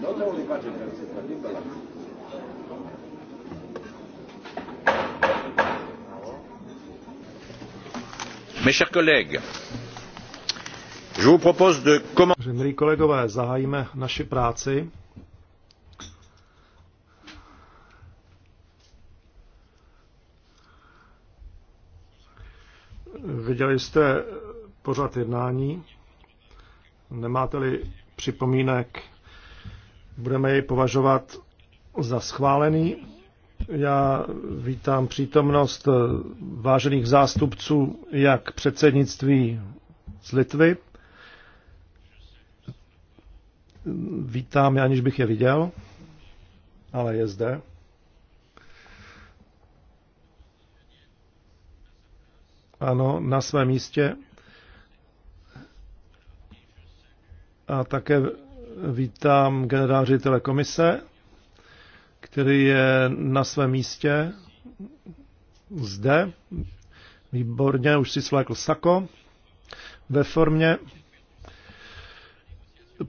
Not only budget deficit, but Mes chers collègues, je vous propose de commencer. Milí kolegové, zahájíme naši práci. Viděli jste pořad jednání. Nemáte-li připomínek, Budeme jej považovat za schválený. Já vítám přítomnost eh, vážených zástupců jak předsednictví z Litvy. Vítám, aniž bych je viděl, ale je zde. Ano, na svém místě. A také Vítám generál ředitele komise, který je na svém místě zde. Výborně, už si svlékl sako ve formě.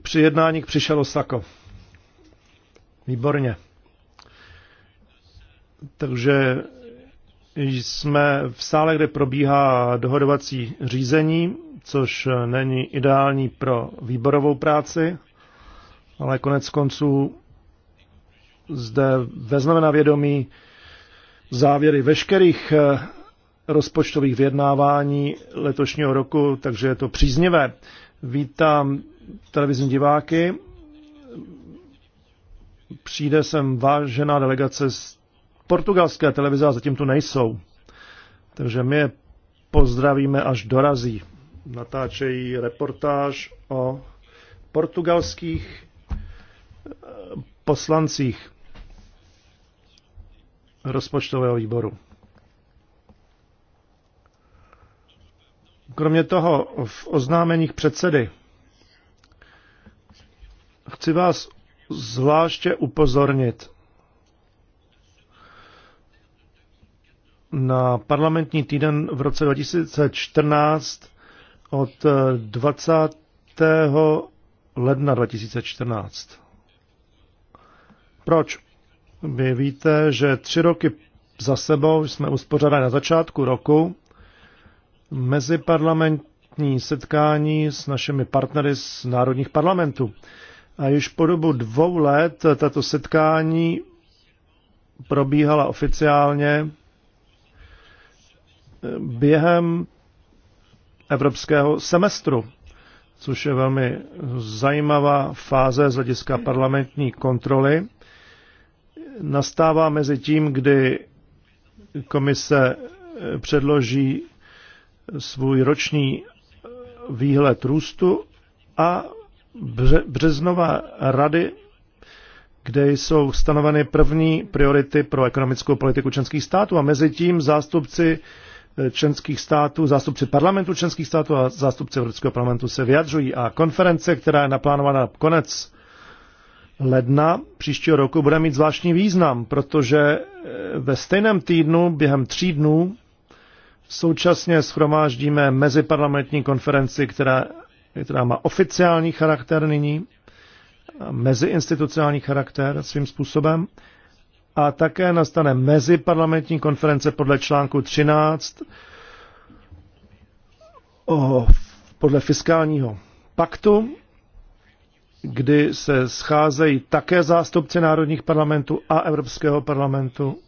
Při jednání přišel sako. Výborně. Takže jsme v sále, kde probíhá dohodovací řízení, což není ideální pro výborovou práci ale konec konců zde vezmeme na vědomí závěry veškerých eh, rozpočtových vyjednávání letošního roku, takže je to příznivé. Vítám televizní diváky. Přijde sem vážená delegace z portugalské televize a zatím tu nejsou. Takže my je pozdravíme, až dorazí. Natáčejí reportáž o portugalských poslancích rozpočtového výboru. Kromě toho v oznámeních předsedy chci vás zvláště upozornit na parlamentní týden v roce 2014 od 20. ledna 2014. Proč? Vy víte, že tři roky za sebou jsme uspořádali na začátku roku meziparlamentní setkání s našimi partnery z národních parlamentů. A již po dobu dvou let tato setkání probíhala oficiálně během evropského semestru, což je velmi zajímavá fáze z hlediska parlamentní kontroly nastává mezi tím, kdy komise eh, předloží svůj roční eh, výhled růstu a březnová rady, kde jsou stanoveny první priority pro ekonomickou politiku členských států a mezi tím zástupci eh, členských států, zástupci parlamentu členských států a zástupci Evropského parlamentu se vyjadřují a konference, která je naplánována na konec ledna příštího roku bude mít zvláštní význam, protože eh, ve stejném týdnu během tří dnů současně schromáždíme meziparlamentní konferenci, která, která má oficiální charakter nyní, meziinstitucionální charakter svým způsobem, a také nastane meziparlamentní konference podle článku 13 o, podle fiskálního paktu kdy se scházejí také zástupci národních parlamentů a Evropského parlamentu.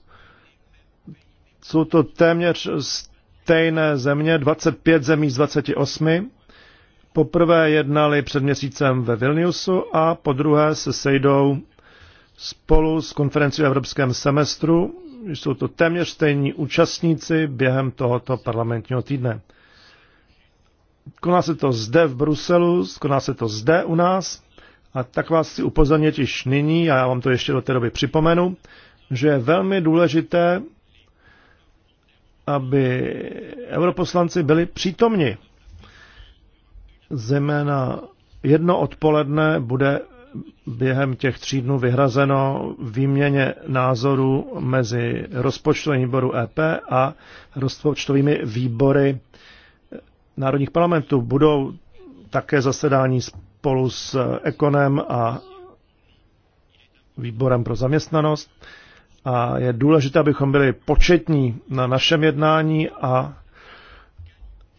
Jsou to téměř stejné země, 25 zemí z 28. Poprvé jednali před měsícem ve Vilniusu a po druhé se sejdou spolu s konferencí o evropském semestru. Jsou to téměř stejní účastníci během tohoto parlamentního týdne. Koná se to zde v Bruselu, koná se to zde u nás a tak vás chci upozornit již nyní, a já vám to ještě do té doby připomenu, že je velmi důležité, aby europoslanci byli přítomni. Zejména jedno odpoledne bude během těch tří dnů vyhrazeno výměně názorů mezi rozpočtovým výboru EP a rozpočtovými výbory národních parlamentů. Budou také zasedání spolu s Ekonem a výborem pro zaměstnanost. A je důležité, abychom byli početní na našem jednání a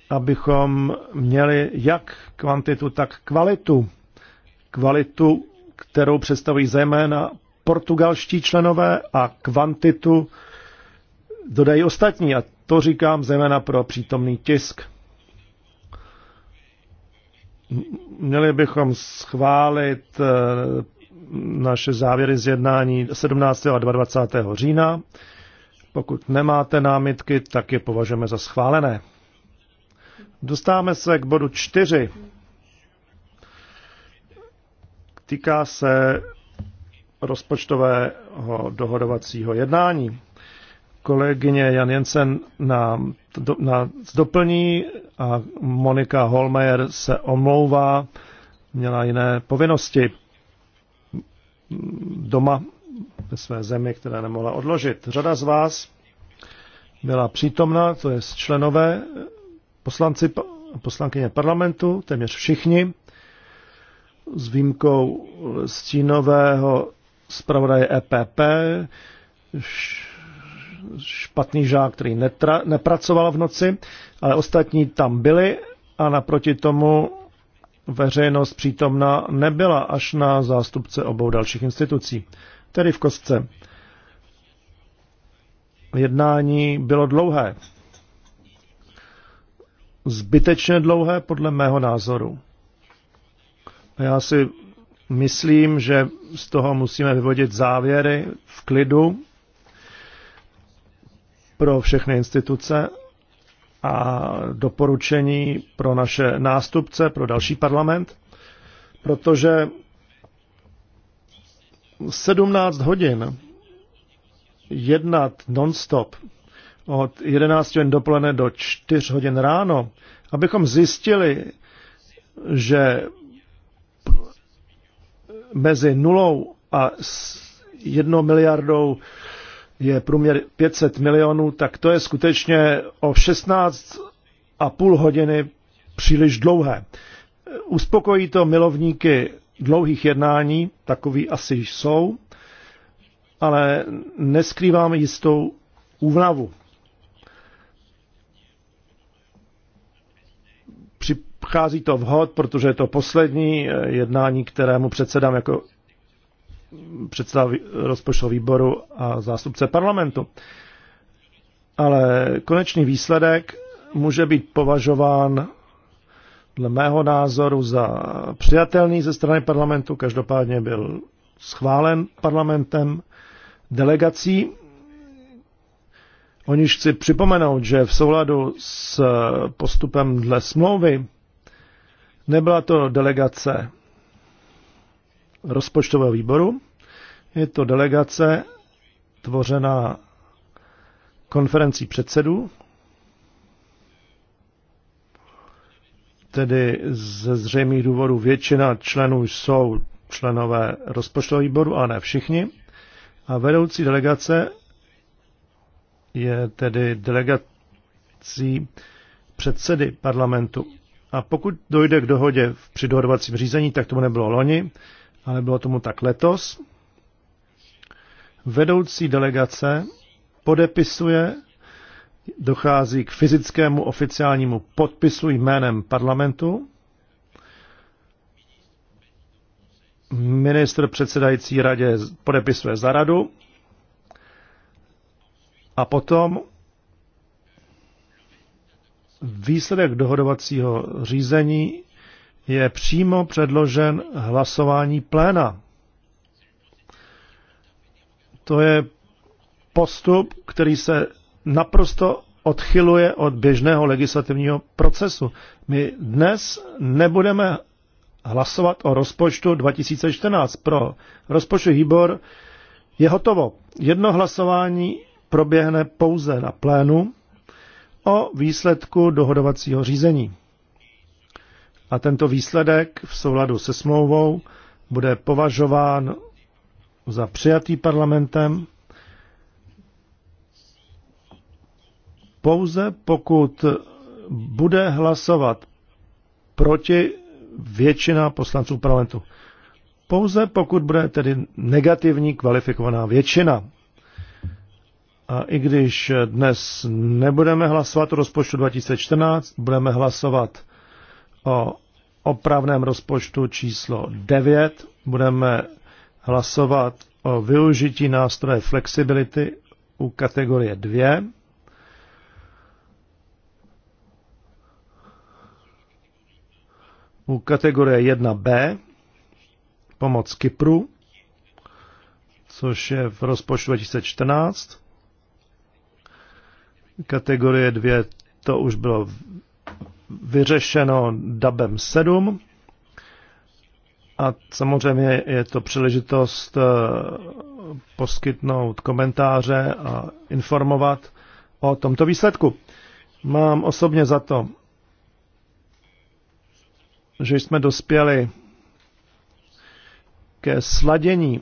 abychom měli jak kvantitu, tak kvalitu. Kvalitu, kterou představují zejména portugalští členové a kvantitu dodají ostatní. A to říkám zejména pro přítomný tisk měli bychom schválit eh, naše závěry z jednání 17. a 22. října. Pokud nemáte námitky, tak je považujeme za schválené. Dostáváme se k bodu 4. Týká se rozpočtového dohodovacího jednání kolegyně Jan Jensen nám na, doplní a Monika Holmeyer se omlouvá, měla jiné povinnosti doma ve své zemi, které nemohla odložit. Řada z vás byla přítomna, to je členové poslanci poslankyně parlamentu, téměř všichni, s výjimkou stínového zpravodaje EPP, špatný žák, který netra, nepracoval v noci, ale ostatní tam byli a naproti tomu veřejnost přítomna nebyla až na zástupce obou dalších institucí, tedy v kostce. Jednání bylo dlouhé. Zbytečně dlouhé podle mého názoru. A já si myslím, že z toho musíme vyvodit závěry v klidu pro všechny instituce a doporučení pro naše nástupce, pro další parlament, protože 17 hodin jednat non-stop od 11 hodin dopoledne do 4 hodin ráno, abychom zjistili, že mezi nulou a jednou miliardou je průměr 500 milionů, tak to je skutečně o 16 a půl hodiny příliš dlouhé. Uspokojí to milovníky dlouhých jednání, takový asi jsou, ale neskrývám jistou úvnavu. Přichází to vhod, protože je to poslední eh, jednání, kterému předsedám jako předseda rozpočtového výboru a zástupce parlamentu. Ale konečný výsledek může být považován dle mého názoru za přijatelný ze strany parlamentu, každopádně byl schválen parlamentem delegací. Oniž chci připomenout, že v souladu s postupem dle smlouvy nebyla to delegace rozpočtového výboru. Je to delegace tvořená konferencí předsedů, tedy ze zřejmých důvodů většina členů jsou členové rozpočtového výboru, ale ne všichni. A vedoucí delegace je tedy delegací předsedy parlamentu. A pokud dojde k dohodě při dohodovacím řízení, tak tomu nebylo loni, ale bylo tomu tak letos. Vedoucí delegace podepisuje, dochází k fyzickému oficiálnímu podpisu jménem parlamentu. Ministr předsedající radě podepisuje za radu a potom výsledek dohodovacího řízení je přímo předložen hlasování pléna. To je postup, který se naprosto odchyluje od běžného legislativního procesu. My dnes nebudeme hlasovat o rozpočtu 2014. Pro rozpočtu výbor je hotovo. Jedno hlasování proběhne pouze na plénu o výsledku dohodovacího řízení a tento výsledek v souladu se smlouvou bude považován za přijatý parlamentem pouze pokud bude hlasovat proti většina poslanců parlamentu. Pouze pokud bude tedy negativní kvalifikovaná většina. A i když dnes nebudeme hlasovat o rozpočtu 2014, budeme hlasovat o opravném rozpočtu číslo 9. Budeme hlasovat o využití nástroje flexibility u kategorie 2. U kategorie 1b pomoc Kypru, což je v rozpočtu 2014. Kategorie 2 to už bylo vyřešeno DABem 7 a samozřejmě je to příležitost eh, poskytnout komentáře a informovat o tomto výsledku. Mám osobně za to, že jsme dospěli ke sladění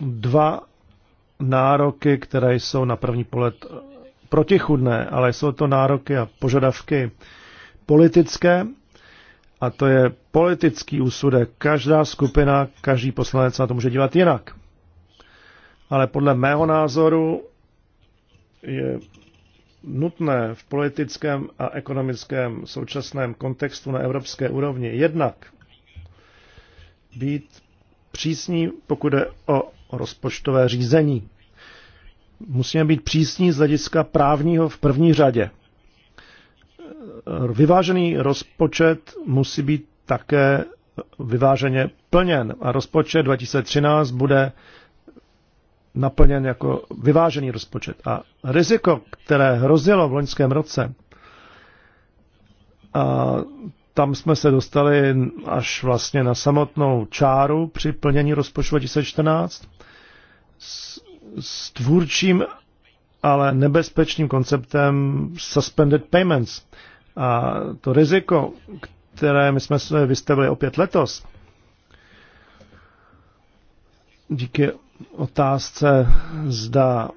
dva nároky, které jsou na první pohled protichudné, ale jsou to nároky a požadavky politické a to je politický úsudek. Každá skupina, každý poslanec na to může dívat jinak. Ale podle mého názoru je nutné v politickém a ekonomickém současném kontextu na evropské úrovni jednak být přísní, pokud je o rozpočtové řízení musíme být přísní z hlediska právního v první řadě. Vyvážený rozpočet musí být také vyváženě plněn a rozpočet 2013 bude naplněn jako vyvážený rozpočet. A riziko, které hrozilo v loňském roce, a tam jsme se dostali až vlastně na samotnou čáru při plnění rozpočtu 2014, tvůrčím, ale nebezpečným konceptem suspended payments. A to riziko, které my jsme se vystavili opět letos, díky otázce, zda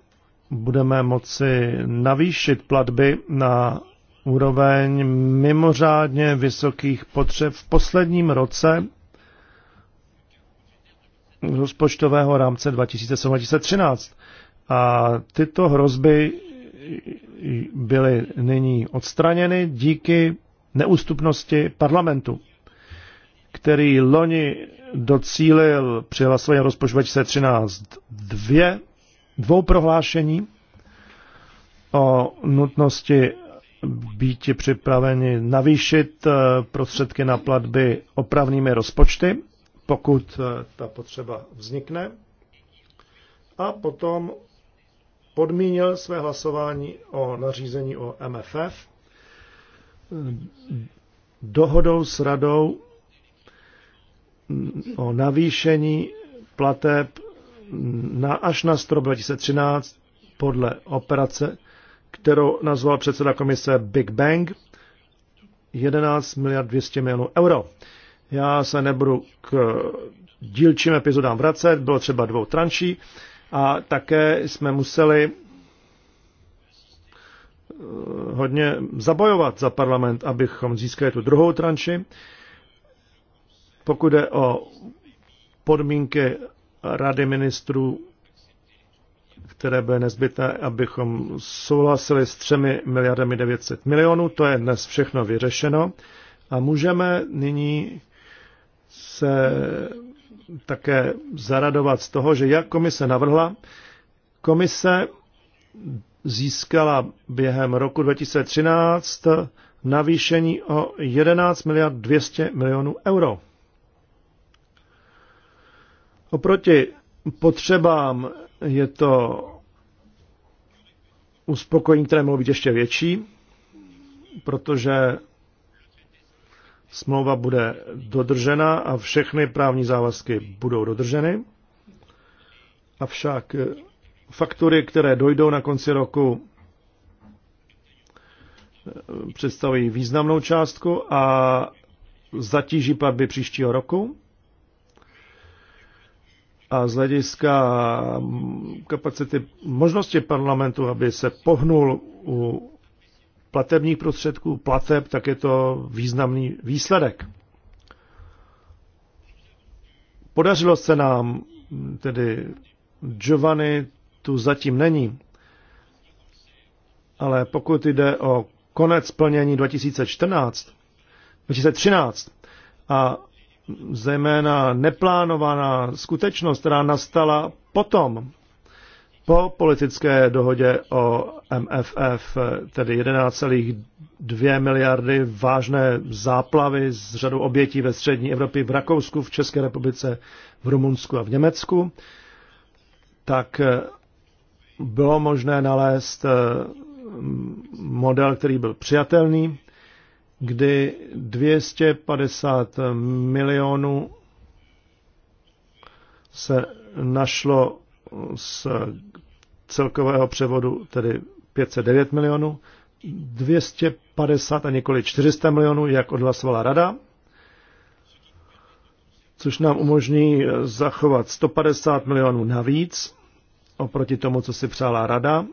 budeme moci navýšit platby na úroveň mimořádně vysokých potřeb v posledním roce rozpočtového rámce 2007-2013. A tyto hrozby byly nyní odstraněny díky neústupnosti parlamentu, který loni docílil při hlasování rozpočtu 2013 dvě, dvou prohlášení o nutnosti být připraveni navýšit eh, prostředky na platby opravnými rozpočty pokud eh, ta potřeba vznikne. A potom podmínil své hlasování o nařízení o MFF eh, dohodou s radou mm, o navýšení plateb na, až na strop 2013 podle operace, kterou nazval předseda komise Big Bang 11 miliard 200 milionů euro. Já se nebudu k dílčím epizodám vracet, bylo třeba dvou tranší a také jsme museli eh, hodně zabojovat za parlament, abychom získali tu druhou tranši. Pokud je o podmínky rady ministrů, které byly nezbytné, abychom souhlasili s 3 miliardami 900 milionů, to je dnes všechno vyřešeno a můžeme nyní se také zaradovat z toho, že jak komise navrhla, komise získala během roku 2013 navýšení o 11 miliard 200 milionů euro. Oproti potřebám je to uspokojení, které mohlo být ještě větší, protože smlouva bude dodržena a všechny právní závazky budou dodrženy. Avšak eh, faktury, které dojdou na konci roku, eh, představují významnou částku a zatíží platby příštího roku. A z hlediska mm, kapacity možnosti parlamentu, aby se pohnul u platebních prostředků, plateb, tak je to významný výsledek. Podařilo se nám, tedy Giovanni tu zatím není, ale pokud jde o konec plnění 2014, 2013 a zejména neplánovaná skutečnost, která nastala potom, po politické dohodě o MFF, tedy 11,2 miliardy vážné záplavy z řadu obětí ve střední Evropě, v Rakousku, v České republice, v Rumunsku a v Německu, tak eh, bylo možné nalézt eh, model, který byl přijatelný, kdy 250 milionů se našlo z celkového převodu tedy 509 milionů, 250 a nikoli 400 milionů, jak odhlasovala rada, což nám umožní zachovat 150 milionů navíc oproti tomu, co si přála rada,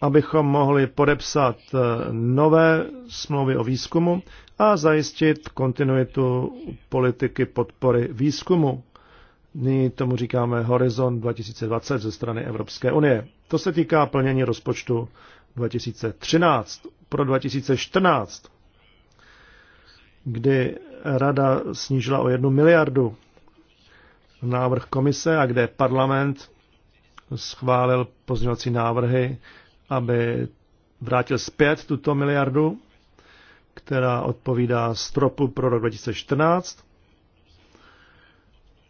abychom mohli podepsat eh, nové smlouvy o výzkumu a zajistit kontinuitu politiky podpory výzkumu Nyní tomu říkáme Horizon 2020 ze strany Evropské unie. To se týká plnění rozpočtu 2013 pro 2014, kdy rada snížila o jednu miliardu návrh komise a kde parlament schválil pozměňovací návrhy, aby vrátil zpět tuto miliardu, která odpovídá stropu pro rok 2014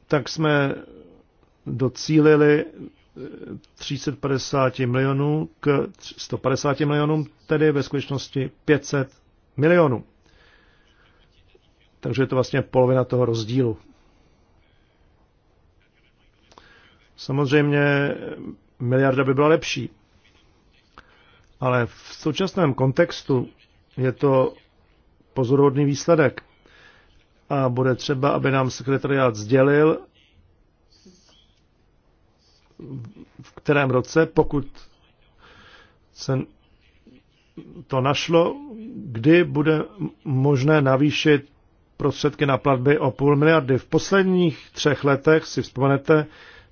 tak jsme docílili 350 milionů k 150 milionům, tedy ve skutečnosti 500 milionů. Takže je to vlastně polovina toho rozdílu. Samozřejmě miliarda by byla lepší, ale v současném kontextu je to pozoruhodný výsledek a bude třeba, aby nám sekretariát sdělil, v kterém roce, pokud se to našlo, kdy bude možné navýšit prostředky na platby o půl miliardy. V posledních třech letech si vzpomenete,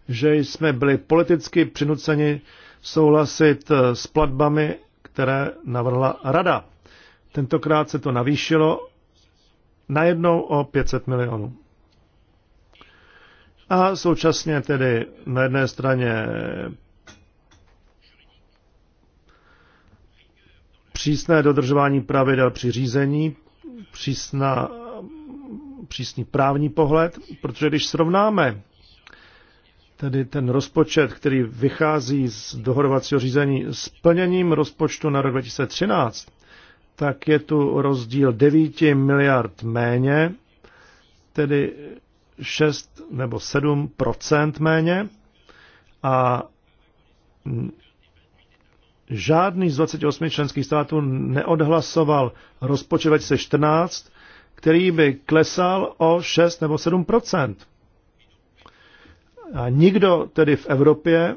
že jsme byli politicky přinuceni souhlasit s platbami, které navrhla Rada. Tentokrát se to navýšilo najednou o 500 milionů. A současně tedy na jedné straně přísné dodržování pravidel při řízení, přísná, přísný právní pohled, protože když srovnáme tedy ten rozpočet, který vychází z dohodovacího řízení s plněním rozpočtu na rok 2013, tak je tu rozdíl 9 miliard méně, tedy 6 nebo 7 méně a žádný z 28 členských států neodhlasoval rozpočet 2014, který by klesal o 6 nebo 7 A nikdo tedy v Evropě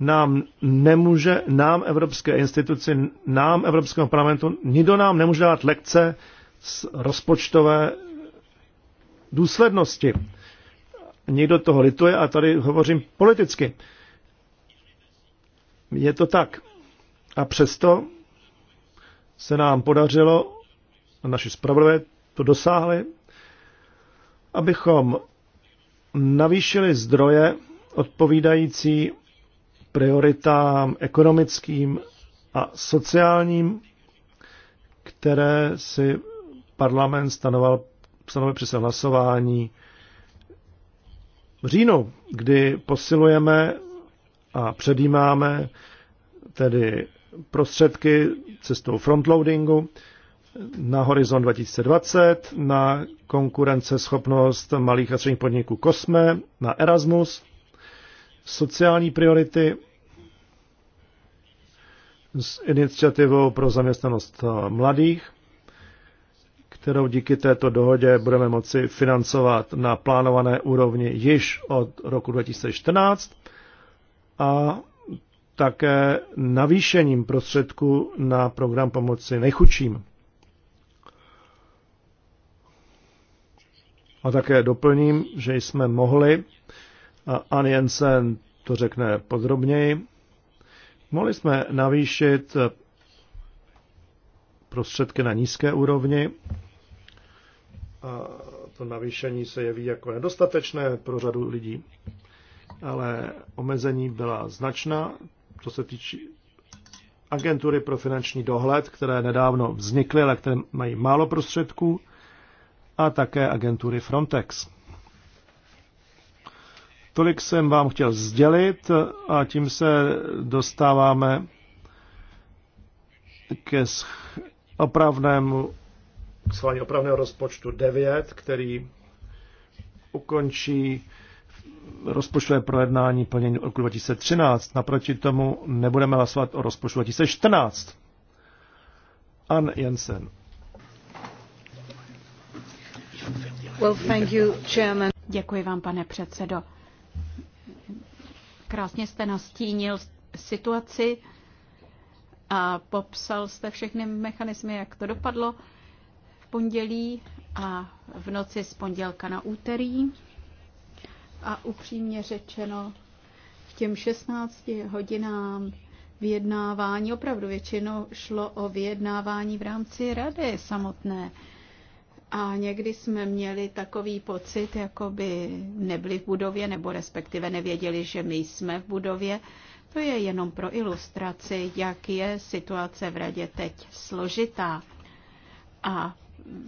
nám nemůže, nám evropské instituci, nám evropskému parlamentu, nikdo nám nemůže dát lekce z rozpočtové důslednosti. Někdo toho lituje a tady hovořím politicky. Je to tak. A přesto se nám podařilo, naši spravodové to dosáhli, abychom navýšili zdroje odpovídající prioritám ekonomickým a sociálním, které si parlament stanoval, stanovil při svém hlasování v říjnu, kdy posilujeme a předjímáme tedy prostředky cestou frontloadingu na horizont 2020, na konkurenceschopnost malých a středních podniků Kosme, na Erasmus sociální priority s iniciativou pro zaměstnanost mladých, kterou díky této dohodě budeme moci financovat na plánované úrovni již od roku 2014 a také navýšením prostředků na program pomoci nejchudším. A také doplním, že jsme mohli a Ann Jensen to řekne podrobněji. Mohli jsme navýšit prostředky na nízké úrovni a to navýšení se jeví jako nedostatečné pro řadu lidí, ale omezení byla značná, co se týče agentury pro finanční dohled, které nedávno vznikly, ale které mají málo prostředků, a také agentury Frontex. Tolik jsem vám chtěl sdělit a tím se dostáváme ke opravnému, schválení opravného rozpočtu 9, který ukončí rozpočtové projednání plnění roku 2013. Naproti tomu nebudeme hlasovat o rozpočtu 2014. Ann Jensen. Well, thank you, Děkuji vám, pane předsedo. Krásně jste nastínil situaci a popsal jste všechny mechanismy, jak to dopadlo v pondělí a v noci z pondělka na úterý. A upřímně řečeno, v těm 16 hodinám vyjednávání, opravdu většinou šlo o vyjednávání v rámci rady samotné. A někdy jsme měli takový pocit, jako by nebyli v budově, nebo respektive nevěděli, že my jsme v budově. To je jenom pro ilustraci, jak je situace v radě teď složitá. A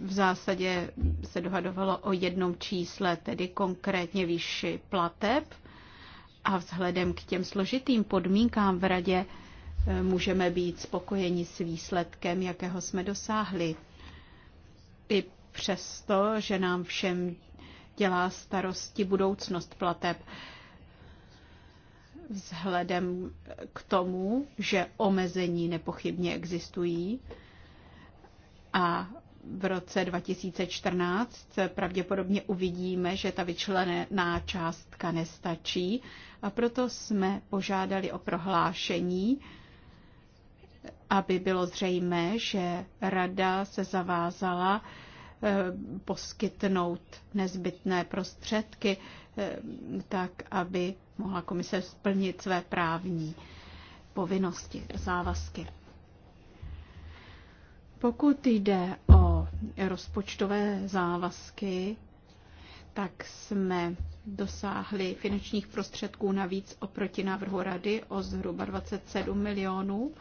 v zásadě se dohadovalo o jednom čísle, tedy konkrétně výši plateb. A vzhledem k těm složitým podmínkám v radě eh, můžeme být spokojeni s výsledkem, jakého jsme dosáhli. I přesto, že nám všem dělá starosti budoucnost plateb. Vzhledem k tomu, že omezení nepochybně existují a v roce 2014 pravděpodobně uvidíme, že ta vyčlená částka nestačí a proto jsme požádali o prohlášení, aby bylo zřejmé, že Rada se zavázala Eh, poskytnout nezbytné prostředky, eh, tak aby mohla komise splnit své právní povinnosti, závazky. Pokud jde o rozpočtové závazky, tak jsme dosáhli finančních prostředků navíc oproti návrhu rady o zhruba 27 milionů.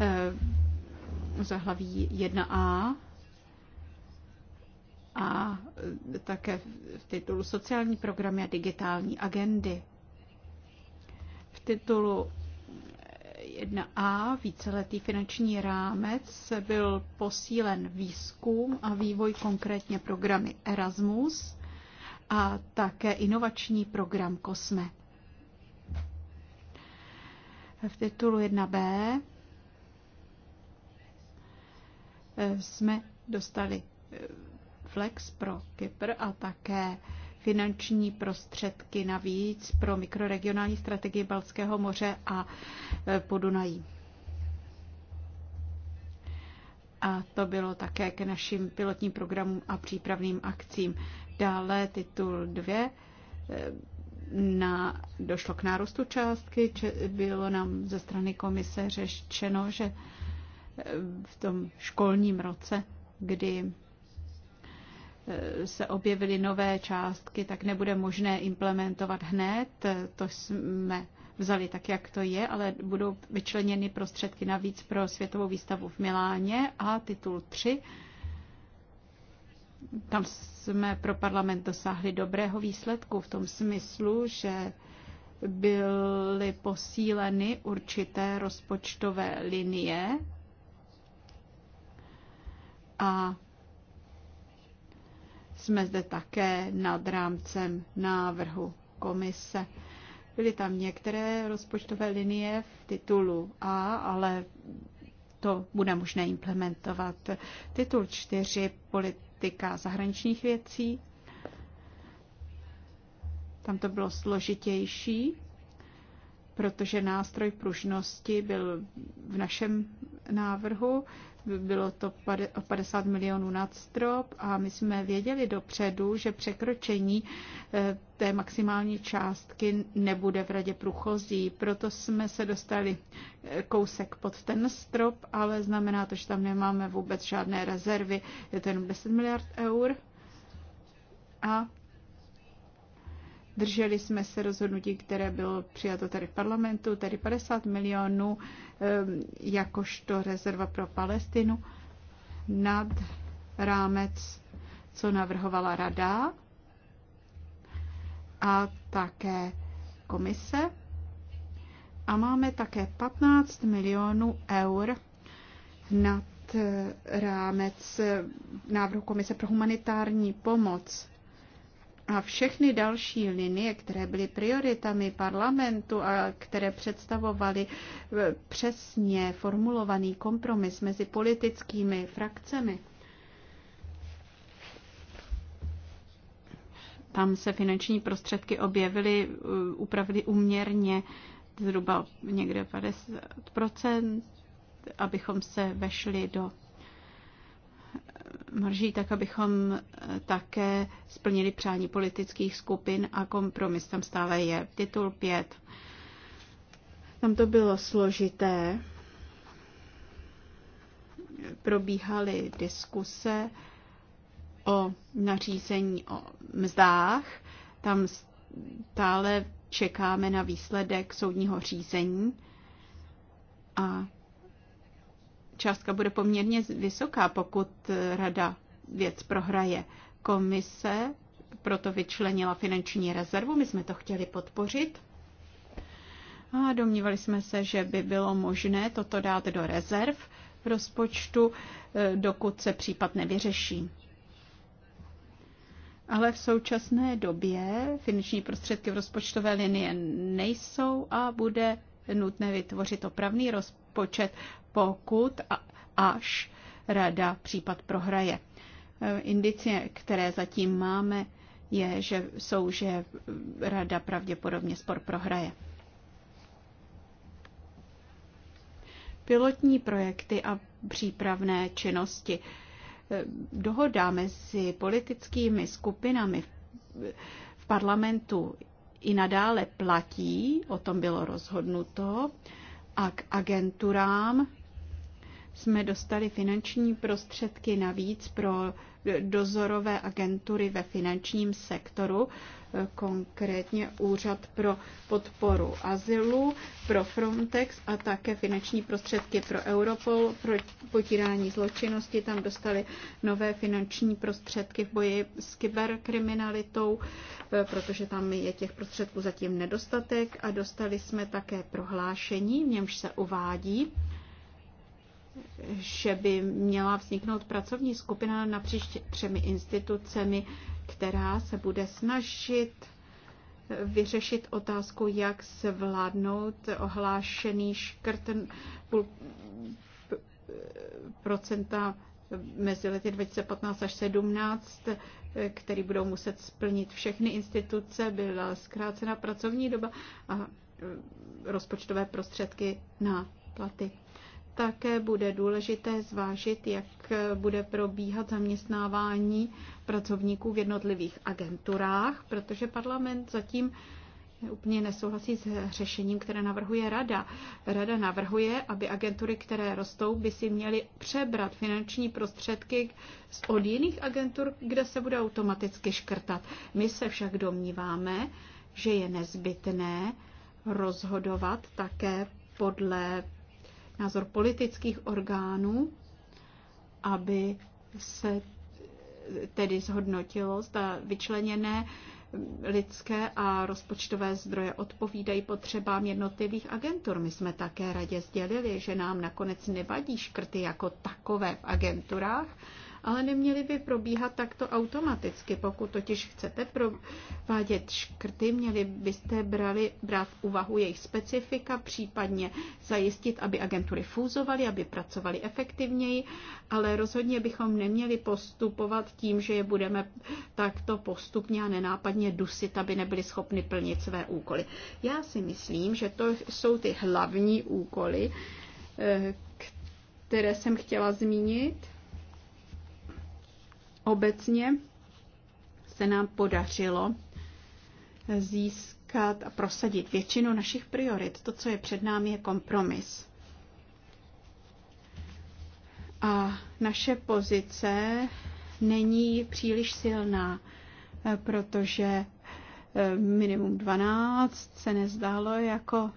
Eh, Zahlaví 1A a také v titulu sociální programy a digitální agendy. V titulu 1a víceletý finanční rámec byl posílen výzkum a vývoj konkrétně programy Erasmus a také inovační program COSME. V titulu 1b eh, jsme dostali eh, Flex pro Kypr a také finanční prostředky navíc pro mikroregionální strategii Balského moře a e, Podunají. A to bylo také k našim pilotním programům a přípravným akcím. Dále titul 2 e, na, došlo k nárůstu částky, če, bylo nám ze strany komise řešeno, že e, v tom školním roce, kdy Eh, se objevily nové částky, tak nebude možné implementovat hned. To jsme vzali tak, jak to je, ale budou vyčleněny prostředky navíc pro světovou výstavu v Miláně a titul 3. Tam jsme pro parlament dosáhli dobrého výsledku v tom smyslu, že byly posíleny určité rozpočtové linie a jsme zde také nad rámcem návrhu komise. Byly tam některé rozpočtové linie v titulu A, ale to bude možné implementovat. Titul 4 politika zahraničních věcí. Tam to bylo složitější, protože nástroj pružnosti byl v našem návrhu bylo to o 50 milionů nad strop a my jsme věděli dopředu, že překročení eh, té maximální částky nebude v radě průchozí. Proto jsme se dostali eh, kousek pod ten strop, ale znamená to, že tam nemáme vůbec žádné rezervy. Je to jenom 10 miliard eur. A Drželi jsme se rozhodnutí, které bylo přijato tady v parlamentu, tedy 50 milionů ehm, jakožto rezerva pro Palestinu nad rámec, co navrhovala rada a také komise. A máme také 15 milionů eur nad eh, rámec eh, návrhu Komise pro humanitární pomoc a všechny další linie, které byly prioritami parlamentu a které představovaly eh, přesně formulovaný kompromis mezi politickými frakcemi, tam se finanční prostředky objevily eh, upravdy uměrně zhruba někde 50%, abychom se vešli do mrží, tak abychom eh, také splnili přání politických skupin a kompromis tam stále je. Titul 5. Tam to bylo složité. Probíhaly diskuse o nařízení o mzdách. Tam stále čekáme na výsledek soudního řízení a částka bude poměrně vysoká, pokud eh, rada věc prohraje. Komise proto vyčlenila finanční rezervu, my jsme to chtěli podpořit. A domnívali jsme se, že by bylo možné toto dát do rezerv v rozpočtu, eh, dokud se případ nevyřeší. Ale v současné době finanční prostředky v rozpočtové linie nejsou a bude nutné vytvořit opravný rozpočet pokud a až rada případ prohraje. Eh, indicie, které zatím máme, je, že jsou, že rada pravděpodobně spor prohraje. Pilotní projekty a přípravné činnosti. Eh, dohoda mezi politickými skupinami v parlamentu i nadále platí, o tom bylo rozhodnuto, a k agenturám jsme dostali finanční prostředky navíc pro dozorové agentury ve finančním sektoru, konkrétně Úřad pro podporu azylu, pro Frontex a také finanční prostředky pro Europol, pro potírání zločinnosti. Tam dostali nové finanční prostředky v boji s kyberkriminalitou, protože tam je těch prostředků zatím nedostatek a dostali jsme také prohlášení, v němž se uvádí, že by měla vzniknout pracovní skupina napříč třemi institucemi, která se bude snažit vyřešit otázku, jak zvládnout ohlášený škrt procenta mezi lety 2015 až 17, který budou muset splnit všechny instituce, byla zkrácena pracovní doba a rozpočtové prostředky na platy. Také bude důležité zvážit, jak bude probíhat zaměstnávání pracovníků v jednotlivých agenturách, protože parlament zatím úplně nesouhlasí s řešením, které navrhuje Rada. Rada navrhuje, aby agentury, které rostou, by si měly přebrat finanční prostředky od jiných agentur, kde se bude automaticky škrtat. My se však domníváme, že je nezbytné rozhodovat také podle názor politických orgánů, aby se tedy zhodnotilo, zda vyčleněné lidské a rozpočtové zdroje odpovídají potřebám jednotlivých agentur. My jsme také radě sdělili, že nám nakonec nevadí škrty jako takové v agenturách, ale neměly by probíhat takto automaticky. Pokud totiž chcete provádět škrty, měli byste brali, brát v úvahu jejich specifika, případně zajistit, aby agentury fúzovaly, aby pracovaly efektivněji, ale rozhodně bychom neměli postupovat tím, že je budeme takto postupně a nenápadně dusit, aby nebyly schopny plnit své úkoly. Já si myslím, že to jsou ty hlavní úkoly, eh, které jsem chtěla zmínit. Obecně se nám podařilo získat a prosadit většinu našich priorit. To, co je před námi, je kompromis. A naše pozice není příliš silná, protože eh, minimum 12 se nezdálo jako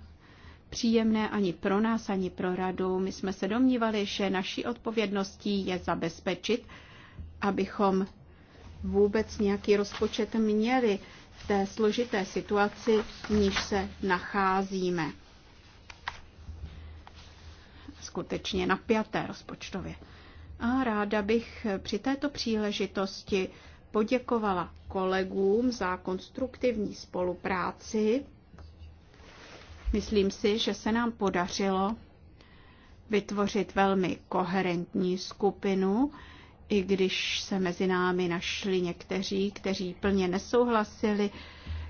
příjemné ani pro nás, ani pro radu. My jsme se domnívali, že naší odpovědností je zabezpečit, abychom vůbec nějaký rozpočet měli v té složité situaci, v níž se nacházíme. Skutečně napjaté rozpočtově. A ráda bych při této příležitosti poděkovala kolegům za konstruktivní spolupráci. Myslím si, že se nám podařilo vytvořit velmi koherentní skupinu, i když se mezi námi našli někteří, kteří plně nesouhlasili,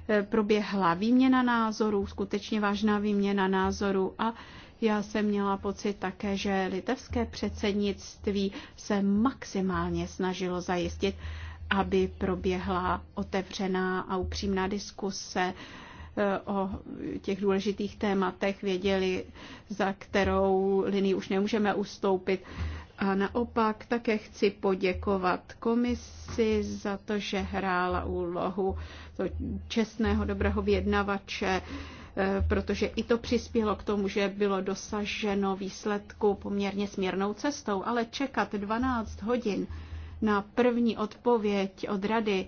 eh, proběhla výměna názorů, skutečně vážná výměna názorů a já jsem měla pocit také, že litevské předsednictví se maximálně snažilo zajistit, aby proběhla otevřená a upřímná diskuse eh, o těch důležitých tématech, věděli, za kterou linii už nemůžeme ustoupit. A naopak také chci poděkovat komisi za to, že hrála úlohu to čestného, dobrého vědnavače, eh, protože i to přispělo k tomu, že bylo dosaženo výsledku poměrně směrnou cestou, ale čekat 12 hodin na první odpověď od rady,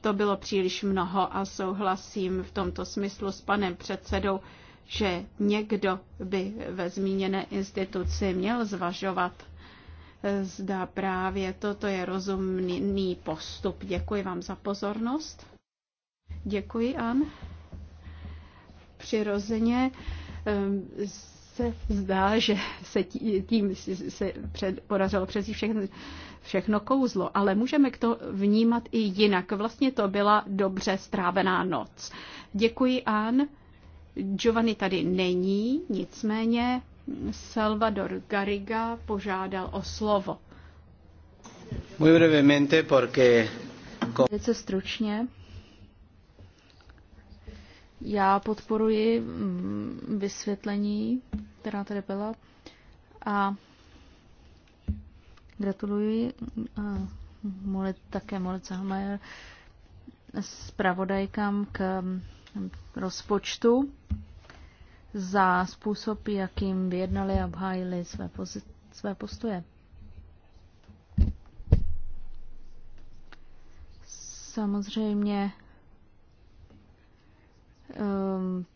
to bylo příliš mnoho a souhlasím v tomto smyslu s panem předsedou, že někdo by ve zmíněné instituci měl zvažovat zda právě toto je rozumný postup. Děkuji vám za pozornost. Děkuji, An. Přirozeně ehm, se zdá, že se tím se před, podařilo přes všechno, všechno kouzlo, ale můžeme to vnímat i jinak. Vlastně to byla dobře strávená noc. Děkuji, An. Giovanni tady není, nicméně Salvador Garriga požádal o slovo. Muy brevemente, porque... Velice stručně. Já podporuji mm, vysvětlení, která tady byla, a gratuluji Molit, také Molice Hamajer zpravodajkám k mm, rozpočtu za způsob, jakým vyjednali a obhájili své, pozit- své postoje. Samozřejmě um,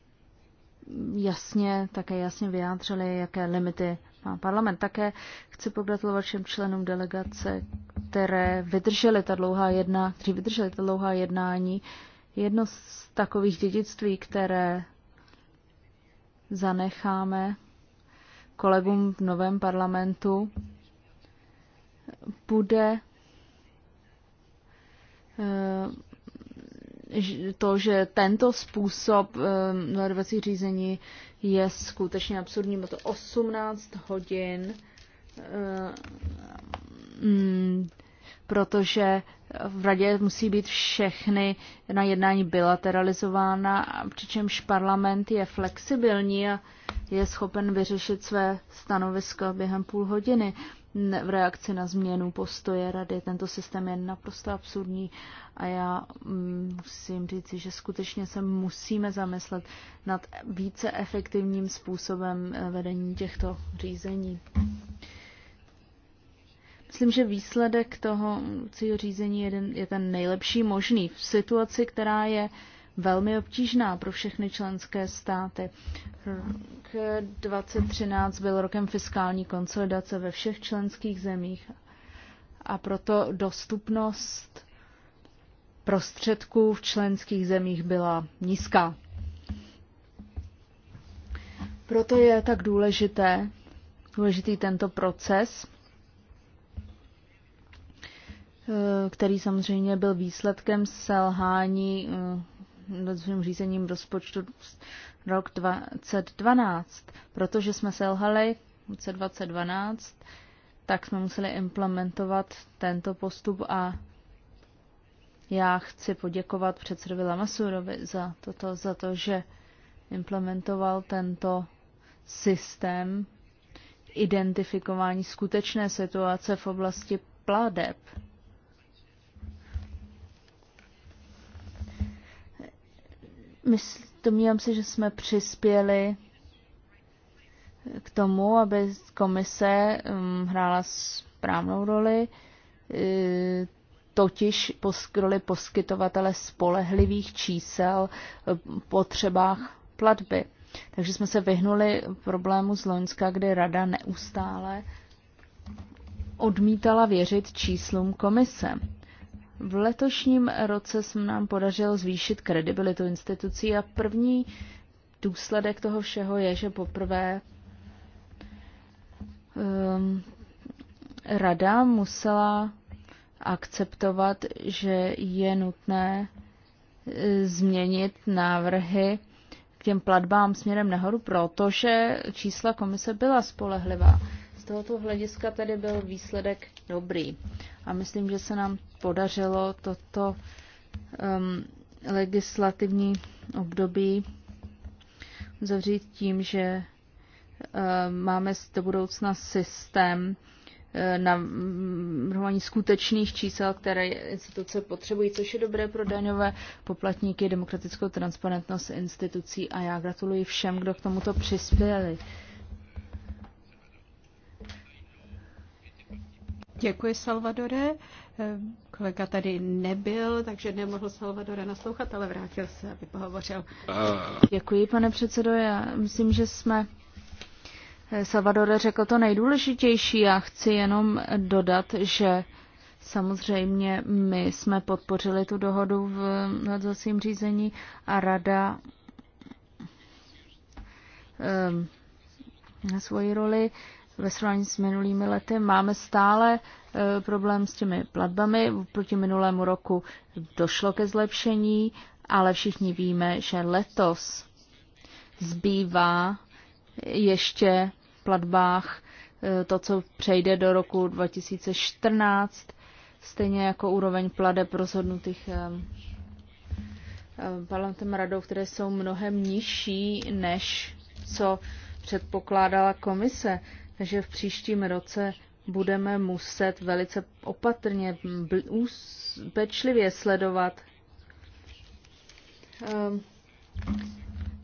jasně, také jasně vyjádřili, jaké limity má parlament. Také chci pogratulovat všem členům delegace, které vydržely ta dlouhá jedna, kteří vydrželi ta dlouhá jednání. Jedno z takových dědictví, které zanecháme kolegům v novém parlamentu, bude eh, to, že tento způsob eh, dohodovací řízení je skutečně absurdní. bo to 18 hodin eh, mm, protože v radě musí být všechny na jednání bilateralizována, přičemž parlament je flexibilní a je schopen vyřešit své stanovisko během půl hodiny v reakci na změnu postoje rady. Tento systém je naprosto absurdní a já mm, musím říct, že skutečně se musíme zamyslet nad více efektivním způsobem eh, vedení těchto řízení. Myslím, že výsledek toho řízení jeden, je ten nejlepší možný v situaci, která je velmi obtížná pro všechny členské státy. Rok 2013 byl rokem fiskální konsolidace ve všech členských zemích a proto dostupnost prostředků v členských zemích byla nízká. Proto je tak důležité, důležitý tento proces Eh, který samozřejmě byl výsledkem selhání svým eh, řízením rozpočtu rok 2012. Protože jsme selhali v roce 2012, tak jsme museli implementovat tento postup a já chci poděkovat předsedovi Lamasurovi za, toto, za to, že implementoval tento systém identifikování skutečné situace v oblasti pladeb Myslím, domnívám se, že jsme přispěli k tomu, aby komise um, hrála správnou roli, e, totiž roli poskytovatele spolehlivých čísel e, potřebách platby. Takže jsme se vyhnuli problému z Loňska, kdy rada neustále odmítala věřit číslům komise. V letošním roce jsme nám podařilo zvýšit kredibilitu institucí a první důsledek toho všeho je, že poprvé um, rada musela akceptovat, že je nutné e, změnit návrhy k těm platbám směrem nahoru, protože čísla komise byla spolehlivá tohoto hlediska tady byl výsledek dobrý. A myslím, že se nám podařilo toto um, legislativní období zavřít tím, že um, máme do budoucna systém uh, na navrhování mm, skutečných čísel, které instituce potřebují, což je dobré pro daňové poplatníky, demokratickou transparentnost institucí a já gratuluji všem, kdo k tomuto přispěli. Děkuji, Salvadore. Eh, kolega tady nebyl, takže nemohl Salvadore naslouchat, ale vrátil se, aby pohovořil. Děkuji, pane předsedo. Já myslím, že jsme eh, Salvadore řekl to nejdůležitější. Já chci jenom dodat, že samozřejmě my jsme podpořili tu dohodu v nadzorcím řízení a rada ehm, na svoji roli ve srovnání s minulými lety. Máme stále e, problém s těmi platbami. Proti minulému roku došlo ke zlepšení, ale všichni víme, že letos zbývá ještě v platbách e, to, co přejde do roku 2014, stejně jako úroveň pladeb rozhodnutých e, parlamentem radou, které jsou mnohem nižší, než co předpokládala komise. Takže v příštím roce budeme muset velice opatrně, pečlivě sledovat um,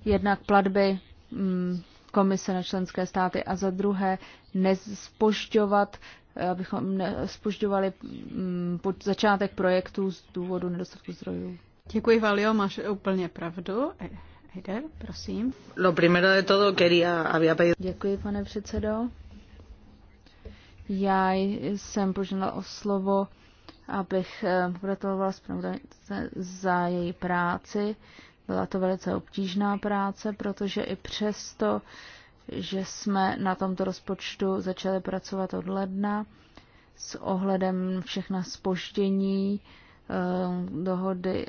jednak platby um, komise na členské státy a za druhé nespožďovat, eh, abychom spožďovali mm, začátek projektu z důvodu nedostatku zdrojů. Děkuji, Valio, máš úplně pravdu. Ejde, eh, prosím. Lo primero de todo quería, había pedido... Děkuji, pane předsedo. Já jsem požádala o slovo, abych eh, gratulovala zpravodajce za její práci. Byla to velice obtížná práce, protože i přesto, že jsme na tomto rozpočtu začali pracovat od ledna, s ohledem všech na spoždění eh, dohody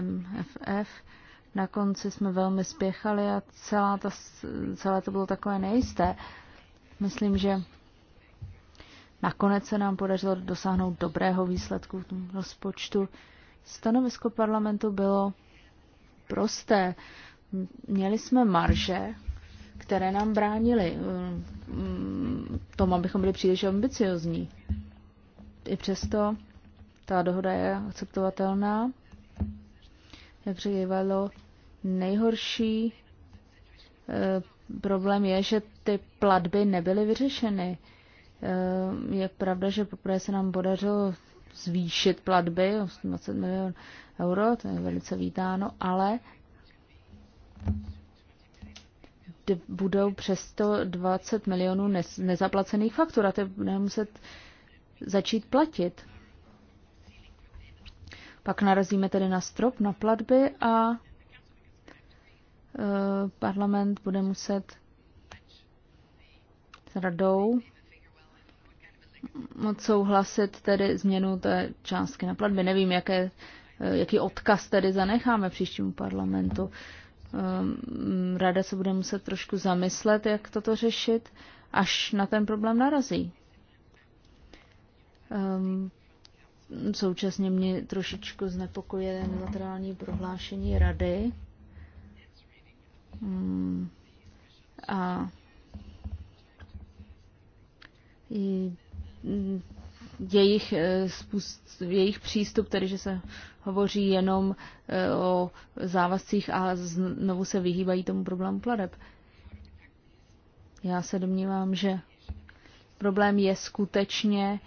MFF. Na konci jsme velmi spěchali a celá ta, celé to bylo takové nejisté. Myslím, že Nakonec se nám podařilo dosáhnout dobrého výsledku v tom rozpočtu. Stanovisko parlamentu bylo prosté. Měli jsme marže, které nám bránily eh, tomu, abychom byli příliš ambiciozní. I přesto ta dohoda je akceptovatelná. Jak říkalo, nejhorší eh, problém je, že ty platby nebyly vyřešeny. Eh, je pravda, že poprvé se nám podařilo zvýšit platby o 20 milionů euro, to je velice vítáno, ale budou přesto 20 milionů nezaplacených faktur a to budeme muset začít platit. Pak narazíme tedy na strop, na platby a eh, parlament bude muset s radou souhlasit tedy změnu té částky na platby. Nevím, jaké, eh, jaký odkaz tedy zanecháme příštímu parlamentu. Eh, Rada se bude muset trošku zamyslet, jak toto řešit, až na ten problém narazí. Eh, současně mě trošičku znepokojuje neutrální prohlášení rady. Hmm. A i jejich, eh, spust, jejich přístup, tedy že se hovoří jenom eh, o závazcích a znovu se vyhýbají tomu problému pladeb. Já se domnívám, že problém je skutečně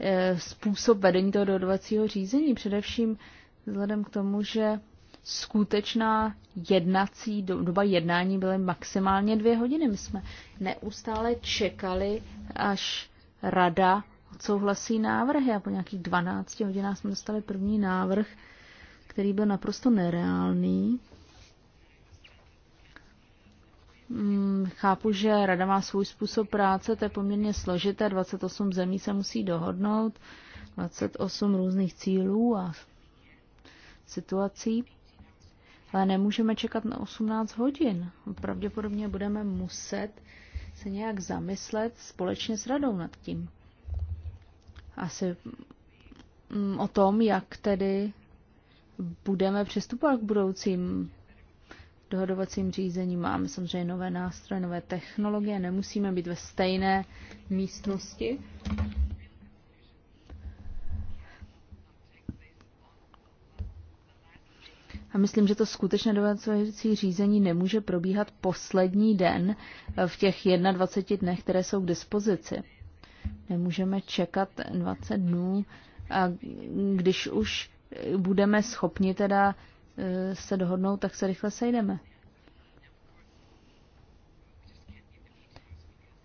eh, způsob vedení toho dohodovacího řízení, především vzhledem k tomu, že skutečná jednací doba jednání byly maximálně dvě hodiny. My jsme neustále čekali, až rada odsouhlasí návrhy a po nějakých 12 hodinách jsme dostali první návrh, který byl naprosto nereálný. Hmm, chápu, že rada má svůj způsob práce, to je poměrně složité, 28 zemí se musí dohodnout, 28 různých cílů a situací, ale nemůžeme čekat na 18 hodin. Pravděpodobně budeme muset se nějak zamyslet společně s radou nad tím. Asi mm, o tom, jak tedy budeme přistupovat k budoucím dohodovacím řízením. Máme samozřejmě nové nástroje, nové technologie, nemusíme být ve stejné místnosti, A myslím, že to skutečně dovacující řízení nemůže probíhat poslední den v těch 21 dnech, které jsou k dispozici. Nemůžeme čekat 20 dnů, a když už budeme schopni teda e, se dohodnout, tak se rychle sejdeme.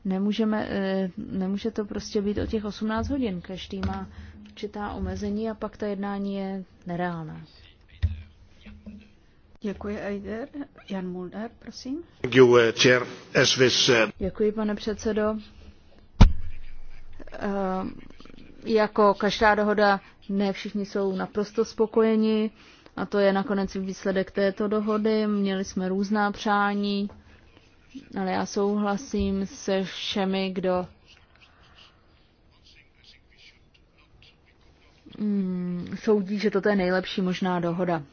Nemůžeme, e, nemůže to prostě být o těch 18 hodin. Každý má určitá omezení a pak ta jednání je nereálná. Děkuji, Eider. Jan Mulder, prosím. Uh, uh, Děkuji, pane předsedo. Eh, jako každá dohoda, ne všichni jsou naprosto spokojeni a to je nakonec výsledek této dohody. Měli jsme různá přání, ale já souhlasím se všemi, kdo mm, soudí, že toto je nejlepší možná dohoda.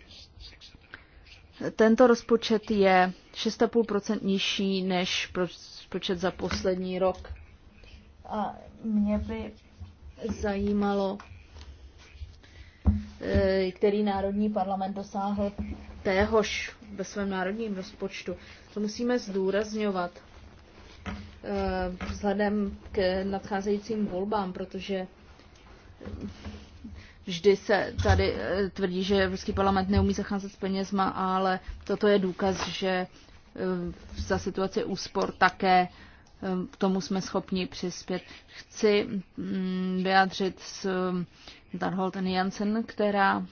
Tento rozpočet je 6,5 nižší než rozpočet za poslední rok. A mě by zajímalo, eh, který národní parlament dosáhl téhož ve svém národním rozpočtu. To musíme zdůrazňovat eh, vzhledem k nadcházejícím volbám, protože Vždy se tady eh, tvrdí, že Evropský parlament neumí zacházet s penězma, ale toto je důkaz, že eh, za situaci úspor také k eh, tomu jsme schopni přispět. Chci mm, vyjádřit s Darholten Jansen, která um,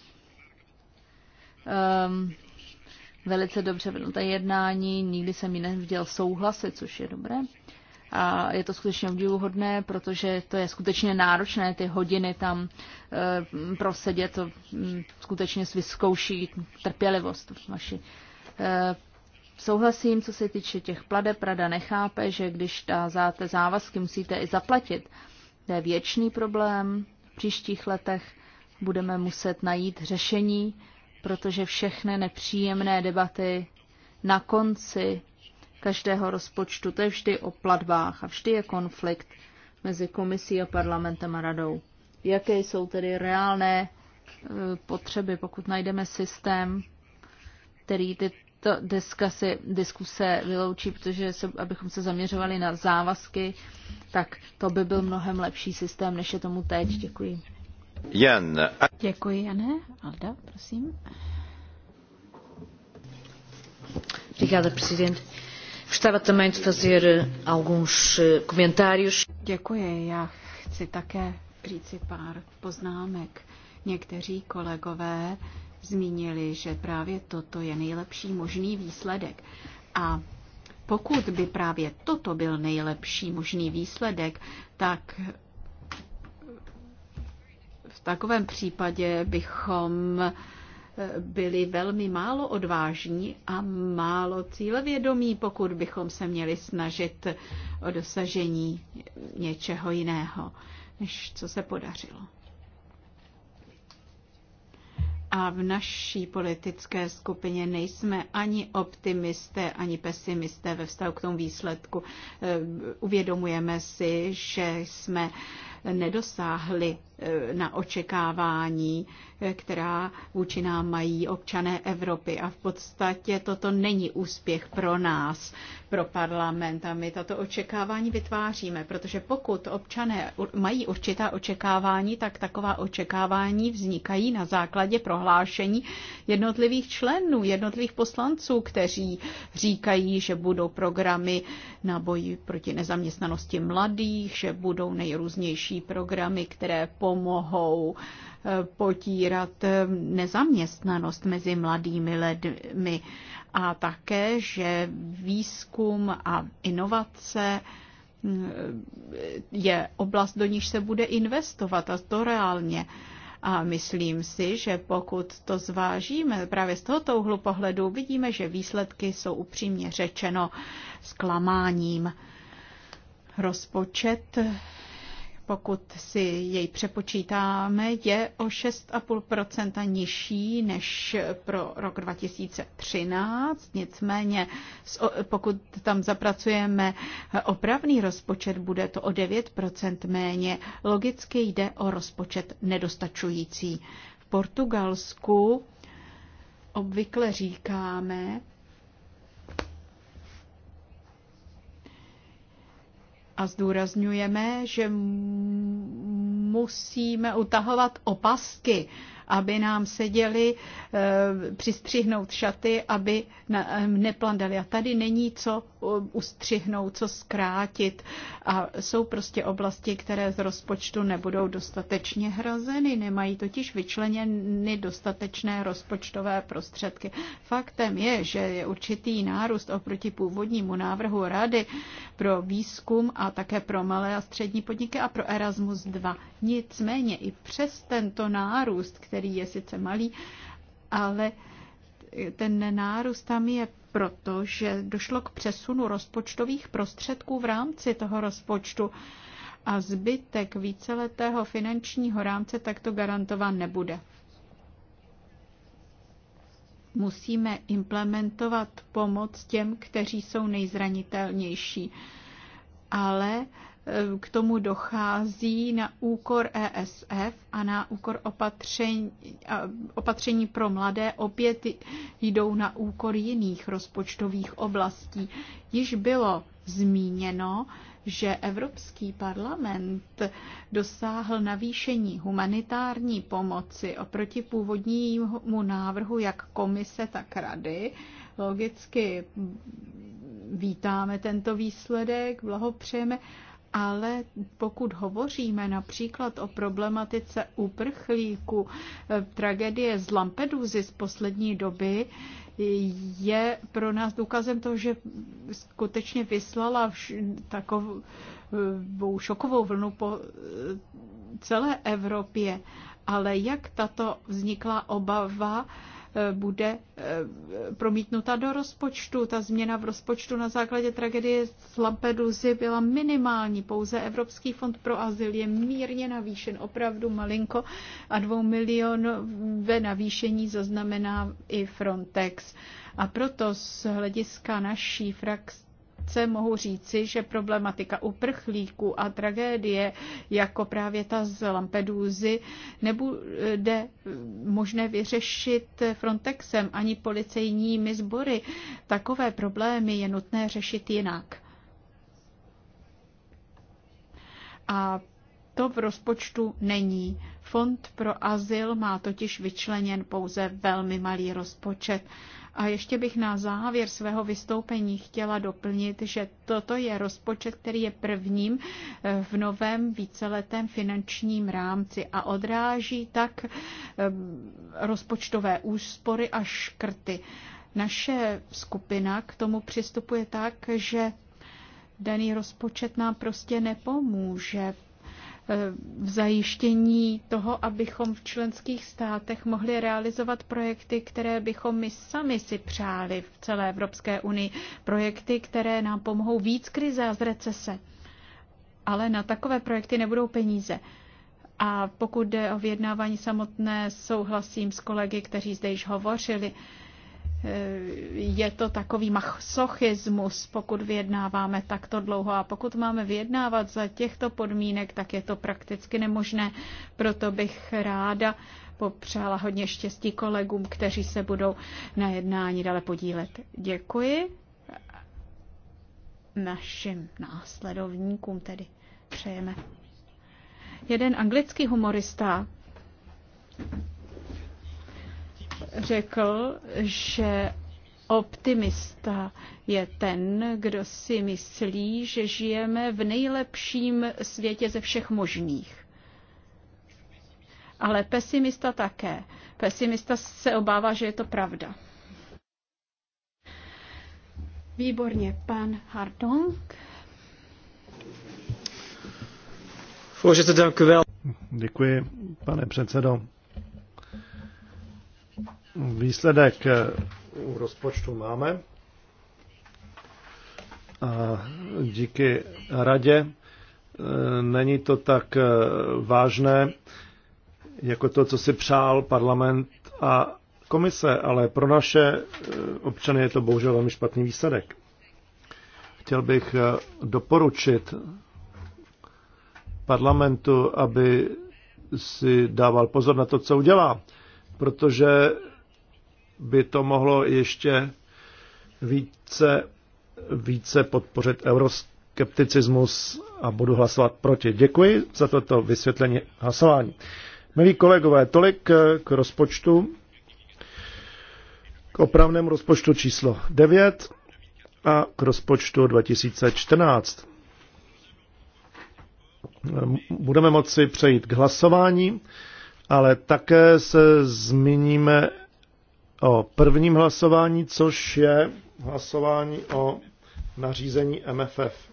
velice dobře vedla jednání, nikdy jsem ji neviděl souhlasit, což je dobré. A je to skutečně obdivuhodné, protože to je skutečně náročné ty hodiny tam eh, prosedět. To hm, skutečně si vyzkouší trpělivost vaši. Eh, souhlasím, co se týče těch pladeb. Rada nechápe, že když dáte závazky, musíte i zaplatit. To je věčný problém. V příštích letech budeme muset najít řešení, protože všechny nepříjemné debaty na konci každého rozpočtu. To je vždy o platbách a vždy je konflikt mezi komisí a parlamentem a radou. Jaké jsou tedy reálné e, potřeby, pokud najdeme systém, který tyto diskusy, diskuse vyloučí, protože se, abychom se zaměřovali na závazky, tak to by byl mnohem lepší systém, než je tomu teď. Děkuji. Jan. Děkuji, Jane. Alda, prosím. Obrigada, Presidente. Gostava também de fazer eh, alguns eh, comentários. Děkuji, já chci také říci pár poznámek. Někteří kolegové zmínili, že právě toto je nejlepší možný výsledek. A pokud by právě toto byl nejlepší možný výsledek, tak v takovém případě bychom byli velmi málo odvážní a málo cílevědomí, pokud bychom se měli snažit o dosažení něčeho jiného, než co se podařilo. A v naší politické skupině nejsme ani optimisté, ani pesimisté ve vztahu k tomu výsledku. E, uvědomujeme si, že jsme nedosáhli Eh, na očekávání, eh, která vůči nám mají občané Evropy. A v podstatě toto není úspěch pro nás, pro parlament. A my tato očekávání vytváříme, protože pokud občané mají určitá očekávání, tak taková očekávání vznikají na základě prohlášení jednotlivých členů, jednotlivých poslanců, kteří říkají, že budou programy na boji proti nezaměstnanosti mladých, že budou nejrůznější programy, které pomohou eh, potírat eh, nezaměstnanost mezi mladými lidmi a také, že výzkum a inovace mm, je oblast, do níž se bude investovat a to reálně. A myslím si, že pokud to zvážíme právě z tohoto úhlu pohledu, vidíme, že výsledky jsou upřímně řečeno zklamáním. Rozpočet pokud si jej přepočítáme, je o 6,5 nižší než pro rok 2013. Nicméně, pokud tam zapracujeme opravný rozpočet, bude to o 9 méně. Logicky jde o rozpočet nedostačující. V Portugalsku obvykle říkáme, a zdůrazňujeme, že musíme utahovat opasky aby nám seděli, eh, přistřihnout šaty, aby eh, neplandali. A tady není co eh, ustřihnout, co zkrátit. A jsou prostě oblasti, které z rozpočtu nebudou dostatečně hrazeny, nemají totiž vyčleněny dostatečné rozpočtové prostředky. Faktem je, že je určitý nárůst oproti původnímu návrhu Rady pro výzkum a také pro malé a střední podniky a pro Erasmus 2. Nicméně i přes tento nárůst, který který je sice malý, ale ten nárůst tam je proto, že došlo k přesunu rozpočtových prostředků v rámci toho rozpočtu a zbytek víceletého finančního rámce takto garantován nebude. Musíme implementovat pomoc těm, kteří jsou nejzranitelnější, ale Eh, k tomu dochází na úkor ESF a na úkor opatření, opatření pro mladé opět jdou na úkor jiných rozpočtových oblastí. Již bylo zmíněno, že Evropský parlament dosáhl navýšení humanitární pomoci oproti původnímu návrhu jak komise, tak rady. Logicky vítáme tento výsledek, blahopřejeme, ale pokud hovoříme například o problematice uprchlíků, eh, tragédie z Lampeduzy z poslední doby, je pro nás důkazem toho, že skutečně vyslala takovou eh, šokovou vlnu po eh, celé Evropě. Ale jak tato vzniklá obava Eh, bude eh, promítnuta do rozpočtu. Ta změna v rozpočtu na základě tragedie z Lampedusy byla minimální. Pouze Evropský fond pro azyl je mírně navýšen, opravdu malinko a dvou milion ve navýšení zaznamená i Frontex. A proto z hlediska naší frakce krátce mohu říci, že problematika uprchlíků a tragédie, jako právě ta z Lampedusy, nebude možné vyřešit Frontexem ani policejními sbory. Takové problémy je nutné řešit jinak. A to v rozpočtu není. Fond pro azyl má totiž vyčleněn pouze velmi malý rozpočet. A ještě bych na závěr svého vystoupení chtěla doplnit, že toto je rozpočet, který je prvním eh, v novém víceletém finančním rámci a odráží tak eh, rozpočtové úspory a škrty. Naše skupina k tomu přistupuje tak, že daný rozpočet nám prostě nepomůže v zajištění toho, abychom v členských státech mohli realizovat projekty, které bychom my sami si přáli v celé Evropské unii. Projekty, které nám pomohou víc krize a z recese. Ale na takové projekty nebudou peníze. A pokud jde o vyjednávání samotné, souhlasím s kolegy, kteří zde již hovořili. Uh, je to takový machsochismus, pokud vyjednáváme takto dlouho a pokud máme vyjednávat za těchto podmínek, tak je to prakticky nemožné. Proto bych ráda popřála hodně štěstí kolegům, kteří se budou na jednání dále podílet. Děkuji našim následovníkům tedy přejeme. Jeden anglický humorista řekl, že optimista je ten, kdo si myslí, že žijeme v nejlepším světě ze všech možných. Ale pesimista také. Pesimista se obává, že je to pravda. Výborně, pan Hardong. Děkuji, pane předsedo. Výsledek eh, u rozpočtu máme. A díky radě eh, není to tak eh, vážné jako to, co si přál parlament a komise, ale pro naše občany je to bohužel velmi špatný výsledek. Chtěl bych doporučit parlamentu, aby si dával pozor na to, co udělá, protože by to mohlo ještě více, více podpořit euroskepticismus a budu hlasovat proti. Děkuji za toto vysvětlení hlasování. Milí kolegové, tolik k rozpočtu, k opravnému rozpočtu číslo 9 a k rozpočtu 2014. Budeme moci přejít k hlasování, ale také se zmíníme o prvním hlasování, což je hlasování o nařízení MFF.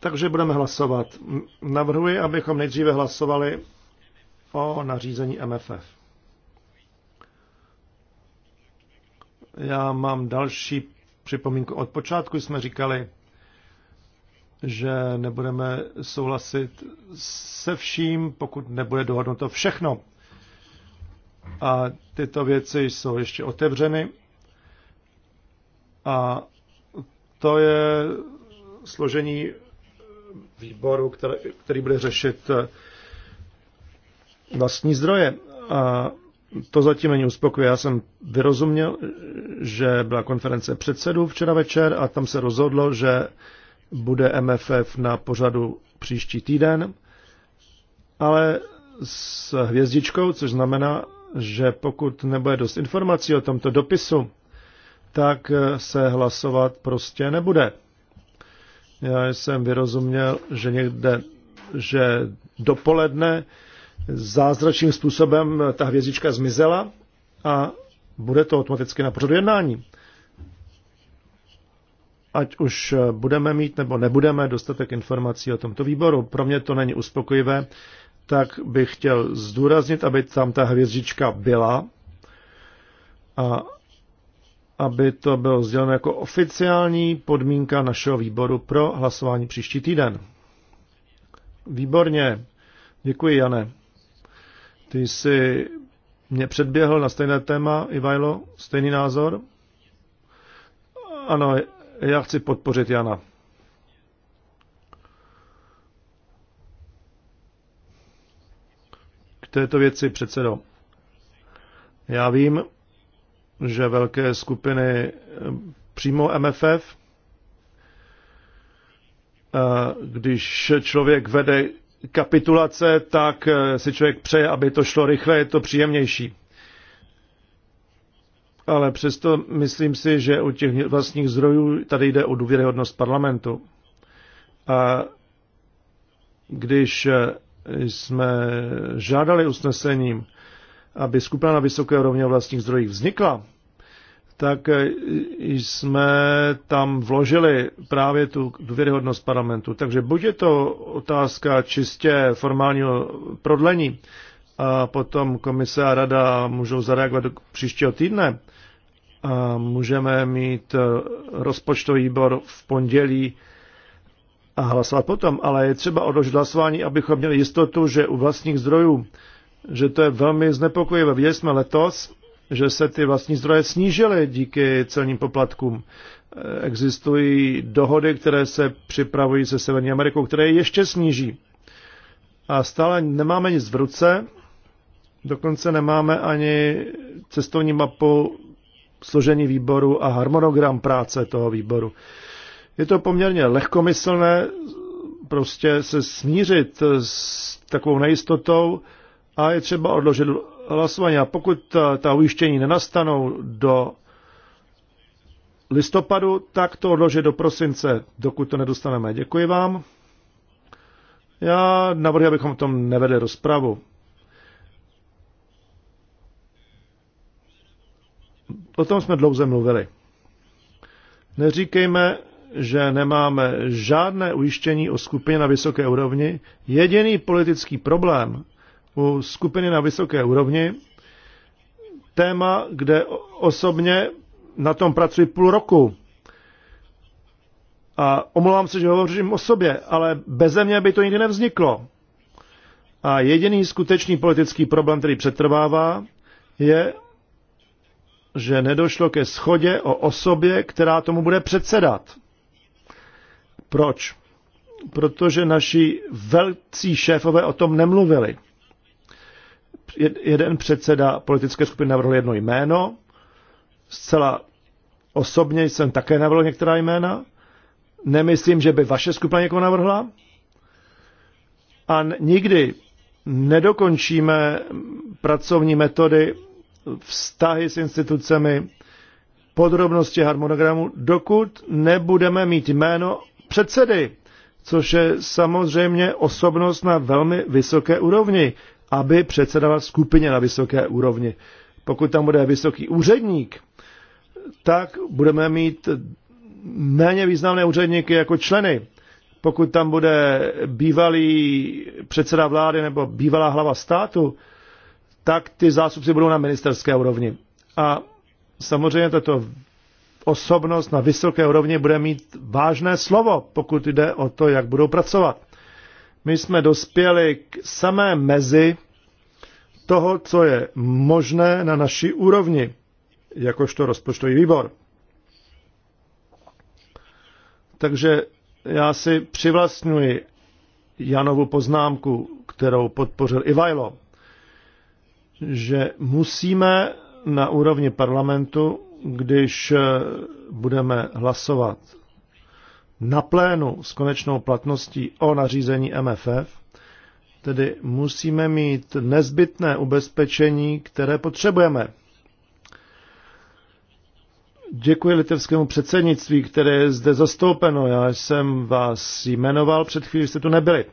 Takže budeme hlasovat. Navrhuji, abychom nejdříve hlasovali o nařízení MFF. Já mám další připomínku. Od počátku jsme říkali, že nebudeme souhlasit se vším, pokud nebude dohodnuto všechno. A tyto věci jsou ještě otevřeny a to je složení výboru, který, který bude řešit eh, vlastní zdroje. A to zatím není uspokojivé. Já jsem vyrozuměl, že byla konference předsedů včera večer a tam se rozhodlo, že bude MFF na pořadu příští týden, ale s hvězdičkou, což znamená, že pokud nebude dost informací o tomto dopisu, tak eh, se hlasovat prostě nebude. Já jsem vyrozuměl, že někde, že dopoledne zázračným způsobem eh, ta hvězdička zmizela a bude to automaticky na pořadu jednání. Ať už eh, budeme mít nebo nebudeme dostatek informací o tomto výboru, pro mě to není uspokojivé, tak bych chtěl zdůraznit, aby tam ta hvězdička byla a aby to bylo sděleno jako oficiální podmínka našeho výboru pro hlasování příští týden. Výborně. Děkuji, Jane. Ty jsi mě předběhl na stejné téma, Ivajlo, stejný názor? Ano, já chci podpořit Jana. K této věci předsedo. Já vím, že velké skupiny eh, přímo MFF. když člověk vede kapitulace, tak eh, si člověk přeje, aby to šlo rychle, je to příjemnější. Ale přesto myslím si, že u těch vlastních zdrojů tady jde o důvěryhodnost parlamentu. A když eh, jsme žádali usnesením aby skupina na vysoké úrovni o vlastních zdrojích vznikla, tak eh, jsme tam vložili právě tu důvěryhodnost parlamentu. Takže buď je to otázka čistě formálního prodlení, a potom komise a rada můžou zareagovat do příštího týdne. A můžeme mít eh, rozpočtový výbor v pondělí a hlasovat potom, ale je třeba odložit hlasování, abychom měli jistotu, že u vlastních zdrojů že to je velmi znepokojivé. Viděli jsme letos, že se ty vlastní zdroje snížily díky celním poplatkům. Existují dohody, které se připravují se Severní Amerikou, které je ještě sníží. A stále nemáme nic v ruce, dokonce nemáme ani cestovní mapu složení výboru a harmonogram práce toho výboru. Je to poměrně lehkomyslné prostě se smířit s takovou nejistotou, a je třeba odložit hlasování. A pokud eh, ta ujištění nenastanou do listopadu, tak to odložit do prosince, dokud to nedostaneme. Děkuji vám. Já navrhuji, abychom tom nevedli rozpravu. O tom jsme dlouze mluvili. Neříkejme, že nemáme žádné ujištění o skupině na vysoké úrovni. Jediný politický problém, u skupiny na vysoké úrovni, téma, kde osobně na tom pracuji půl roku. A omlouvám se, že hovořím o sobě, ale beze mě by to nikdy nevzniklo. A jediný skutečný politický problém, který přetrvává, je, že nedošlo ke schodě o osobě, která tomu bude předsedat. Proč? Protože naši velcí šéfové o tom nemluvili jeden předseda politické skupiny navrhl jedno jméno, zcela osobně jsem také navrhl některá jména, nemyslím, že by vaše skupina někoho navrhla a nikdy nedokončíme pracovní metody, vztahy s institucemi, podrobnosti harmonogramu, dokud nebudeme mít jméno předsedy, což je samozřejmě osobnost na velmi vysoké úrovni aby předsedoval skupině na vysoké úrovni. Pokud tam bude vysoký úředník, tak budeme mít méně významné úředníky jako členy. Pokud tam bude bývalý předseda vlády nebo bývalá hlava státu, tak ty zástupci budou na ministerské úrovni. A samozřejmě tato osobnost na vysoké úrovni bude mít vážné slovo, pokud jde o to, jak budou pracovat. My jsme dospěli k samé mezi toho, co je možné na naší úrovni, jakožto rozpočtový výbor. Takže já si přivlastňuji Janovu poznámku, kterou podpořil Ivajlo, že musíme na úrovni parlamentu, když budeme hlasovat na plénu s konečnou platností o nařízení MFF, tedy musíme mít nezbytné ubezpečení, které potřebujeme. Děkuji litevskému předsednictví, které je zde zastoupeno. Já jsem vás jmenoval, před chvílí jste tu nebyli.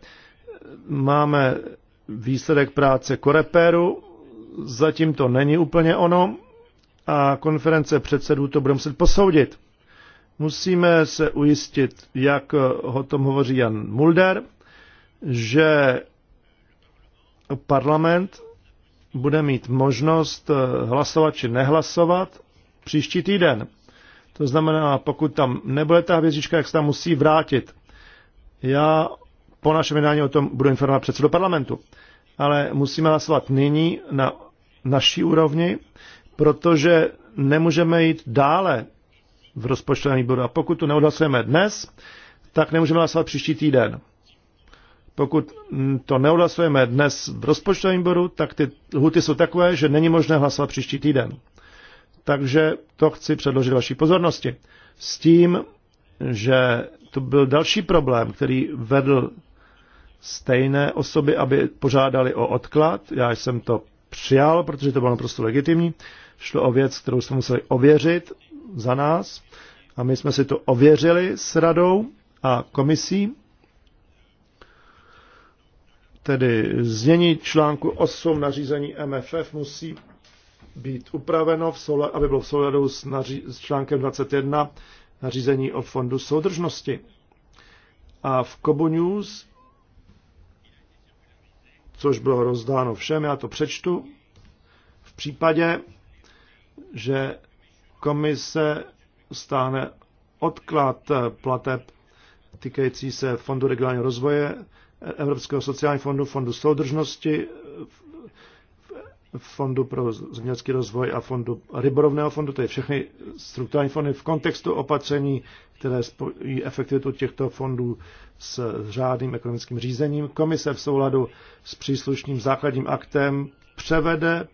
Máme výsledek práce Koreperu, zatím to není úplně ono a konference předsedů to bude muset posoudit. Musíme se ujistit, jak eh, o tom hovoří Jan Mulder, že parlament bude mít možnost eh, hlasovat či nehlasovat příští týden. To znamená, pokud tam nebude ta hvězdička, jak se tam musí vrátit. Já po našem jednání o tom budu informovat předsedu parlamentu. Ale musíme hlasovat nyní na naší úrovni, protože nemůžeme jít dále v rozpočtovém výboru. A pokud to neodhlasujeme dnes, tak nemůžeme hlasovat příští týden. Pokud to neodhlasujeme dnes v rozpočtovém výboru, tak ty lhuty jsou takové, že není možné hlasovat příští týden. Takže to chci předložit vaší pozornosti. S tím, že to byl další problém, který vedl stejné osoby, aby požádali o odklad. Já jsem to přijal, protože to bylo naprosto legitimní. Šlo o věc, kterou jsme museli ověřit za nás a my jsme si to ověřili s radou a komisí. Tedy znění článku 8 nařízení MFF musí být upraveno, v soule, aby bylo v souladu s, s článkem 21 nařízení o fondu soudržnosti. A v Kobu News, což bylo rozdáno všem, já to přečtu, v případě, že komise stáhne odklad plateb týkající se Fondu regionálního rozvoje, Evropského sociálního fondu, Fondu soudržnosti, Fondu pro zemědělský rozvoj a Fondu rybolovného fondu, to je všechny strukturální fondy v kontextu opatření, které spojí efektivitu těchto fondů s řádným ekonomickým řízením. Komise v souladu s příslušným základním aktem převede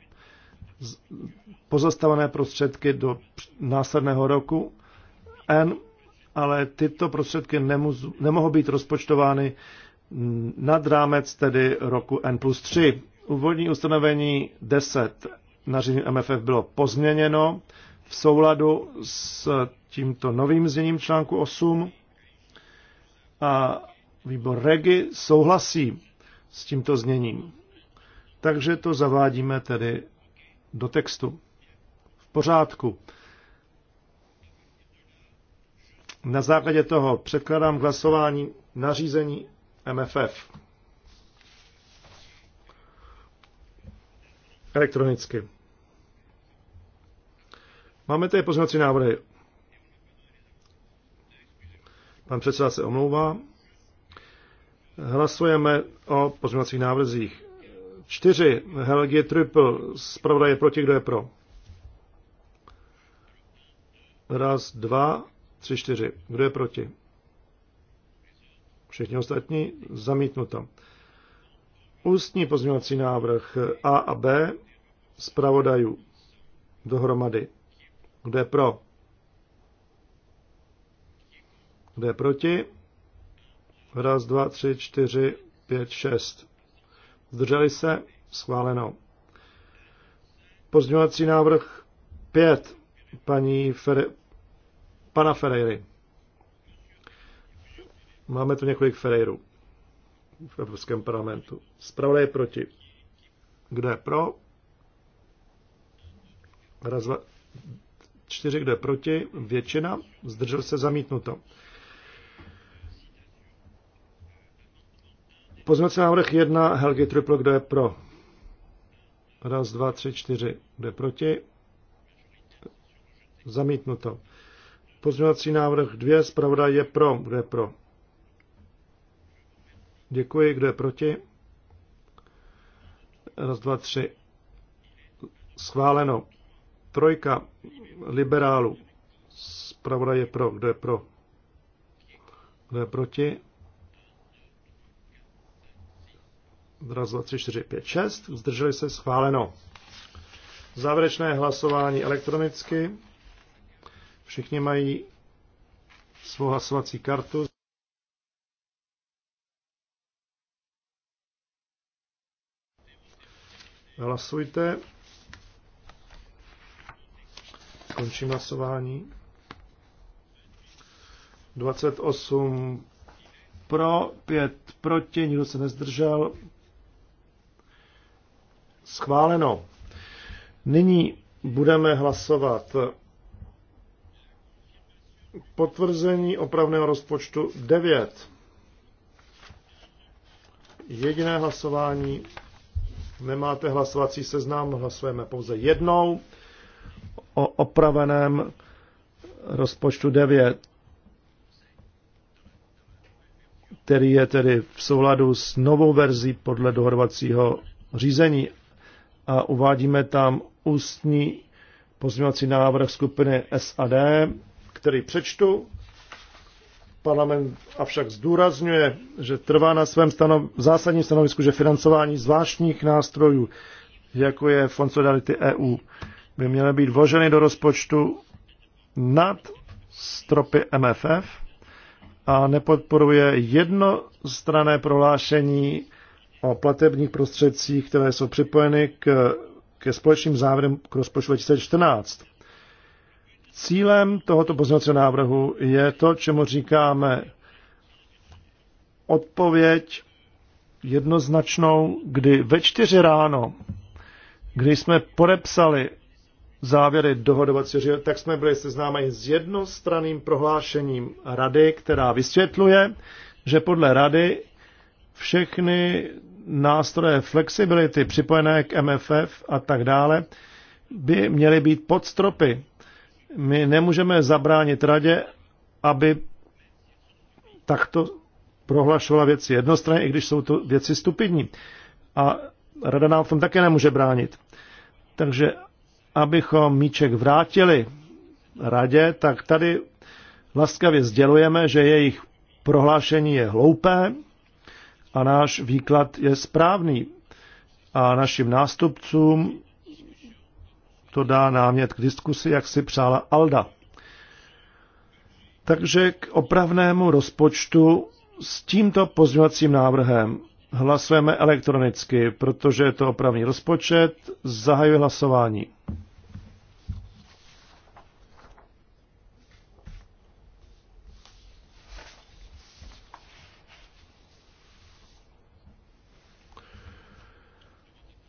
pozastavené prostředky do následného roku N, ale tyto prostředky nemohu, nemohou být rozpočtovány nad rámec tedy roku N plus 3. Úvodní ustanovení 10 nařízení MFF bylo pozměněno v souladu s tímto novým zněním článku 8 a výbor REGI souhlasí s tímto zněním. Takže to zavádíme tedy do textu. V pořádku. Na základě toho předkládám k hlasování nařízení MFF. Elektronicky. Máme tady pozměňovací návrhy. Pan předseda se omlouvá. Hlasujeme o pozměňovacích návrzích 4. Helgi Triple. Zpravda je proti, kdo je pro? Raz, dva, tři, čtyři. Kdo je proti? Všichni ostatní zamítnuto. Ústní pozměňovací návrh A a B zpravodajů dohromady. Kdo je pro? Kdo je proti? Raz, dva, tři, čtyři, pět, šest zdrželi se, schváleno. Pozměňovací návrh 5 paní Fere, pana Ferreiry. Máme tu několik Ferreirů v Evropském parlamentu. Zpravodaj je proti. Kdo je pro? Raz, dva, čtyři, kdo je proti? Většina. Zdržel se zamítnuto. Pozměňovací návrh 1 Helgi Triple, kdo je pro? Raz, dva, tři, čtyři. Kdo je proti? Zamítnuto. Pozměňovací návrh 2, zpravodaj je pro. Kdo je pro? Děkuji. Kdo je proti? Raz, dva, tři. Schváleno. Trojka liberálů. Zpravodaj je pro. Kdo je pro? Kdo je proti? Zraz dva, tři, čtyři, pět, šest. Zdrželi se schváleno. Závěrečné hlasování elektronicky. Všichni mají svou hlasovací kartu. Hlasujte. Končím hlasování. 28 pro, 5 proti, nikdo se nezdržel. Schváleno. Nyní budeme hlasovat potvrzení opravného rozpočtu 9. Jediné hlasování. Nemáte hlasovací seznam, hlasujeme pouze jednou o opraveném rozpočtu 9, který je tedy v souladu s novou verzí podle dohodovacího řízení a uvádíme tam ústní pozměňovací návrh skupiny SAD, který přečtu. Parlament avšak zdůrazňuje, že trvá na svém stanov- zásadním stanovisku, že financování zvláštních nástrojů, jako je Fond Solidarity EU, by měly být vloženy do rozpočtu nad stropy MFF a nepodporuje jednostrané prohlášení o platebních prostředcích, které jsou připojeny k, ke společným závěrem k rozpočtu 2014. Cílem tohoto pozměňovacího návrhu je to, čemu říkáme odpověď jednoznačnou, kdy ve čtyři ráno, kdy jsme podepsali závěry dohodovacího tak jsme byli seznámeni s jednostranným prohlášením rady, která vysvětluje, že podle rady všechny nástroje flexibility připojené k MFF a tak dále by měly být pod stropy. My nemůžeme zabránit radě, aby takto prohlašovala věci jednostranně, i když jsou to věci stupidní. A rada nám v tom také nemůže bránit. Takže abychom míček vrátili radě, tak tady laskavě sdělujeme, že jejich prohlášení je hloupé, a náš výklad je správný. A našim nástupcům to dá námět k diskusi, jak si přála Alda. Takže k opravnému rozpočtu s tímto pozměňovacím návrhem hlasujeme elektronicky, protože je to opravný rozpočet. zahajuje hlasování.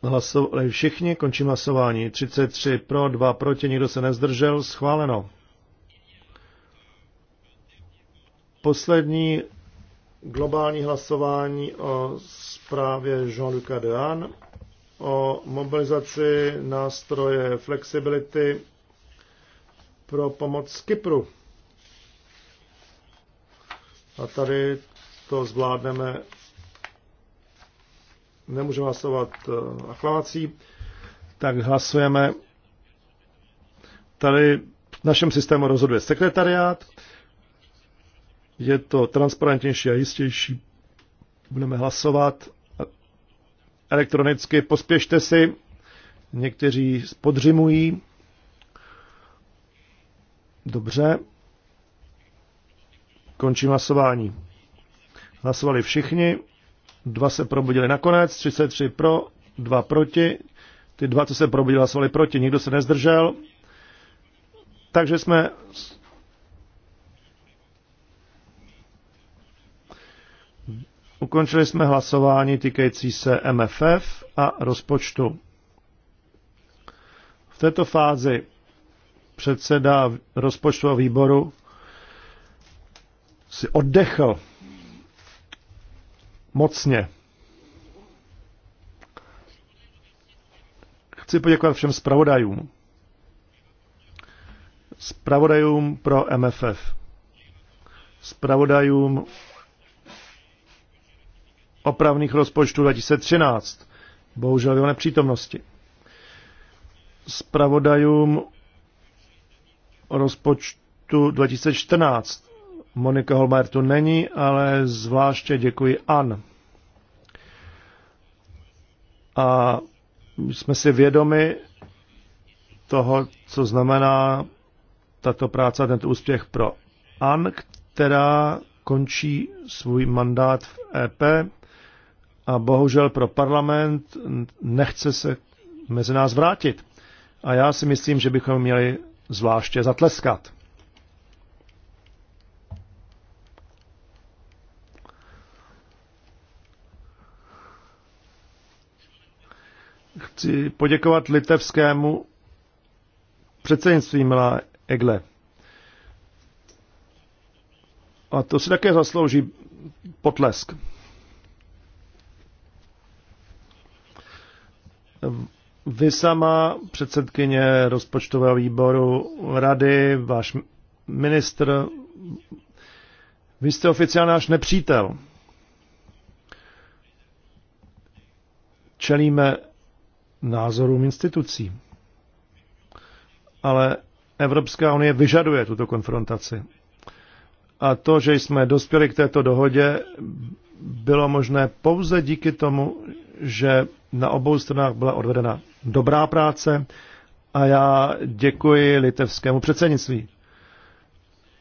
Hlasovali eh, všichni, končím hlasování. 33 pro, 2 proti, nikdo se nezdržel, schváleno. Poslední globální hlasování o zprávě Jean-Luc Dehan o mobilizaci nástroje flexibility pro pomoc Kypru. A tady to zvládneme nemůžeme hlasovat eh, aklamací, tak hlasujeme. Tady v našem systému rozhoduje sekretariát. Je to transparentnější a jistější. Budeme hlasovat elektronicky. Pospěšte si. Někteří podřimují. Dobře. Končím hlasování. Hlasovali všichni. Dva se probudili nakonec, 33 pro, dva proti. Ty dva, co se probudili, hlasovali proti, nikdo se nezdržel. Takže jsme Ukončili jsme hlasování týkající se MFF a rozpočtu. V této fázi předseda rozpočtového výboru si oddechl mocně. Chci poděkovat všem zpravodajům. Zpravodajům pro MFF. Zpravodajům opravných rozpočtů 2013. Bohužel jeho nepřítomnosti. Zpravodajům rozpočtu 2014 Monika Holmer tu není, ale zvláště děkuji An. A jsme si vědomi toho, co znamená tato práce, tento úspěch pro An, která končí svůj mandát v EP a bohužel pro parlament nechce se mezi nás vrátit. A já si myslím, že bychom měli zvláště zatleskat. chci poděkovat litevskému předsednictví, milá Egle. A to si také zaslouží potlesk. Vy sama, předsedkyně rozpočtového výboru rady, váš ministr, vy jste oficiálně náš nepřítel. Čelíme názorům institucí. Ale Evropská unie vyžaduje tuto konfrontaci. A to, že jsme dospěli k této dohodě, bylo možné pouze díky tomu, že na obou stranách byla odvedena dobrá práce a já děkuji litevskému předsednictví.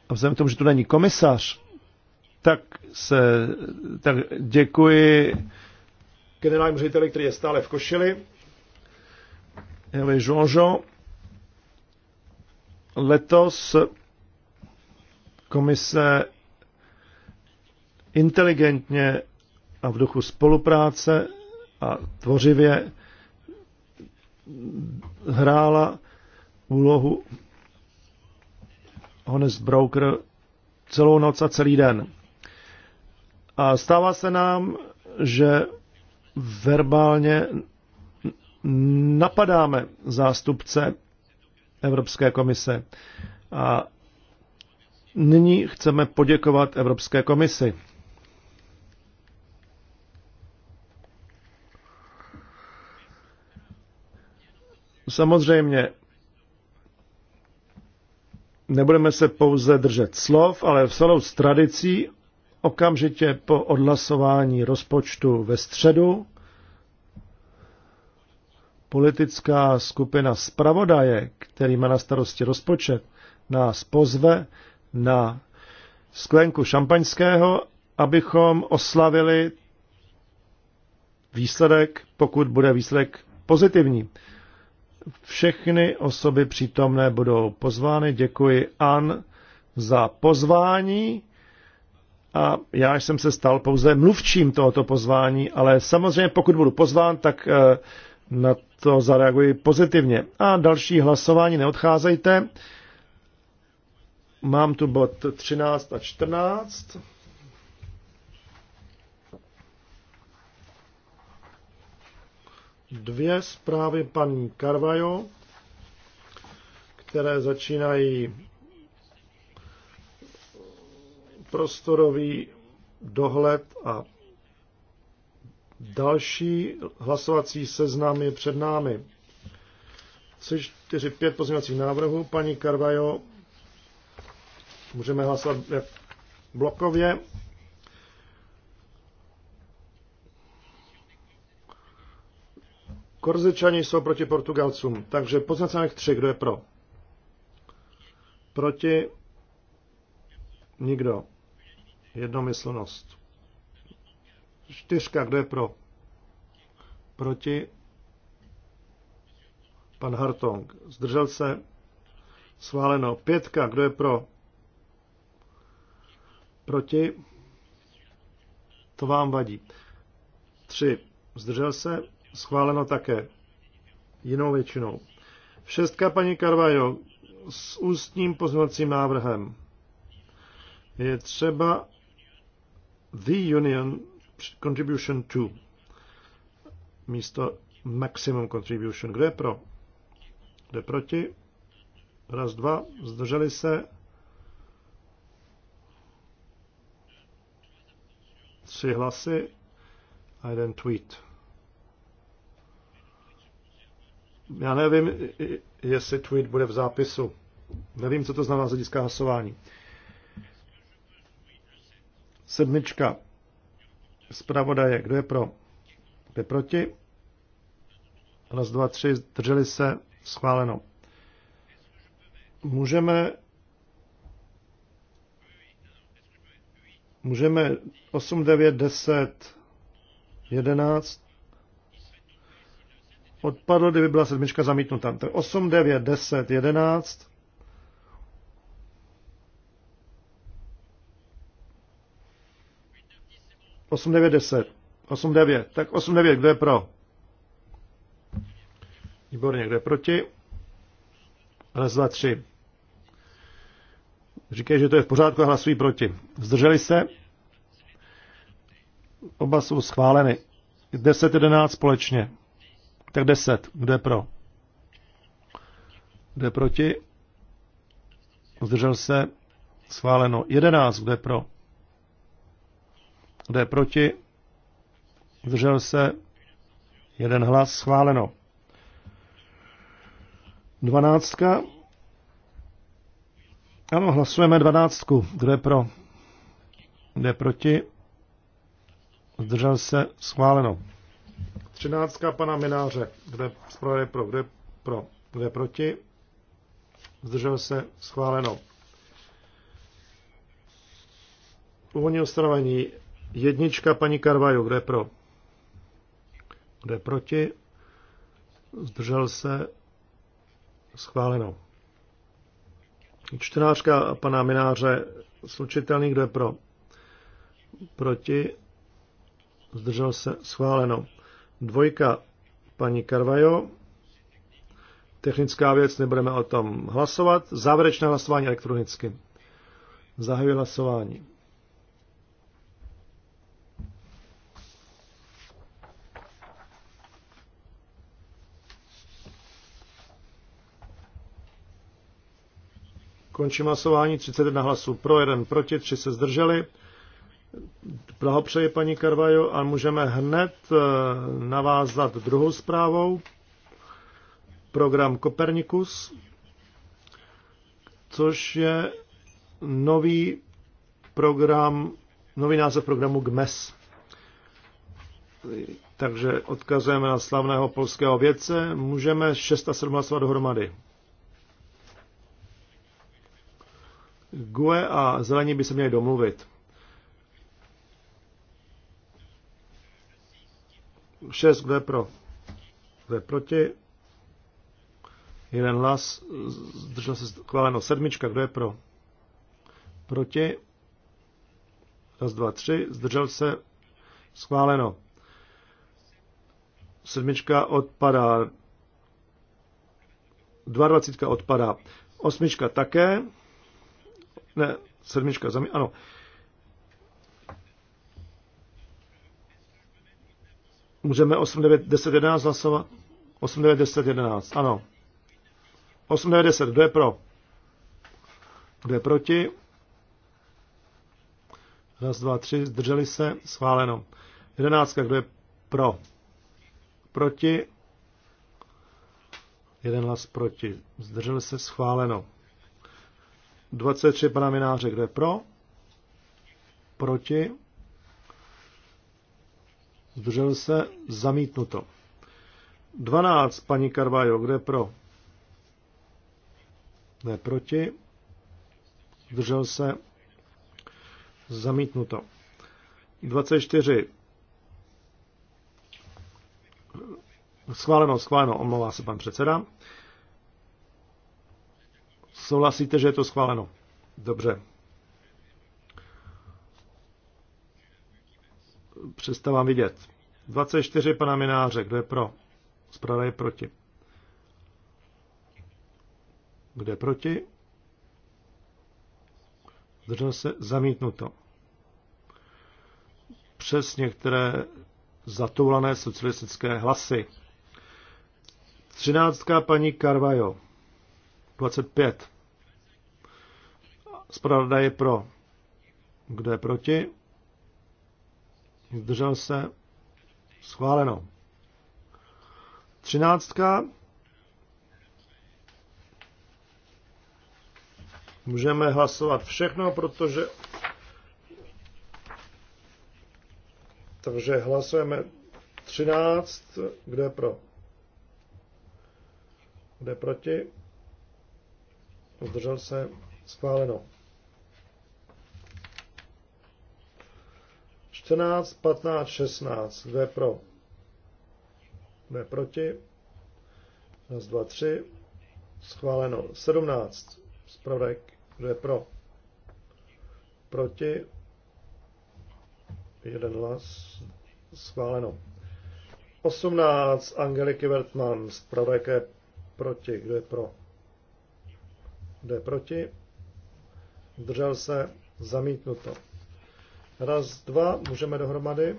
A vzhledem k tomu, že tu není komisař, tak, se, tak děkuji generálnímu řediteli, který je stále v košili. Hervé Jean-Jean. Letos komise inteligentně a v duchu spolupráce a tvořivě hrála úlohu honest broker celou noc a celý den. A stává se nám, že verbálně napadáme zástupce Evropské komise. A nyní chceme poděkovat Evropské komisi. Samozřejmě nebudeme se pouze držet slov, ale v celou s tradicí okamžitě po odhlasování rozpočtu ve středu politická skupina zpravodaje, který má na starosti rozpočet, nás pozve na sklenku šampaňského, abychom oslavili výsledek, pokud bude výsledek pozitivní. Všechny osoby přítomné budou pozvány. Děkuji An za pozvání. A já jsem se stal pouze mluvčím tohoto pozvání, ale samozřejmě pokud budu pozván, tak eh, na to zareaguji pozitivně. A další hlasování, neodcházejte. Mám tu bod 13 a 14. Dvě zprávy paní Carvajo, které začínají prostorový dohled a Další hlasovací seznam je před námi. 3, 4, 5 pozměňovacích návrhů. Paní Carvajo, můžeme hlasovat blokově. Korzečani jsou proti Portugalcům, takže pozměňovací 3, kdo je pro? Proti nikdo. Jednomyslnost. Čtyřka, kdo je pro? Proti? Pan Hartong. Zdržel se? Schváleno. Pětka, kdo je pro? Proti? To vám vadí. Tři. Zdržel se? Schváleno také. Jinou většinou. Šestka paní Carvajo s ústním pozvacím návrhem. Je třeba The Union contribution to místo maximum contribution. Kdo je pro? Kdo je proti? Raz, dva. Zdrželi se. Tři hlasy a jeden tweet. Já nevím, jestli tweet bude v zápisu. Nevím, co to znamená z hlediska hlasování. Sedmička zpravodaje. Kdo je pro? Kdo je proti? Raz, dva, tři, drželi se, schváleno. Můžeme Můžeme 8, 9, 10, 11. Odpadlo, kdyby byla sedmička zamítnuta. Tak 8, 9, 10, 11. 8, 9, 10. 8, 9. Tak 8, 9. Kdo je pro? Výborně. Kdo je proti? Raz, dva, tři. Říkají, že to je v pořádku a hlasují proti. Zdrželi se? Oba jsou schváleny. 10, 11 společně. Tak 10. Kdo je pro? Kdo je proti? Zdržel se? Schváleno. 11. Kdo je pro? Kdo je proti? Zdržel se? Jeden hlas. Schváleno. Dvanáctka. Ano, hlasujeme dvanáctku. Kdo je pro? Kdo je proti? Zdržel se? Schváleno. Třináctka pana Mináře. Kdo je pro? Kdo je pro? Kdo je, pro? Kdo je proti? Zdržel se? Schváleno. Původní ustanovení Jednička paní Karvajo, je pro? je proti? Zdržel se? Schváleno. Čtenářka pana Mináře slučitelný, kdo je pro? Proti? Zdržel se? Schváleno. Dvojka paní Karvajo. Technická věc, nebudeme o tom hlasovat. Závěrečné hlasování elektronicky. Zahajuji hlasování. Končím hlasování 31 hlasů pro, 1 proti, 3 se zdrželi. Blahopřeji paní Karvajo a můžeme hned eh, navázat druhou zprávou. Program Kopernikus, což je nový program, nový název programu GMES. Takže odkazujeme na slavného polského vědce. Můžeme 6 a 7 hlasovat dohromady. GUE a zelení by se měli domluvit. Šest, kdo je pro? Kdo je proti? Jeden hlas, zdržel se schváleno. Sedmička, kdo je pro? Proti? Raz, dva, tři, zdržel se schváleno. Sedmička odpadá. Dvadvacítka odpadá. Osmička také. Ne, sedmička, zami, ano. Můžeme 8, 9, 10, 11 hlasovat? 8, 9, 10, 11, ano. 8, 9, 10, kdo je pro? Kdo je proti? Raz, dva, tři, zdrželi se, schváleno. 11, kdo je pro? Proti? Jeden hlas proti. Zdrželi se, schváleno. 23 pana Mináře, kdo je pro? Proti? Zdržel se? Zamítnuto. 12 paní Karvajo, kdo je pro? Ne proti? Zdržel se? Zamítnuto. 24. Schváleno, schváleno, omlouvá se pan předseda. Souhlasíte, že je to schváleno? Dobře. Přestávám vidět. 24 pana Mináře, kdo je pro? Zprava je proti. Kde je proti? Zdržel se zamítnuto. Přes některé zatoulané socialistické hlasy. 13. paní Carvajo. 25. Zpravda je pro. Kdo je proti? Zdržel se? Schváleno. Třináctka. Můžeme hlasovat všechno, protože takže hlasujeme 13, kdo je pro? Kdo je proti? Zdržel se? Schváleno. 14, 15, 16. Kdo je pro? Kdo je proti? 1, 2, 3, Schváleno. 17. Zpravodaj, kdo je pro? Proti? Jeden hlas. Schváleno. 18. Angeliky Wertmann. Zpravodaj, je proti? Kdo je pro? Kdo je proti? Držel se. Zamítnuto. Raz, dva, můžeme dohromady.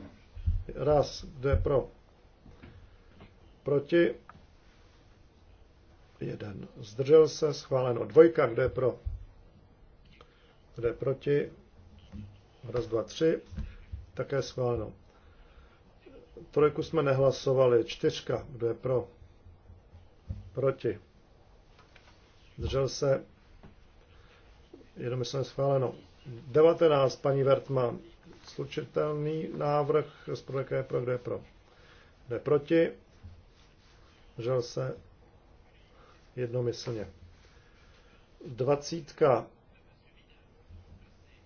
Raz, kde pro. Proti. Jeden. Zdržel se, schváleno. Dvojka, kde pro. Kde proti. Raz, dva, tři. Také schváleno. Trojku jsme nehlasovali. Čtyřka, kdo je pro? Proti. Zdržel se. Jednomyslně schváleno. 19, paní Vertman slučitelný návrh, zpravodajka pro, kde je pro. Kdo je proti, žel se jednomyslně. Dvacítka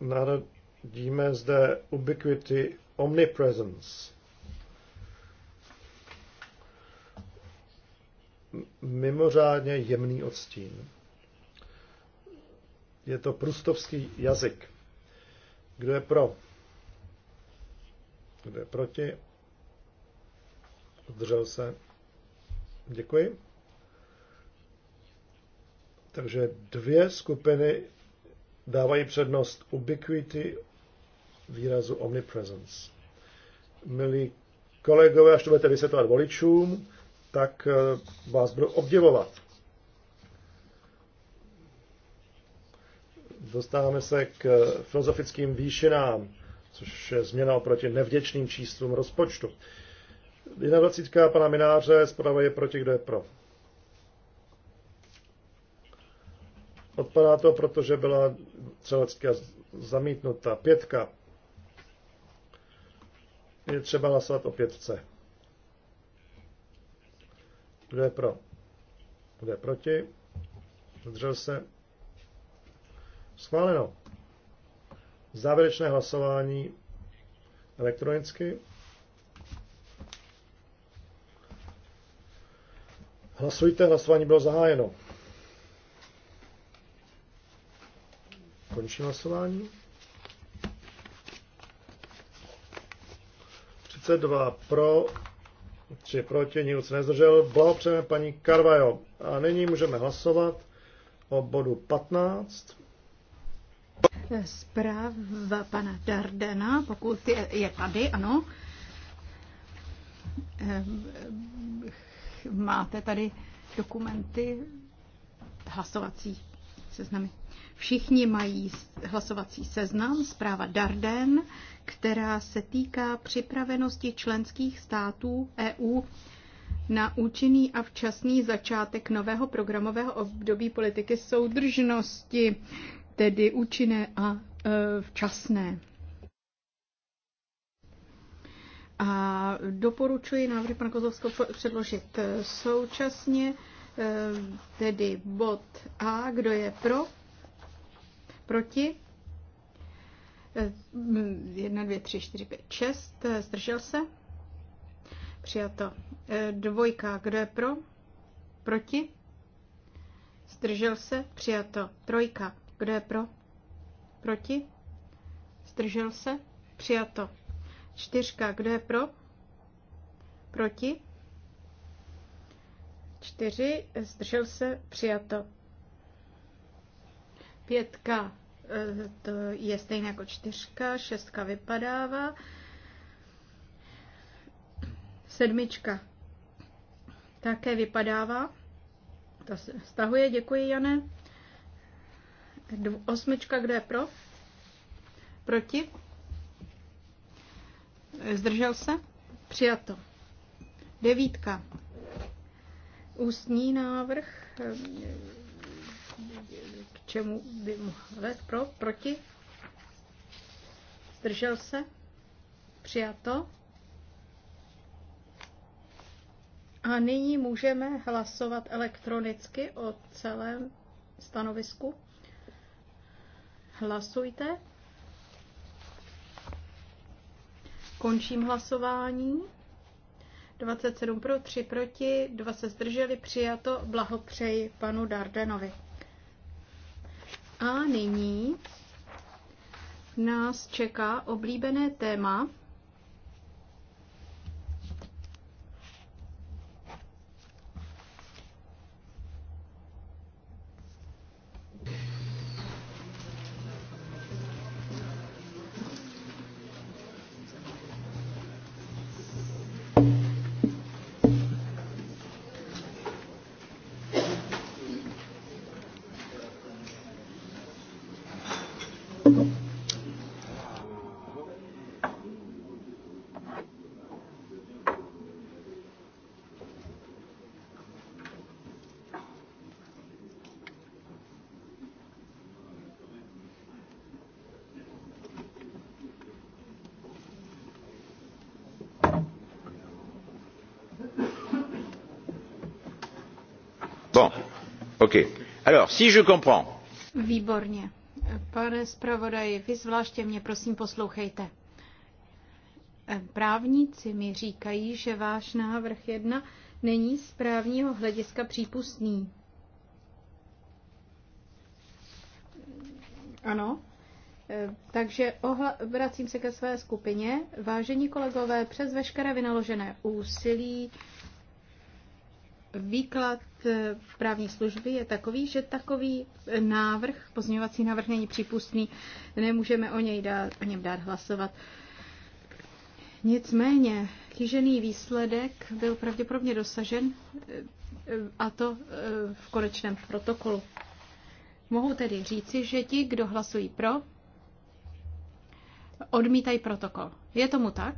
naradíme zde ubiquity omnipresence. Mimořádně jemný odstín. Je to prustovský jazyk. Kdo je pro? Kdo je proti? Zdržel se? Děkuji. Takže dvě skupiny dávají přednost ubiquity výrazu omnipresence. Milí kolegové, až to budete vysvětlovat voličům, tak eh, vás budu obdivovat. Dostáváme se k eh, filozofickým výšinám což je změna oproti nevděčným číslům rozpočtu. 21. pana Mináře, zprava je proti, kdo je pro. Odpadá to, protože byla celecká zamítnuta. Pětka. Je třeba hlasovat o pětce. Kdo je pro? Kdo je proti? Zdržel se? Schváleno. Závěrečné hlasování elektronicky. Hlasujte, hlasování bylo zahájeno. Končím hlasování. 32 pro, 3 proti, nikdo se nezdržel. Blahopřejeme paní Karvajo. A nyní můžeme hlasovat o bodu 15 zpráv pana Dardena, pokud je, je tady, ano. Ehm, máte tady dokumenty hlasovací seznamy. Všichni mají hlasovací seznam, zpráva Darden, která se týká připravenosti členských států EU na účinný a včasný začátek nového programového období politiky soudržnosti tedy účinné a e, včasné. A doporučuji návrhy pana Kozlovského předložit e, současně, e, tedy bod A, kdo je pro, proti, 1, 2, 3, 4, 5, 6, zdržel se, přijato. Dvojka, kdo je pro, proti, zdržel se, přijato. Trojka, kdo je pro? Proti? Zdržel se? Přijato. Čtyřka. Kdo je pro? Proti? Čtyři. Zdržel se? Přijato. Pětka. E, to je stejné jako čtyřka. Šestka vypadává. Sedmička. Také vypadává. To se stahuje. Děkuji, Jane osmička, kdo je pro? Proti? Zdržel se? Přijato. Devítka. Ústní návrh, eh, k čemu by mohl pro, proti? Zdržel se? Přijato. A nyní můžeme hlasovat elektronicky o celém stanovisku. Hlasujte. Končím hlasování. 27 pro, 3 proti, 2 se zdrželi, přijato, blahopřeji panu Dardenovi. A nyní nás čeká oblíbené téma, Výborně. Pane zpravodaji, vy zvláště mě prosím poslouchejte. Právníci mi říkají, že váš návrh jedna není z právního hlediska přípustný. Ano. E, takže ohla- vracím se ke své skupině. Vážení kolegové, přes veškeré vynaložené úsilí, výklad právní služby je takový, že takový návrh, pozměňovací návrh není přípustný, nemůžeme o, něj dát, o něm dát hlasovat. Nicméně kýžený výsledek byl pravděpodobně dosažen eh, a to eh, v konečném protokolu. Mohu tedy říci, že ti, kdo hlasují pro, odmítají protokol. Je tomu tak?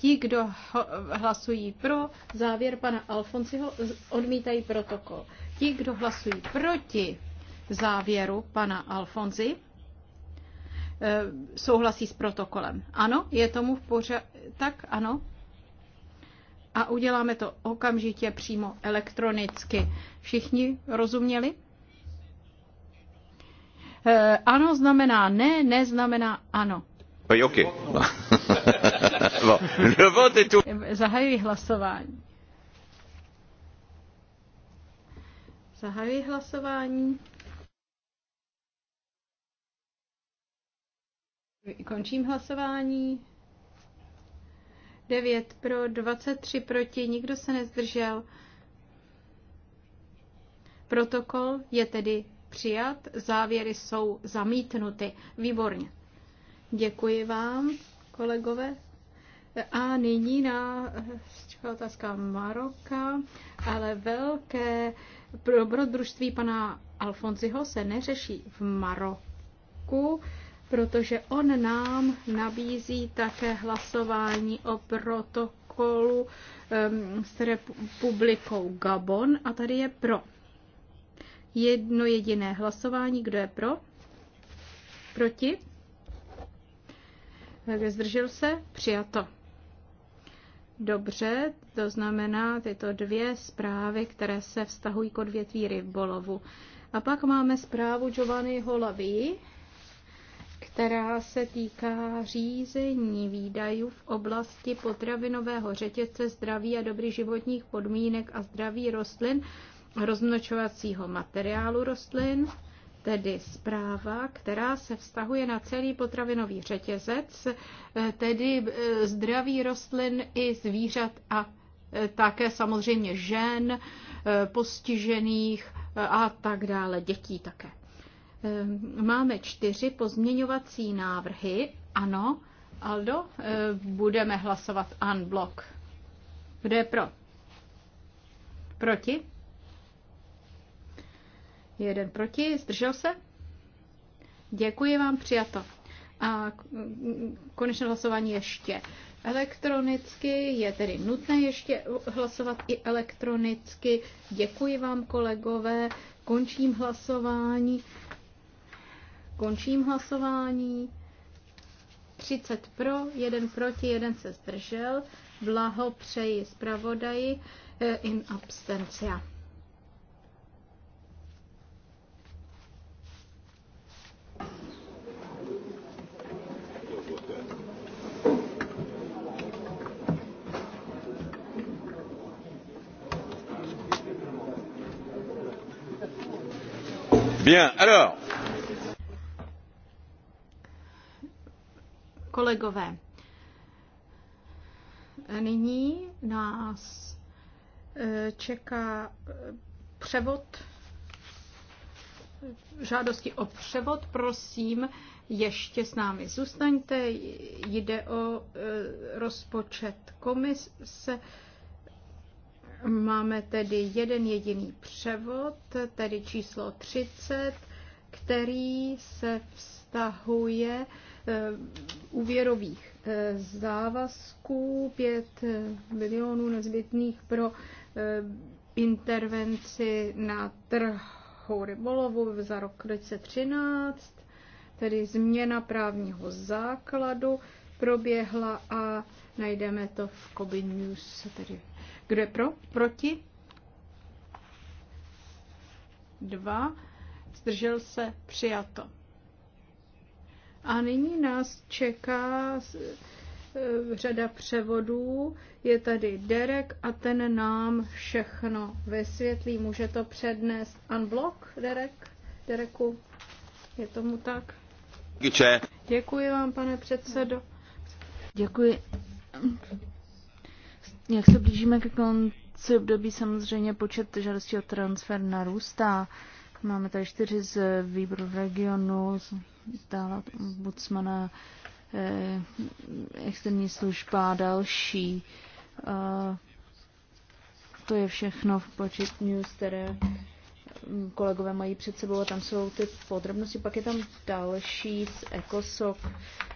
Ti, kdo hlasují pro závěr pana Alfonsiho, odmítají protokol. Ti, kdo hlasují proti závěru pana Alfonzi, eh, souhlasí s protokolem. Ano, je tomu v pořádku? Tak, ano. A uděláme to okamžitě přímo elektronicky. Všichni rozuměli? Eh, ano znamená ne, ne znamená ano. No. No, no, Zahajuji hlasování. Zahajuji hlasování. Končím hlasování. 9 pro, 23 proti, nikdo se nezdržel. Protokol je tedy přijat, závěry jsou zamítnuty. Výborně. Děkuji vám, kolegové. A nyní na eh, otázka Maroka, ale velké dobrodružství pana Alfonziho se neřeší v Maroku, protože on nám nabízí také hlasování o protokolu um, s republikou Gabon a tady je pro. Jedno jediné hlasování, kdo je pro? Proti? zdržel se, přijato. Dobře, to znamená tyto dvě zprávy, které se vztahují k odvětví rybolovu. A pak máme zprávu Giovanni holavy, která se týká řízení výdajů v oblasti potravinového řetězce zdraví a dobrých životních podmínek a zdraví rostlin, rozmnočovacího materiálu rostlin tedy zpráva, která se vztahuje na celý potravinový řetězec, eh, tedy eh, zdraví rostlin i zvířat a eh, také samozřejmě žen, postižených a tak dále, dětí také. Máme čtyři pozměňovací návrhy. Ano, Aldo, budeme hlasovat unblock. Kdo je pro? Proti? jeden proti, zdržel se? Děkuji vám, přijato. A konečné hlasování ještě elektronicky, je tedy nutné ještě hlasovat i elektronicky. Děkuji vám, kolegové, končím hlasování. Končím hlasování. 30 pro, 1 proti, 1 se zdržel. Blahopřeji zpravodaji eh, in absentia. Bien, alors. Kolegové, nyní nás eh, čeká eh, převod žádosti o převod, prosím, ještě s námi zůstaňte. Jde o eh, rozpočet komise Máme tedy jeden jediný převod, tedy číslo 30, který se vztahuje eh, úvěrových eh, závazků 5 eh, milionů nezbytných pro intervenci na trhu rybolovu za rok 2013, tedy změna právního základu proběhla a najdeme to v Kobi News, tedy kdo je pro? Proti? Dva. Zdržel se? Přijato. A nyní nás čeká e, řada převodů. Je tady Derek a ten nám všechno vysvětlí. Může to přednést unblock, Derek? Dereku, je tomu tak? Děkuji vám, pane předsedo. Děkuji jak se blížíme ke konci období, samozřejmě počet žádostí o transfer narůstá. Máme tady čtyři z výboru regionu, dále od ombudsmana, eh, externí služba a další. Eh, to je všechno v počet news, které mm, kolegové mají před sebou a tam jsou ty podrobnosti. Pak je tam další z ECOSOC,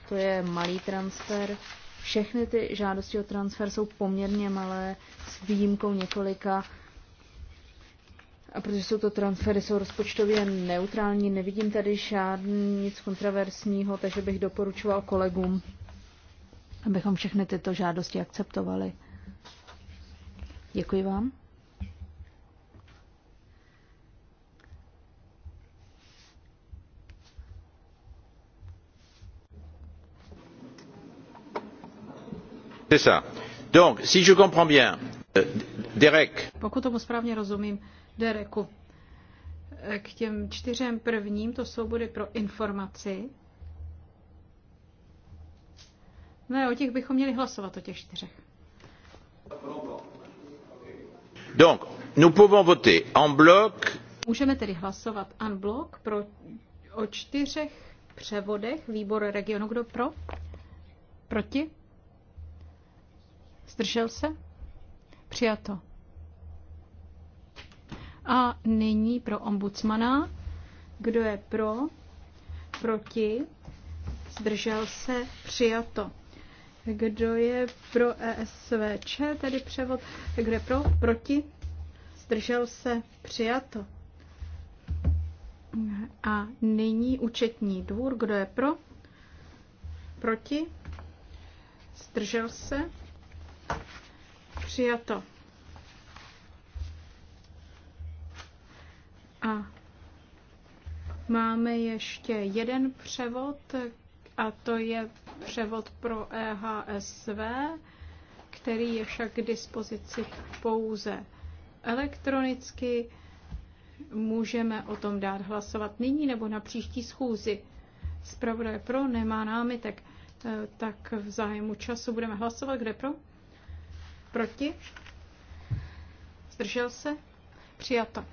to je malý transfer. Všechny ty žádosti o transfer jsou poměrně malé, s výjimkou několika. A protože jsou to transfery, jsou rozpočtově neutrální, nevidím tady žádný nic kontroverzního, takže bych doporučoval kolegům, abychom všechny tyto žádosti akceptovali. Děkuji vám. si je comprends bien, euh, Pokud tomu správně rozumím, Dereku, eh, k těm čtyřem prvním to jsou body pro informaci. Ne, o těch bychom měli hlasovat, o těch čtyřech. Donc, nous pouvons voter en bloc. Můžeme tedy hlasovat en bloc pro, o čtyřech převodech výbor regionu. Kdo pro? Proti? Zdržel se? Přijato. A nyní pro ombudsmana. Kdo je pro? Proti? Zdržel se? Přijato. Kdo je pro ESVČ, tedy převod? Kdo je pro? Proti? Zdržel se? Přijato. A nyní účetní dvůr. Kdo je pro? Proti? Zdržel se? Přijato. A máme ještě jeden převod, a to je převod pro EHSV, který je však k dispozici pouze elektronicky. Můžeme o tom dát hlasovat nyní nebo na příští schůzi. Zpravodaj pro nemá námitek, e, tak v zájmu času budeme hlasovat. Kde pro? Proti? Zdržel se? Přijato.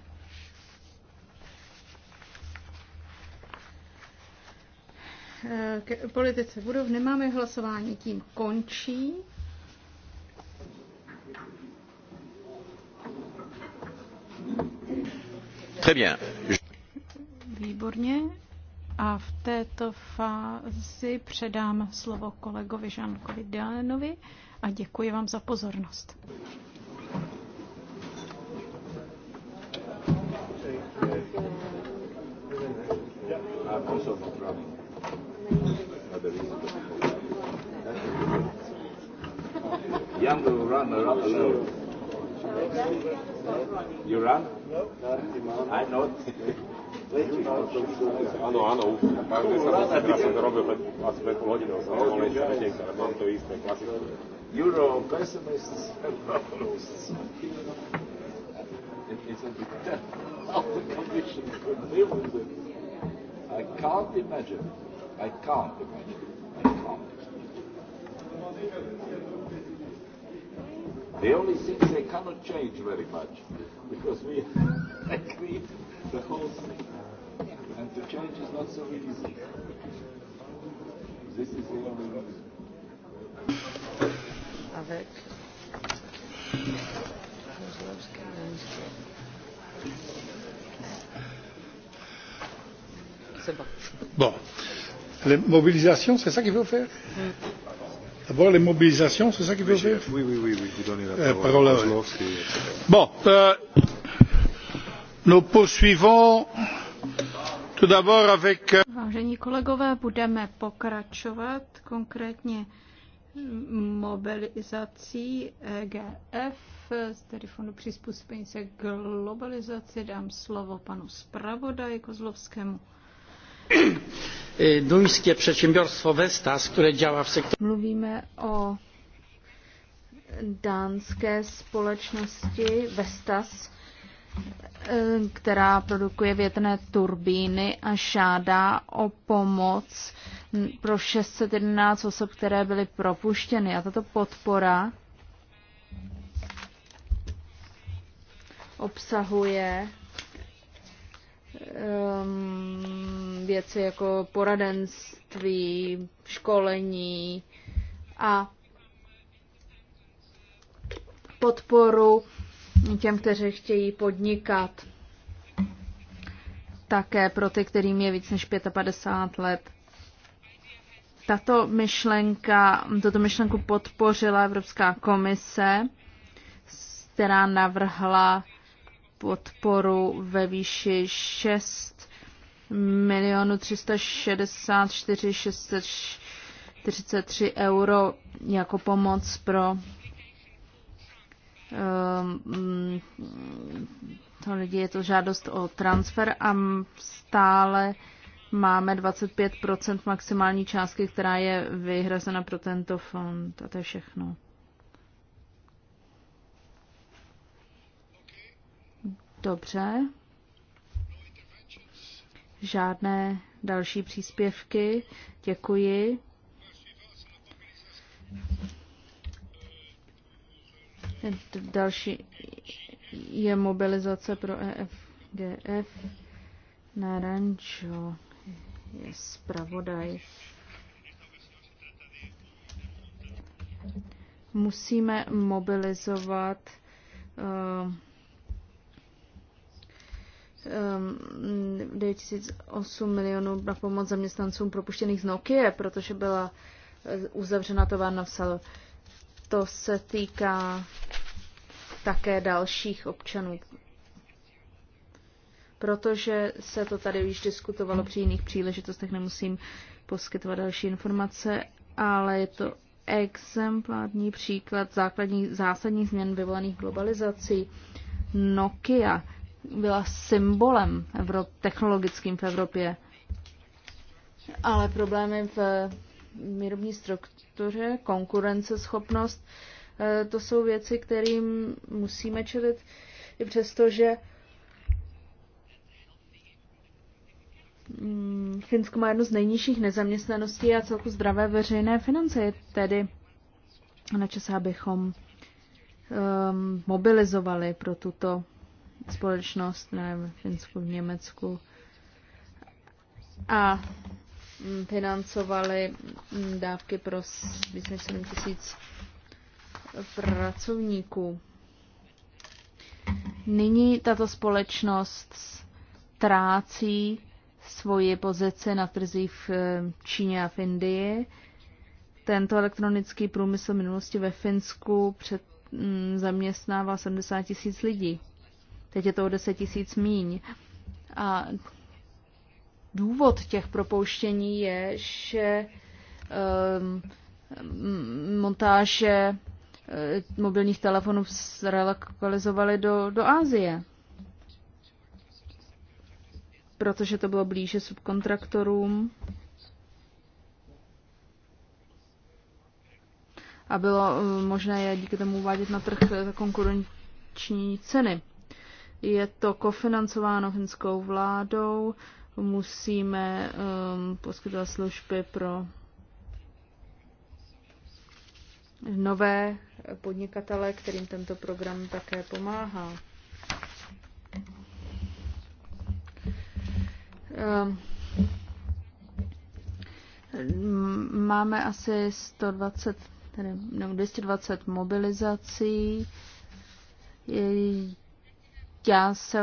K politice budov nemáme hlasování, tím končí. Très bien. Výborně. A v této fázi předám slovo kolegovi Žánkovi Dálenovi a děkuji vám za pozornost. Young will run alone. You run? No. I not. ano, áno, pravde sa musím, teraz som to asi pred hodinu, som mám to isté, klasické. Euro pessimists and populists. It is a dictator of the Commission could live with it. I can't imagine. I can't imagine. I can't. The only thing they cannot change very much because we agreed the whole thing. And to change is not so easy. This is the only reason avec. bon. Les mobilisations, c'est ça qu'il faut faire D'abord les mobilisations, c'est ça qu'il faut oui, faire Oui, oui, oui, oui, vous donnez la parole. Euh, parole à... Bon, euh, nous poursuivons tout d'abord avec... Euh... Vážení kolegové, budeme pokračovat konkrétně mobilizací EGF, tedy Fondu přizpůsobení se globalizaci. Dám slovo panu zpravodaji Kozlovskému. E, Duňské przedsiębiorstwo Vestas, které dělá v sektoru. Mluvíme o dánské společnosti Vestas, Eh, která produkuje větrné turbíny a žádá o pomoc pro 611 osob, které byly propuštěny. A tato podpora obsahuje um, věci jako poradenství, školení a podporu těm, kteří chtějí podnikat, také pro ty, kterým je víc než 55 let. Tato myšlenka, toto myšlenku podpořila Evropská komise, která navrhla podporu ve výši 6 milionů 364 633 euro jako pomoc pro Um, mm, to lidi je to žádost o transfer a stále máme 25% maximální částky, která je vyhrazena pro tento fond a to je všechno. Dobře. Žádné další příspěvky. Děkuji. Další je mobilizace pro EFGF. Narančo je zpravodaj. Musíme mobilizovat uh, um, 2008 milionů na pomoc zaměstnancům propuštěných z Nokia, protože byla uzavřena továrna v Salo. To se týká také dalších občanů, protože se to tady už diskutovalo při jiných příležitostech, nemusím poskytovat další informace, ale je to exemplární příklad základní, zásadních změn vyvolaných globalizací. Nokia byla symbolem Evro- technologickým v Evropě, ale problémy v výrobní struktuře, konkurenceschopnost, eh, to jsou věci, kterým musíme čelit, i přesto, že mm, Finsko má jednu z nejnižších nezaměstnaností a celku zdravé veřejné finance. Je tedy na čase, abychom um, mobilizovali pro tuto společnost ne, v Finsku, v Německu. A Mm, financovali mm, dávky pro více než 7 tisíc pracovníků. Nyní tato společnost trácí svoji pozici na trzích v eh, Číně a v Indii. Tento elektronický průmysl v minulosti ve Finsku před, m, mm, zaměstnával 70 tisíc lidí. Teď je to o 10 tisíc míň. A důvod těch propouštění je, že ehm, montáže eh, mobilních telefonů zrelokalizovaly do, do Ázie. Protože to bylo blíže subkontraktorům. A bylo eh, možné je díky tomu uvádět na trh eh, za konkurenční ceny. Je to kofinancováno finskou vládou, musíme um, poskytovat služby pro nové podnikatele, kterým tento program také pomáhá. Um, máme asi 120, tedy, nebo 220 mobilizací. Já se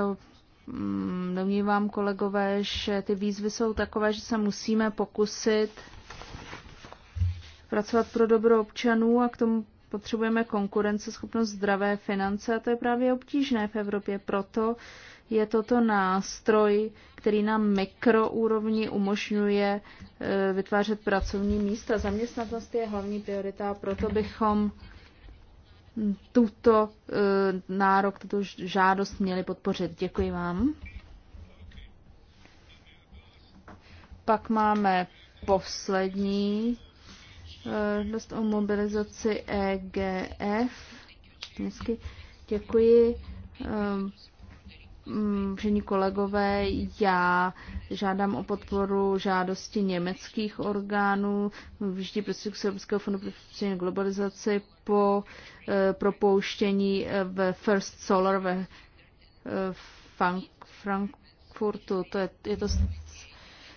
Mm, domnívám, kolegové, že ty výzvy jsou takové, že se musíme pokusit pracovat pro dobro občanů a k tomu potřebujeme konkurenceschopnost zdravé finance a to je právě obtížné v Evropě. Proto je toto nástroj, který na mikroúrovni umožňuje eh, vytvářet pracovní místa. Zaměstnanost je hlavní priorita a proto bychom tuto e, nárok, tuto žádost měli podpořit. Děkuji vám. Pak máme poslední e, dost o mobilizaci EGF. Dnesky. Děkuji e, Mm, Vážení kolegové, já žádám o podporu žádosti německých orgánů vždy prostředků Srbského fondu pro globalizaci po e, propouštění eh, ve First Solar ve e, Frankfurtu. To je, je to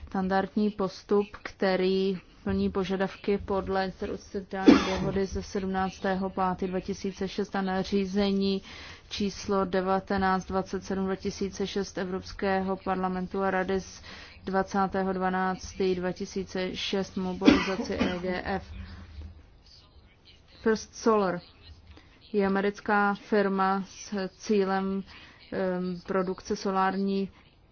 standardní postup, který plní požadavky podle institucionální dohody ze 17.5.2006 a nařízení číslo 1927-2006 Evropského parlamentu a rady z 20.12.2006 mobilizaci EGF. First Solar je americká firma s cílem um, produkce solární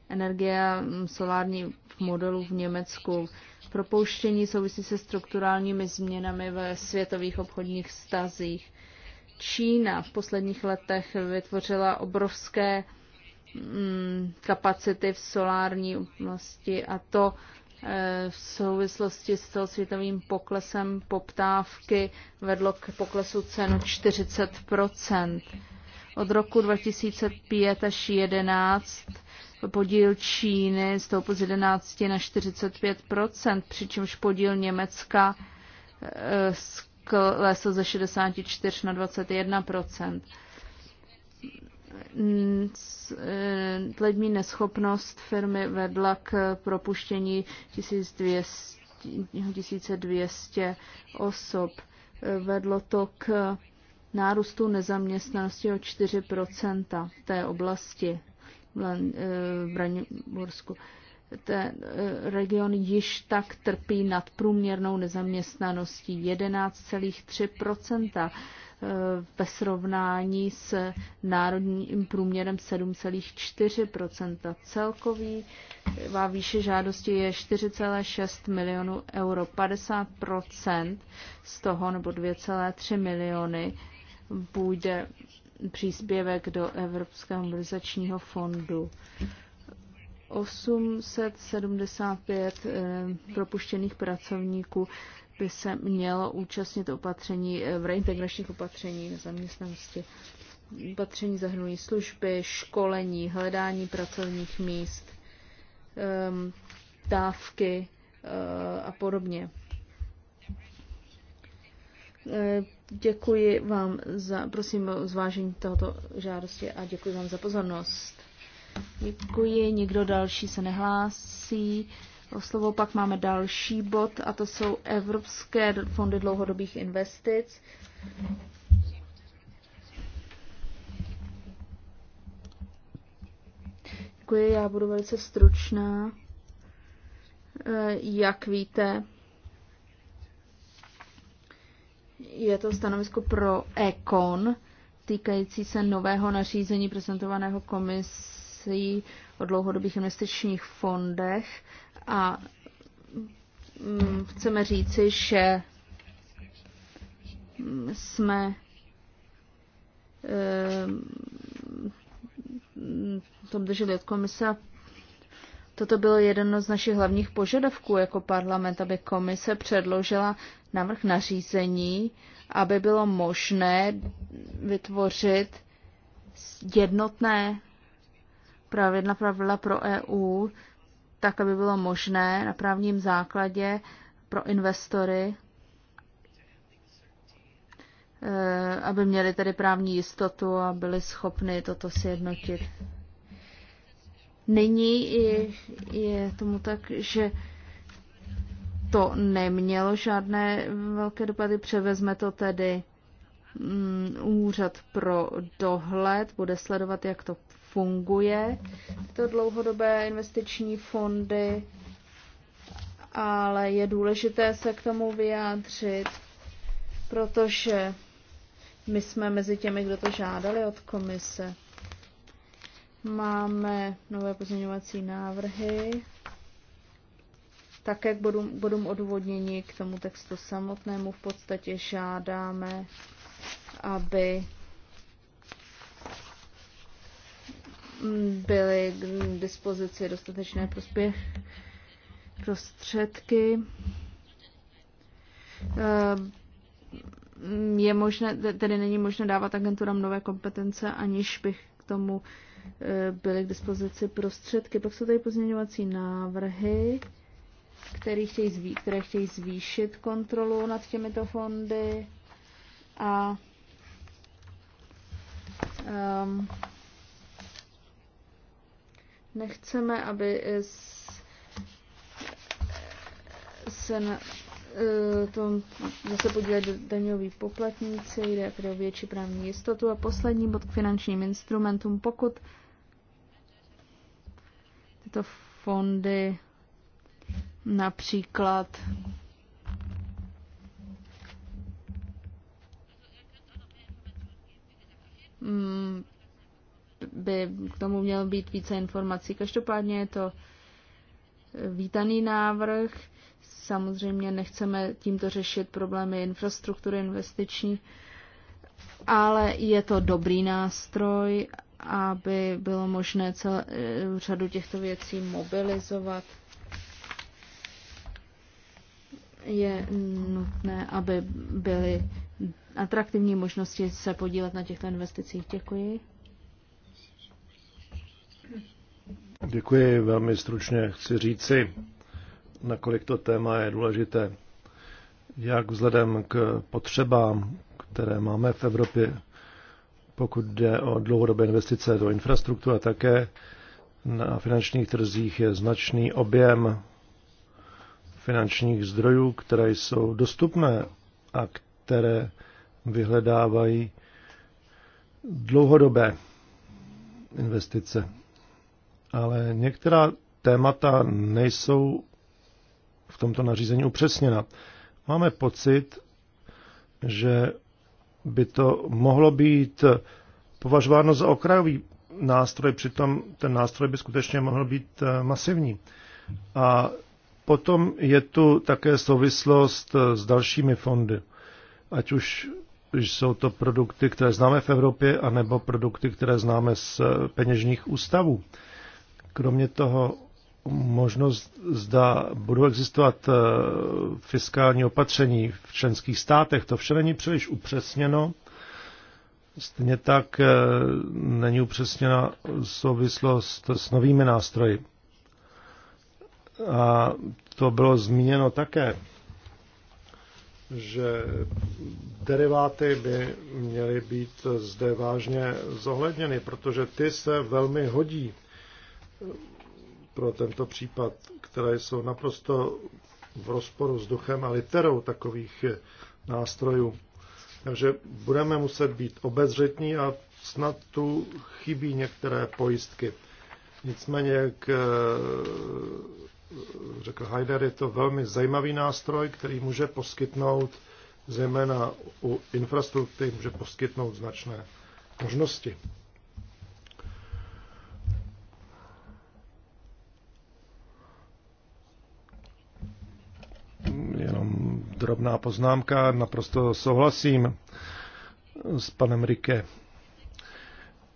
energie solární v modelu v Německu propouštění souvisí se strukturálními změnami ve světových obchodních stazích. Čína v posledních letech vytvořila obrovské mm, kapacity v solární oblasti a to eh, v souvislosti s celosvětovým poklesem poptávky vedlo k poklesu cen 40 Od roku 2005 až 2011 podíl Číny stoupl z 11 na 45 přičemž podíl Německa eh, klesl ze 64 na 21 Tlední eh, neschopnost firmy vedla k propuštění 1200, 1200 osob. Eh, vedlo to k nárůstu nezaměstnanosti o 4 v té oblasti. Eh, Braniborsku. Ten eh, region již tak trpí nadprůměrnou nezaměstnaností 11,3 eh, ve srovnání s národním průměrem 7,4 Celkový výše žádosti je 4,6 milionů euro. 50 z toho, nebo 2,3 miliony, půjde příspěvek do Evropského mobilizačního fondu. 875 eh, propuštěných pracovníků by se mělo účastnit opatření eh, v reintegračních opatření na zaměstnanosti. Opatření zahrnují služby, školení, hledání pracovních míst, ehm, dávky eh, a podobně. Eh, děkuji vám za, prosím, zvážení tohoto žádosti a děkuji vám za pozornost. Děkuji, nikdo další se nehlásí. O slovo pak máme další bod a to jsou Evropské fondy dlouhodobých investic. Děkuji, já budu velice stručná. Eh, jak víte, je to stanovisko pro ECON týkající se nového nařízení prezentovaného komisí o dlouhodobých investičních fondech a mm, chceme říci, že mm, jsme eh, to drželi od komise. Toto bylo jeden z našich hlavních požadavků jako parlament, aby komise předložila návrh nařízení, aby bylo možné vytvořit jednotné pravidla, pravidla pro EU, tak, aby bylo možné na právním základě pro investory, eh, aby měli tedy právní jistotu a byli schopni toto sjednotit. Nyní je, je tomu tak, že to nemělo žádné velké dopady. Převezme to tedy mm, úřad pro dohled, bude sledovat, jak to funguje, to dlouhodobé investiční fondy, ale je důležité se k tomu vyjádřit, protože my jsme mezi těmi, kdo to žádali od komise. Máme nové pozměňovací návrhy. Také k bodům, bodům odůvodnění k tomu textu samotnému v podstatě žádáme, aby byly k dispozici dostatečné prospěch prostředky. Ehm, je možné, tedy není možné dávat agenturám nové kompetence, aniž bych k tomu eh, byly k dispozici prostředky. Pak jsou tady pozměňovací návrhy který chtějí zví, které chtějí zvýšit kontrolu nad těmito fondy a um, nechceme, aby se na eh, tom zase podíleli daňoví poplatníci, jde o větší právní jistotu a poslední bod k finančním instrumentům. Pokud tyto fondy například mm, by k tomu mělo být více informací. Každopádně je to vítaný návrh. Samozřejmě nechceme tímto řešit problémy infrastruktury investiční, ale je to dobrý nástroj, aby bylo možné celou eh, řadu těchto věcí mobilizovat je nutné, aby byly atraktivní možnosti se podílet na těchto investicích. Děkuji. Děkuji velmi stručně. Chci říci, nakolik to téma je důležité. Jak vzhledem k potřebám, které máme v Evropě, pokud jde o dlouhodobé investice do infrastruktury, také na finančních trzích je značný objem finančních zdrojů, které jsou dostupné a které vyhledávají dlouhodobé investice. Ale některá témata nejsou v tomto nařízení upřesněna. Máme pocit, že by to mohlo být považováno za okrajový nástroj, přitom ten nástroj by skutečně mohl být eh, masivní. A Potom je tu také souvislost eh, s dalšími fondy. Ať už jsou to produkty, které známe v Evropě, anebo produkty, které známe z eh, peněžních ústavů. Kromě toho možnost, zda budou existovat eh, fiskální opatření v členských státech, to vše není příliš upřesněno. Stejně tak není upřesněna souvislost s novými nástroji. A to bylo zmíněno také, že deriváty by měly být zde vážně zohledněny, protože ty se velmi hodí pro tento případ, které jsou naprosto v rozporu s duchem a literou takových nástrojů. Takže budeme muset být obezřetní a snad tu chybí některé pojistky. Nicméně k řekl Heider, je to velmi zajímavý nástroj, který může poskytnout zejména u infrastruktury může poskytnout značné možnosti. Jenom drobná poznámka, naprosto souhlasím s panem Rike.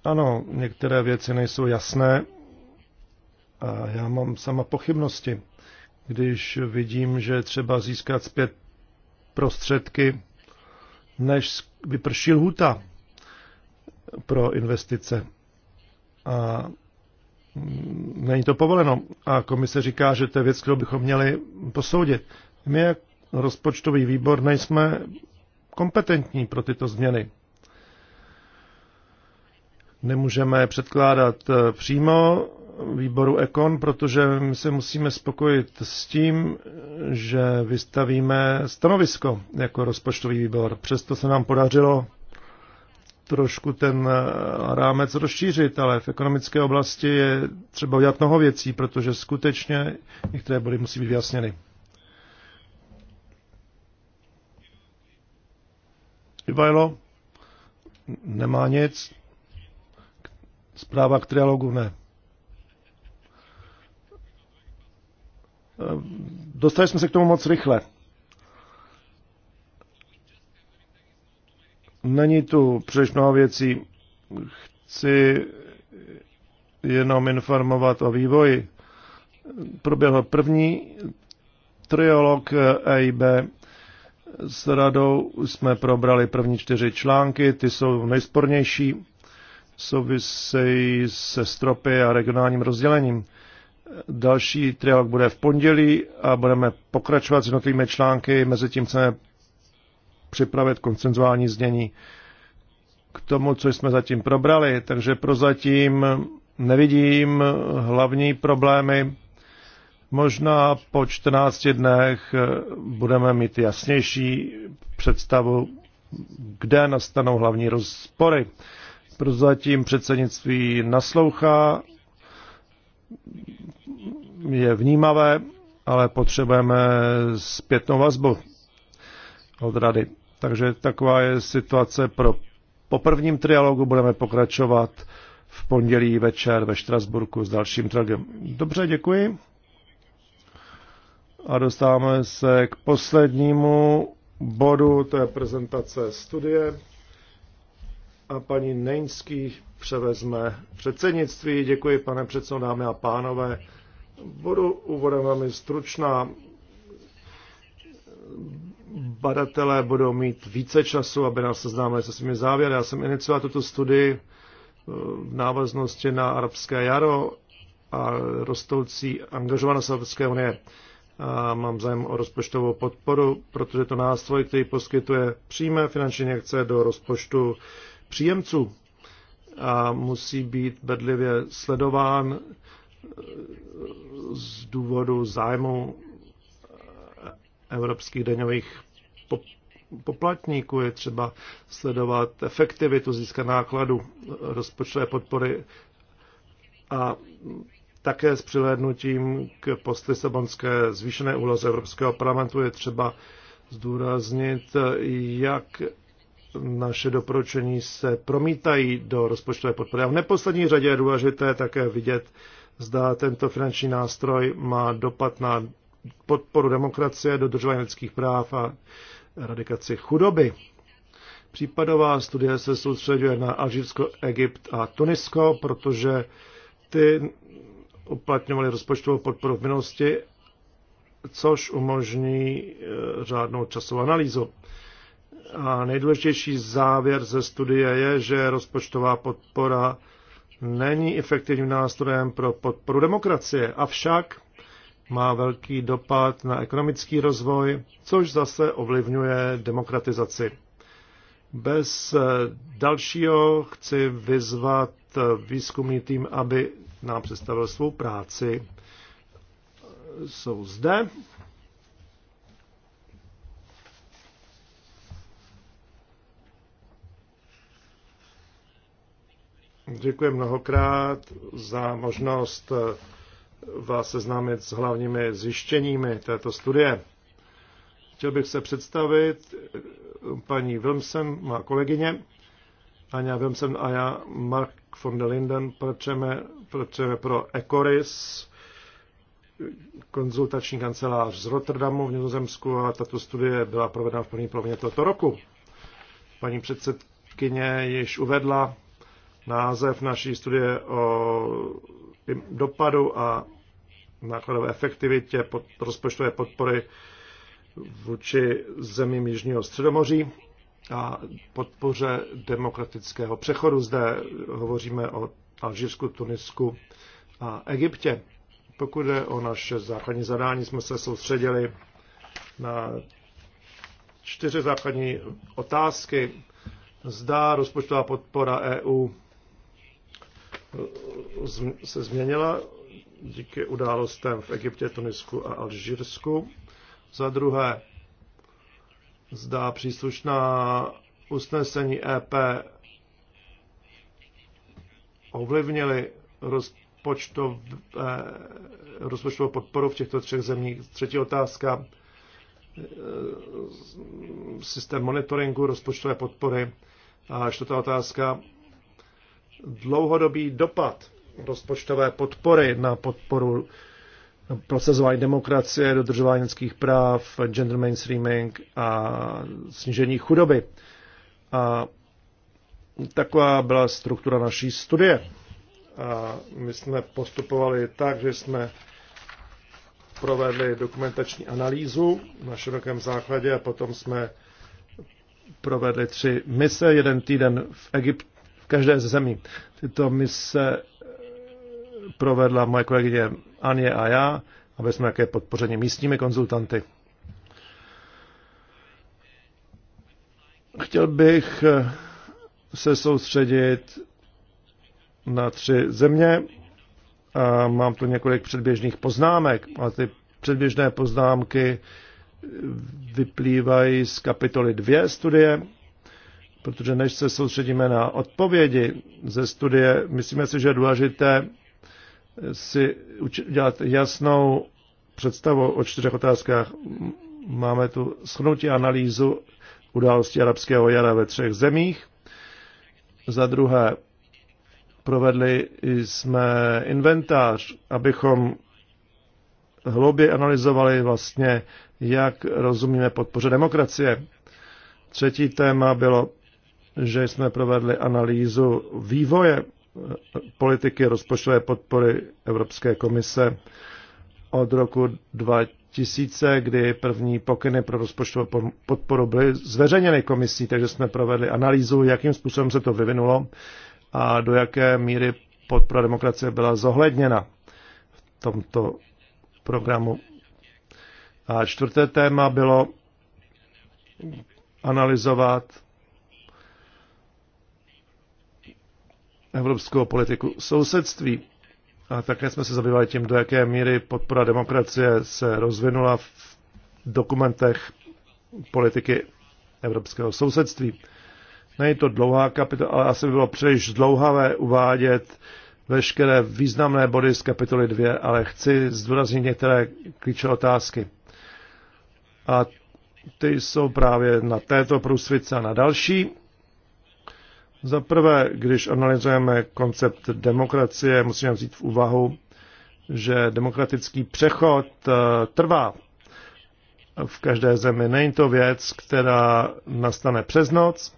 Ano, některé věci nejsou jasné, a já mám sama pochybnosti, když vidím, že třeba získat zpět prostředky, než vyprší lhuta pro investice. A není to povoleno. A komise říká, že to je věc, kterou bychom měli posoudit. My jak rozpočtový výbor nejsme kompetentní pro tyto změny. Nemůžeme předkládat eh, přímo výboru Ekon, protože my se musíme spokojit s tím, že vystavíme stanovisko jako rozpočtový výbor. Přesto se nám podařilo trošku ten rámec rozšířit, ale v ekonomické oblasti je třeba udělat mnoho věcí, protože skutečně některé body musí být vyjasněny. Ivajlo? Nemá nic. Zpráva k trialogu ne. Eh, dostali jsme se k tomu moc rychle. Není tu příliš mnoho věcí. Chci jenom informovat o vývoji. Proběhl první triolog EIB s radou. Jsme probrali první čtyři články, ty jsou nejspornější, souvisejí se stropy a regionálním rozdělením. Další trialog bude v pondělí a budeme pokračovat s jednotlivými články. Mezitím chceme připravit koncenzuální znění k tomu, co jsme zatím probrali. Takže prozatím nevidím hlavní problémy. Možná po 14 dnech budeme mít jasnější představu, kde nastanou hlavní rozpory. Prozatím předsednictví naslouchá je vnímavé, ale potřebujeme zpětnou vazbu od rady. Takže taková je situace pro po prvním trialogu budeme pokračovat v pondělí večer ve Štrasburku s dalším tragem. Dobře, děkuji. A dostáváme se k poslednímu bodu, to je prezentace studie. A paní Nejnský převezme předsednictví. Děkuji, pane předsedo, dámy a pánové. Budu úvodem velmi stručná. Badatelé budou mít více času, aby nás seznámili se svými závěry. Já jsem inicioval tuto studii eh, v návaznosti na arabské jaro a rostoucí angažovanost arabské unie. A mám zájem o rozpočtovou podporu, protože to nástroj, který poskytuje přímé finanční akce do rozpočtu příjemců a musí být bedlivě sledován z důvodu zájmu eh, evropských daňových poplatníků je třeba sledovat efektivitu získa nákladu eh, rozpočtové podpory a také s přilédnutím k postlisabonské zvýšené úloze Evropského parlamentu je třeba zdůraznit, eh, jak naše doporučení se promítají do rozpočtové podpory. A v neposlední řadě je důležité také vidět, zda tento finanční nástroj má dopad na podporu demokracie, dodržování lidských práv a eradikaci chudoby. Případová studie se soustředuje na Alžírsko, Egypt a Tunisko, protože ty uplatňovaly rozpočtovou podporu v minulosti, což umožní e, řádnou časovou analýzu. A nejdůležitější závěr ze studie je, že rozpočtová podpora není efektivním nástrojem pro podporu demokracie, avšak má velký dopad na ekonomický rozvoj, což zase ovlivňuje demokratizaci. Bez eh, dalšího chci vyzvat eh, výzkumný tým, aby nám představil svou práci. Jsou zde. Děkuji mnohokrát za možnost eh, vás seznámit s hlavními zjištěními této studie. Chtěl bych se představit, paní Wilmsen, má kolegyně, Anja Wilmsen a já, Mark von der Linden, pracujeme, pracujeme pro Ecoris, konzultační kancelář z Rotterdamu v Nizozemsku a tato studie byla provedena v první polovině tohoto roku. Paní předsedkyně již uvedla název naší studie o dopadu a nákladové efektivitě pod, rozpočtové podpory vůči zemím Jižního středomoří a podpoře demokratického přechodu. Zde hovoříme o Alžírsku, Tunisku a Egyptě. Pokud je o naše základní zadání, jsme se soustředili na čtyři základní otázky. Zda rozpočtová podpora EU se změnila díky událostem v Egyptě, Tunisku a Alžírsku. Za druhé, zdá příslušná usnesení EP ovlivnili rozpočtové, rozpočtovou podporu v těchto třech zemích. Třetí otázka, e, systém monitoringu rozpočtové podpory. A čtvrtá otázka, dlouhodobý dopad rozpočtové podpory na podporu procesování demokracie, dodržování lidských práv, gender mainstreaming a snížení chudoby. A taková byla struktura naší studie. A my jsme postupovali tak, že jsme provedli dokumentační analýzu na širokém základě a potom jsme provedli tři mise, jeden týden v Egyptě každé ze zemí. Tyto mise provedla moje kolegyně Anie a já aby jsme také podpořeni místními konzultanty. Chtěl bych se soustředit na tři země. A mám tu několik předběžných poznámek a ty předběžné poznámky vyplývají z kapitoly 2 studie protože než se soustředíme na odpovědi ze studie, myslíme si, že je důležité si udělat jasnou představu o čtyřech otázkách. Máme tu schnutí analýzu události arabského jara ve třech zemích. Za druhé, provedli jsme inventář, abychom hloubě analyzovali vlastně, jak rozumíme podpoře demokracie. Třetí téma bylo že jsme provedli analýzu vývoje eh, politiky rozpočtové podpory Evropské komise od roku 2000, kdy první pokyny pro rozpočtovou podporu byly zveřejněny komisí, takže jsme provedli analýzu, jakým způsobem se to vyvinulo a do jaké míry podpora demokracie byla zohledněna v tomto programu. A čtvrté téma bylo analyzovat evropskou politiku sousedství. A také jsme se zabývali tím, do jaké míry podpora demokracie se rozvinula v dokumentech politiky evropského sousedství. Není to dlouhá kapitola, ale asi by bylo příliš dlouhavé uvádět veškeré významné body z kapitoly 2, ale chci zdůraznit některé klíčové otázky. A ty jsou právě na této průsvice a na další. Za prvé, když analyzujeme koncept demokracie, musíme vzít v úvahu, že demokratický přechod eh, trvá v každé zemi. Není to věc, která nastane přes noc.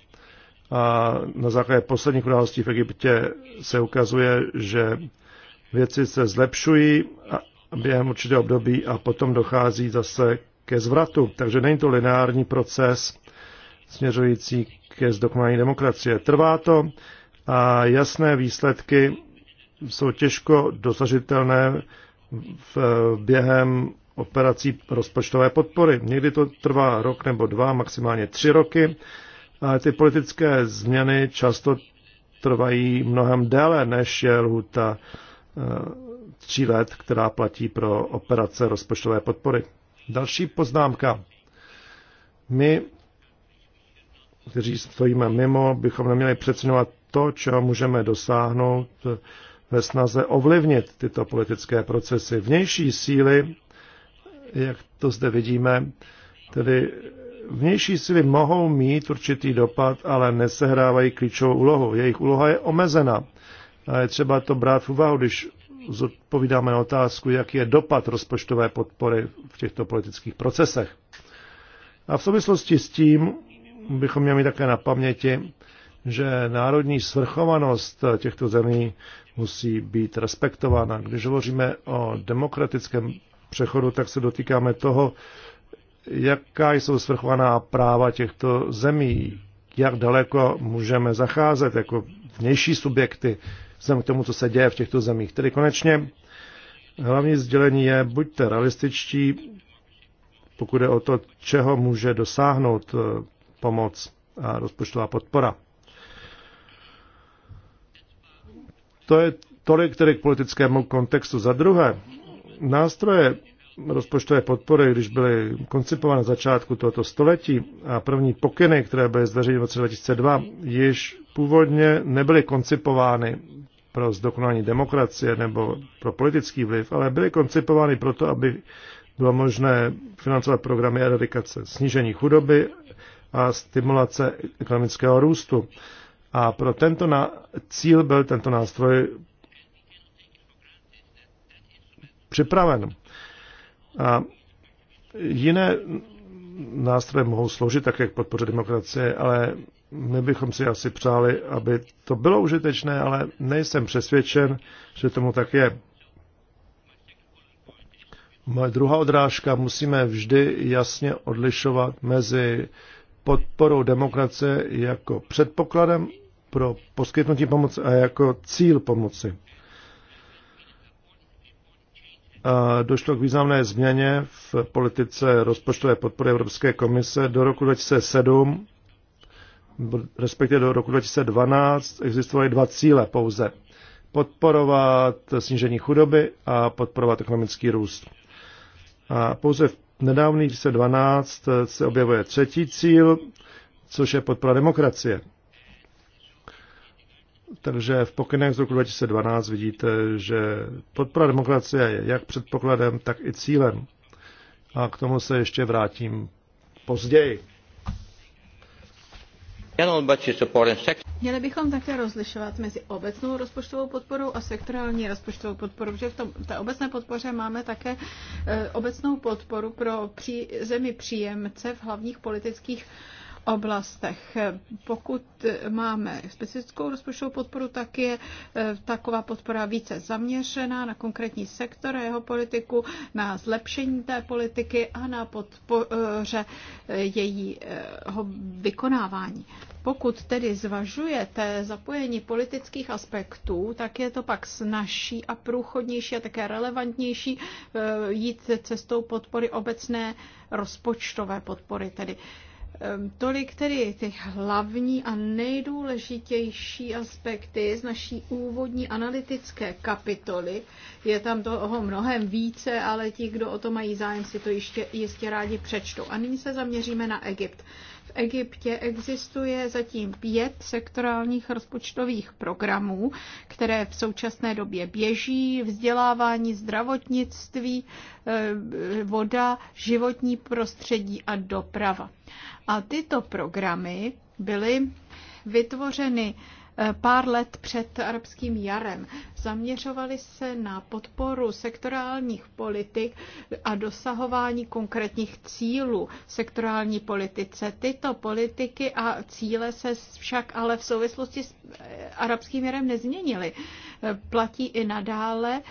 A na základě posledních událostí v Egyptě se ukazuje, že věci se zlepšují během určitého období a potom dochází zase ke zvratu. Takže není to lineární proces, směřující ke zdokonalení demokracie. Trvá to a jasné výsledky jsou těžko dosažitelné v, během operací rozpočtové podpory. Někdy to trvá rok nebo dva, maximálně tři roky, ale ty politické změny často trvají mnohem déle, než je lhuta eh, tří let, která platí pro operace rozpočtové podpory. Další poznámka. My kteří stojíme mimo, bychom neměli přecenovat to, čeho můžeme dosáhnout ve snaze ovlivnit tyto politické procesy. Vnější síly, jak to zde vidíme, tedy vnější síly mohou mít určitý dopad, ale nesehrávají klíčovou úlohu. Jejich úloha je omezena. A je třeba to brát v úvahu, když zodpovídáme na otázku, jaký je dopad rozpočtové podpory v těchto politických procesech. A v souvislosti s tím bychom měli mít také na paměti, že národní svrchovanost těchto zemí musí být respektována. Když hovoříme o demokratickém přechodu, tak se dotýkáme toho, jaká jsou svrchovaná práva těchto zemí, jak daleko můžeme zacházet jako vnější subjekty vzhledem k tomu, co se děje v těchto zemích. Tedy konečně hlavní sdělení je, buďte realističtí, pokud je o to, čeho může dosáhnout pomoc a rozpočtová podpora. To je tolik tedy k politickému kontextu. Za druhé, nástroje rozpočtové podpory, když byly koncipovány na začátku tohoto století a první pokyny, které byly zveřejněny v roce 2002, již původně nebyly koncipovány pro zdokonalení demokracie nebo pro politický vliv, ale byly koncipovány proto, aby bylo možné financovat programy eradikace, snížení chudoby, a stimulace ekonomického růstu. A pro tento na, cíl byl tento nástroj připraven. A jiné nástroje mohou sloužit také k podpoře demokracie, ale my bychom si asi přáli, aby to bylo užitečné, ale nejsem přesvědčen, že tomu tak je. Moje druhá odrážka, musíme vždy jasně odlišovat mezi podporou demokracie jako předpokladem pro poskytnutí pomoci a jako cíl pomoci. A došlo k významné změně v politice rozpočtové podpory Evropské komise. Do roku 2007, respektive do roku 2012, existovaly dva cíle pouze. Podporovat snížení chudoby a podporovat ekonomický růst. A pouze v Nedávný 2012 eh, se objevuje třetí cíl, což je podpora demokracie. Takže v pokynech z roku 2012 vidíte, že podpora demokracie je jak předpokladem, tak i cílem. A k tomu se ještě vrátím později. General budget support and Měli bychom také rozlišovat mezi obecnou rozpočtovou podporou a sektorální rozpočtovou podporou. protože v, tom, té obecné podpoře máme také e, obecnou podporu pro pří, zemi příjemce v hlavních politických oblastech. Pokud máme specifickou rozpočtovou podporu, tak je eh, taková podpora více zaměřená na konkrétní sektor a jeho politiku, na zlepšení té politiky a na podpoře eh, jejího eh, vykonávání. Pokud tedy zvažujete zapojení politických aspektů, tak je to pak snažší a průchodnější a také relevantnější jít cestou podpory obecné rozpočtové podpory. Tedy Ehm, tolik tedy ty hlavní a nejdůležitější aspekty z naší úvodní analytické kapitoly. Je tam toho mnohem více, ale ti, kdo o to mají zájem, si to ještě, jistě rádi přečtou. A nyní se zaměříme na Egypt. V Egyptě existuje zatím pět sektorálních rozpočtových programů, které v současné době běží. Vzdělávání, zdravotnictví, ehm, voda, životní prostředí a doprava. A tyto programy byly vytvořeny eh, pár let před arabským jarem. Zaměřovali se na podporu sektorálních politik a dosahování konkrétních cílů sektorální politice. Tyto politiky a cíle se však ale v souvislosti s eh, arabským jarem nezměnily. Eh, platí i nadále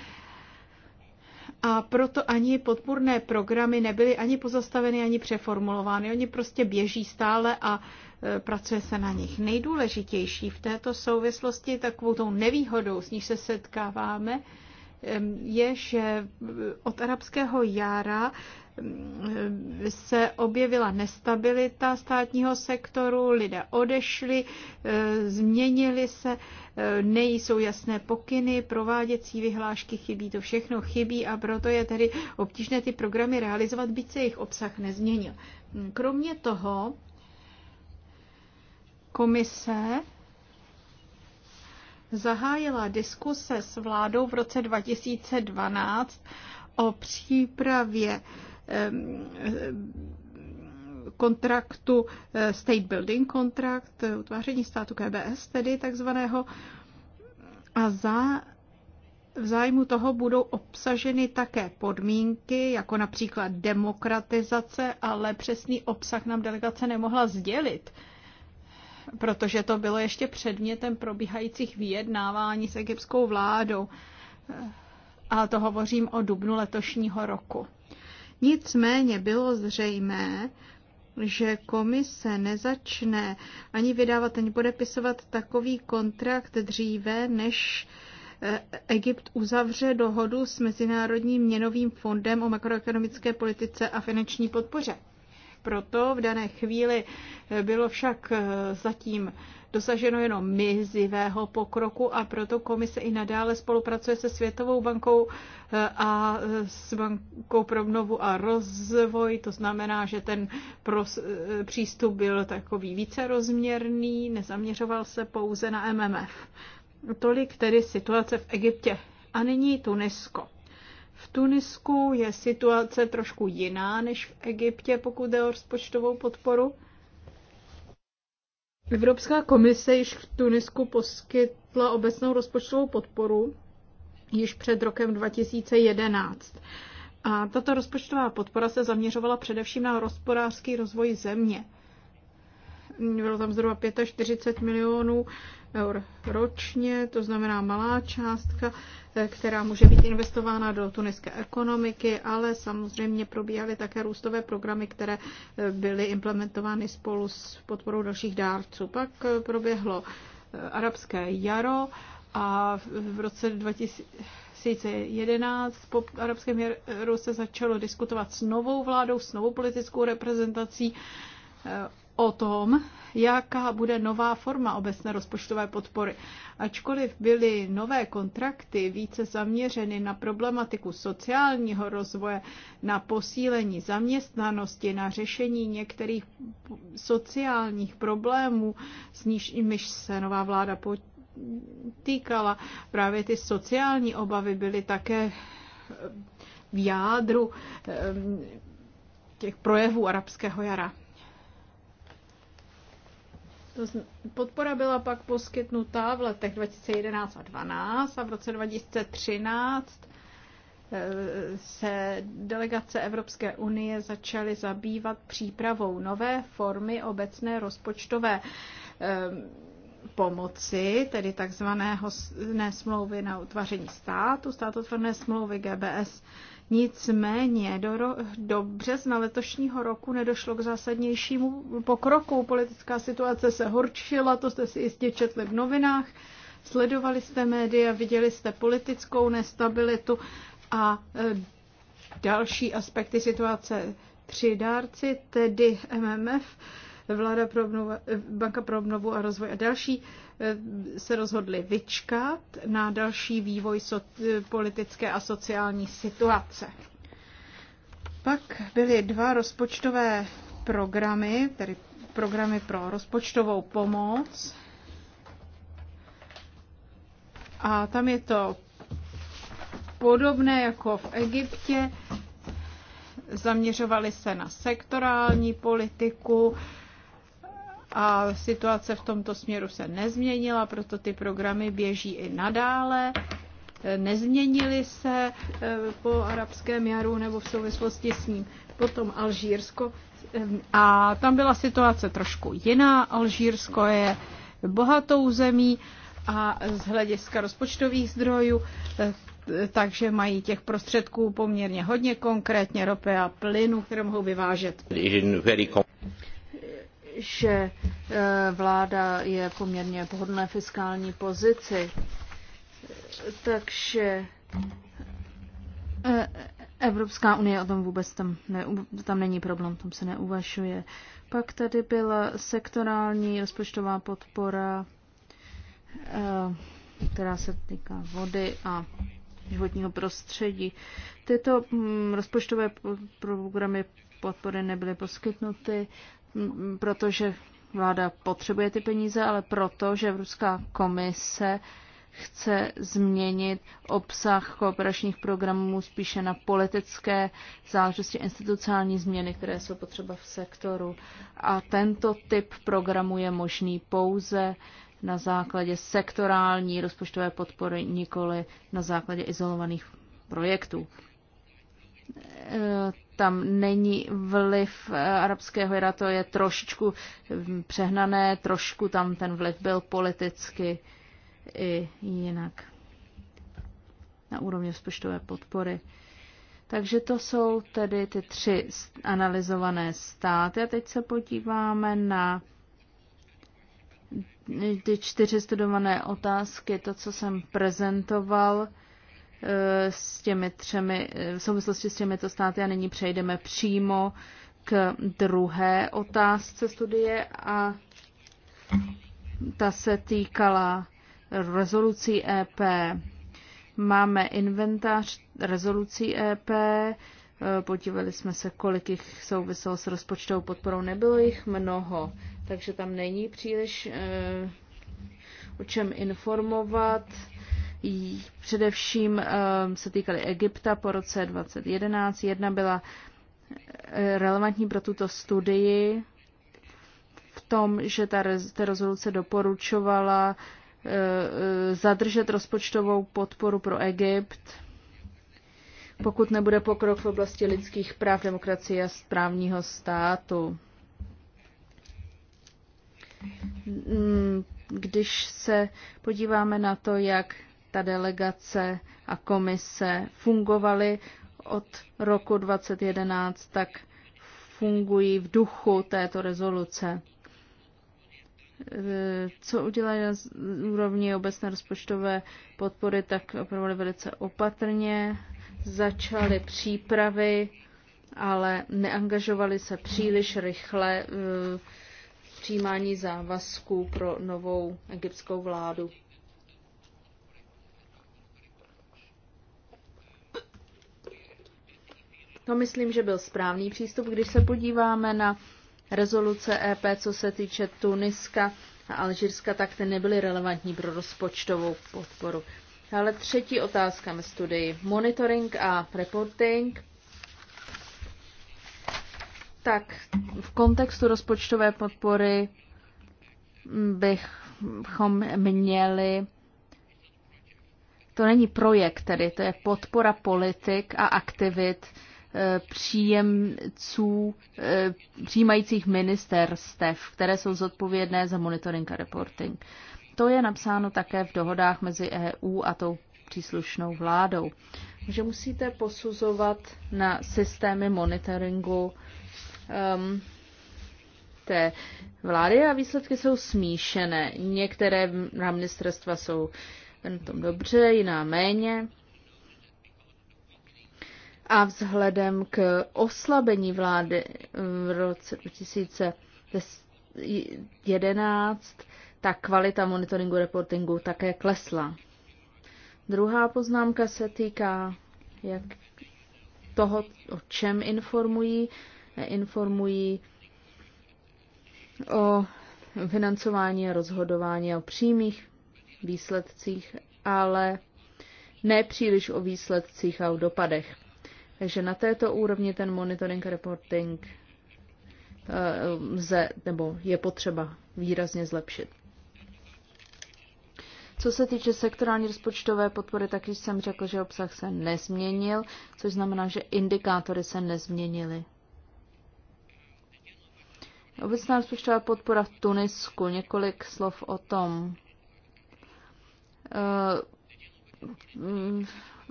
a proto ani podpůrné programy nebyly ani pozastaveny, ani přeformulovány. Oni prostě běží stále a e, pracuje se na nich. Nejdůležitější v této souvislosti takovou tou nevýhodou, s níž se setkáváme, je, že eh, od arabského jara mm, eh, se objevila nestabilita státního sektoru, lidé odešli, eh, změnili se, nejsou jasné pokyny, prováděcí vyhlášky chybí, to všechno chybí a proto je tedy obtížné ty programy realizovat, byť se jejich obsah nezměnil. Hm, kromě toho komise zahájila diskuse s vládou v roce 2012 o přípravě kontraktu, eh, state building kontrakt, utváření státu KBS e tedy takzvaného, a za v zájmu toho budou obsaženy také podmínky, jako například demokratizace, ale přesný obsah nám delegace nemohla sdělit protože to bylo ještě předmětem probíhajících vyjednávání s egyptskou vládou. A to hovořím o dubnu letošního roku. Nicméně bylo zřejmé, že komise nezačne ani vydávat, ani podepisovat takový kontrakt dříve, než eh, Egypt uzavře dohodu s Mezinárodním měnovým fondem o makroekonomické politice a finanční podpoře proto v dané chvíli eh, bylo však eh, zatím dosaženo jenom mizivého pokroku a proto komise i nadále spolupracuje se Světovou bankou eh, a s bankou pro obnovu a rozvoj. To znamená, že ten pros, přístup byl takový vícerozměrný, nezaměřoval se pouze na MMF. Tolik tedy situace v Egyptě. A nyní Tunisko. V Tunisku je situace trošku jiná než v Egyptě, pokud jde o rozpočtovou podporu. Evropská komise již v Tunisku poskytla obecnou rozpočtovou podporu již před rokem 2011. A tato rozpočtová podpora se zaměřovala především na hospodářský rozvoj země. Bylo tam zhruba 45 milionů eur ročně, to znamená malá částka, eh, která může být investována do tuniské ekonomiky, ale samozřejmě probíhaly také růstové programy, které eh, byly implementovány spolu s podporou dalších dárců. Pak eh, proběhlo arabské jaro a v roce 2011 po arabském jaru se začalo diskutovat s novou vládou, s novou politickou reprezentací o tom, jaká bude nová forma obecné rozpočtové podpory. Ačkoliv byly nové kontrakty více zaměřeny na problematiku sociálního rozvoje, na posílení zaměstnanosti, na řešení některých sociálních problémů, s níž se nová vláda potýkala, právě ty sociální obavy byly také v jádru těch projevů arabského jara. To z, podpora byla pak poskytnutá v letech 2011 a 2012 a v roce 2013 eh, se delegace Evropské unie začaly zabývat přípravou nové formy obecné rozpočtové ehm, pomoci, tedy takzvané smlouvy na utvaření státu, státotvorné smlouvy GBS Nicméně do, ro- do března letošního roku nedošlo k zásadnějšímu pokroku. Politická situace se horčila, to jste si jistě četli v novinách, sledovali jste média, viděli jste politickou nestabilitu a e, další aspekty situace. Tři dárci, tedy MMF, vláda pro obnovu, Banka pro obnovu a rozvoj a další eh, se rozhodli vyčkat na další vývoj so, politické a sociální situace. Pak byly dva rozpočtové programy, tedy programy pro rozpočtovou pomoc. A tam je to podobné jako v Egyptě. Zaměřovali se na sektorální politiku, a situace v tomto směru se nezměnila, proto ty programy běží i nadále. Nezměnily se eh, po arabském jaru nebo v souvislosti s ním. Potom Alžírsko eh, a tam byla situace trošku jiná. Alžírsko je bohatou zemí a z hlediska rozpočtových zdrojů, eh, takže mají těch prostředků poměrně hodně, konkrétně ropy a plynu, které mohou vyvážet že eh, vláda je poměrně v fiskální pozici. Takže eh, Evropská unie o tom vůbec tam, ne, tam není problém, tam se neuvažuje. Pak tady byla sektorální rozpočtová podpora, eh, která se týká vody a životního prostředí. Tyto mm, rozpočtové programy podpory nebyly poskytnuty protože vláda potřebuje ty peníze, ale proto, že Evropská komise chce změnit obsah kooperačních programů spíše na politické záležitosti, institucionální změny, které jsou potřeba v sektoru. A tento typ programu je možný pouze na základě sektorální rozpočtové podpory, nikoli na základě izolovaných projektů. Eh, tam není vliv eh, arabského jara, to je trošičku hm, přehnané, trošku tam ten vliv byl politicky i jinak na úrovni rozpočtové podpory. Takže to jsou tedy ty tři analyzované státy. A teď se podíváme na ty čtyři studované otázky, to, co jsem prezentoval. Eh, s těmi třemi, eh, v souvislosti s těmito státy a nyní přejdeme přímo k druhé otázce studie a ta se týkala rezolucí EP. Máme inventář rezolucí EP, eh, podívali jsme se, kolik jich souviselo s rozpočtovou podporou, nebylo jich mnoho, takže tam není příliš o čem informovat Především eh, se týkaly Egypta po roce 2011. Jedna byla eh, relevantní pro tuto studii v tom, že ta, rezoluce doporučovala eh, zadržet rozpočtovou podporu pro Egypt, pokud nebude pokrok v oblasti lidských práv, demokracie a správního státu. Hmm, když se podíváme na to, jak ta delegace a komise fungovaly od roku 2011, tak fungují v duchu této rezoluce. Co udělají na úrovni obecné rozpočtové podpory, tak opravdu velice opatrně. Začaly přípravy, ale neangažovali se příliš rychle eh, v přijímání závazků pro novou egyptskou vládu. To no, myslím, že byl správný přístup, když se podíváme na rezoluce EP, co se týče Tuniska a Alžírska, tak ty nebyly relevantní pro rozpočtovou podporu. Ale třetí otázka ve studii. Monitoring a reporting. Tak v kontextu rozpočtové podpory bychom měli to není projekt tedy, to je podpora politik a aktivit příjemců, eh, přijímajících ministerstev, které jsou zodpovědné za monitoring a reporting. To je napsáno také v dohodách mezi EU a tou příslušnou vládou. Že musíte posuzovat na systémy monitoringu um, té vlády a výsledky jsou smíšené. Některé na ministerstva jsou na tom dobře, jiná méně. A vzhledem k oslabení vlády eh, v roce 2011, tak kvalita monitoringu reportingu také klesla. Druhá poznámka se týká jak toho, o čem informují. Informují o financování a rozhodování o přímých výsledcích, ale ne příliš o výsledcích a o dopadech. Takže na této úrovni ten monitoring reporting eh, lze, nebo je potřeba výrazně zlepšit. Co se týče sektorální rozpočtové podpory, tak již jsem řekl, že obsah se nezměnil, což znamená, že indikátory se nezměnily. Obecná rozpočtová podpora v Tunisku. Několik slov o tom. Eh,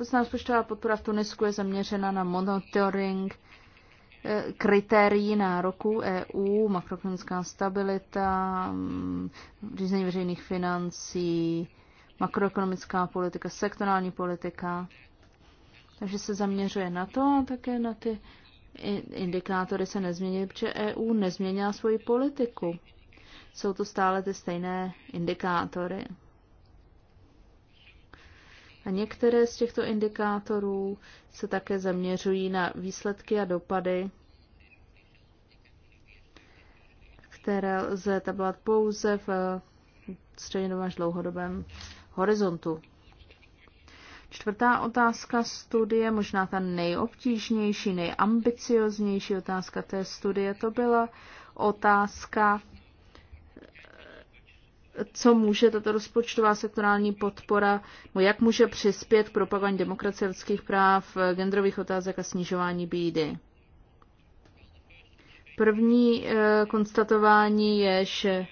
Obecná rozpočtová podpora v Tunisku je zaměřena na monitoring eh, kritérií nároků EU, makroekonomická stabilita, mm, řízení veřejných financí, makroekonomická politika, sektorální politika. Takže se zaměřuje na to a také na ty indikátory se nezmění, protože EU nezměnila svoji politiku. Jsou to stále ty stejné indikátory. A některé z těchto indikátorů se také zaměřují na výsledky a dopady, které lze tablat pouze v střednědobém až dlouhodobém horizontu. Čtvrtá otázka studie, možná ta nejobtížnější, nejambicioznější otázka té studie, to byla otázka co může tato rozpočtová sektorální podpora, jak může přispět k propagování demokracie lidských práv, genderových otázek a snižování bídy. První eh, konstatování je, že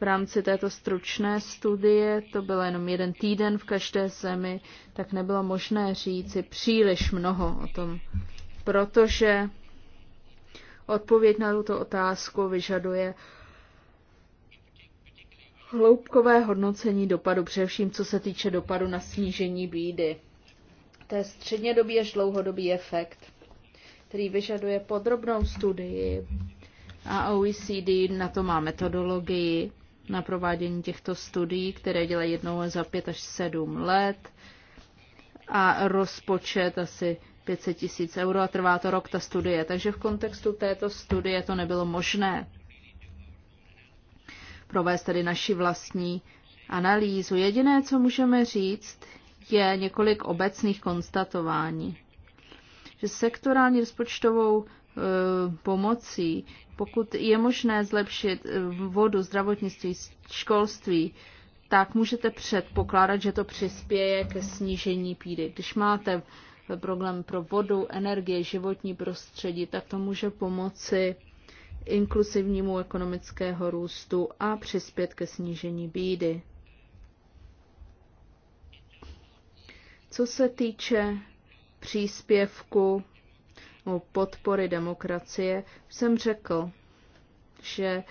v rámci této stručné studie, to byl jenom jeden týden v každé zemi, tak nebylo možné říci příliš mnoho o tom, protože odpověď na tuto otázku vyžaduje hloubkové hodnocení dopadu, především co se týče dopadu na snížení bídy. To je střednědobý až dlouhodobý efekt, který vyžaduje podrobnou studii a OECD na to má metodologii na provádění těchto studií, které dělají jednou za pět až sedm let a rozpočet asi 500 tisíc euro a trvá to rok ta studie. Takže v kontextu této studie to nebylo možné provést tedy naši vlastní analýzu. Jediné, co můžeme říct, je několik obecných konstatování. Že sektorální rozpočtovou e, pomocí, pokud je možné zlepšit e, vodu, zdravotnictví, školství, tak můžete předpokládat, že to přispěje ke snížení pídy. Když máte e, problém pro vodu, energie, životní prostředí, tak to může pomoci inkluzivnímu ekonomického růstu a přispět ke snížení bídy. Co se týče příspěvku o podpory demokracie, jsem řekl, že e,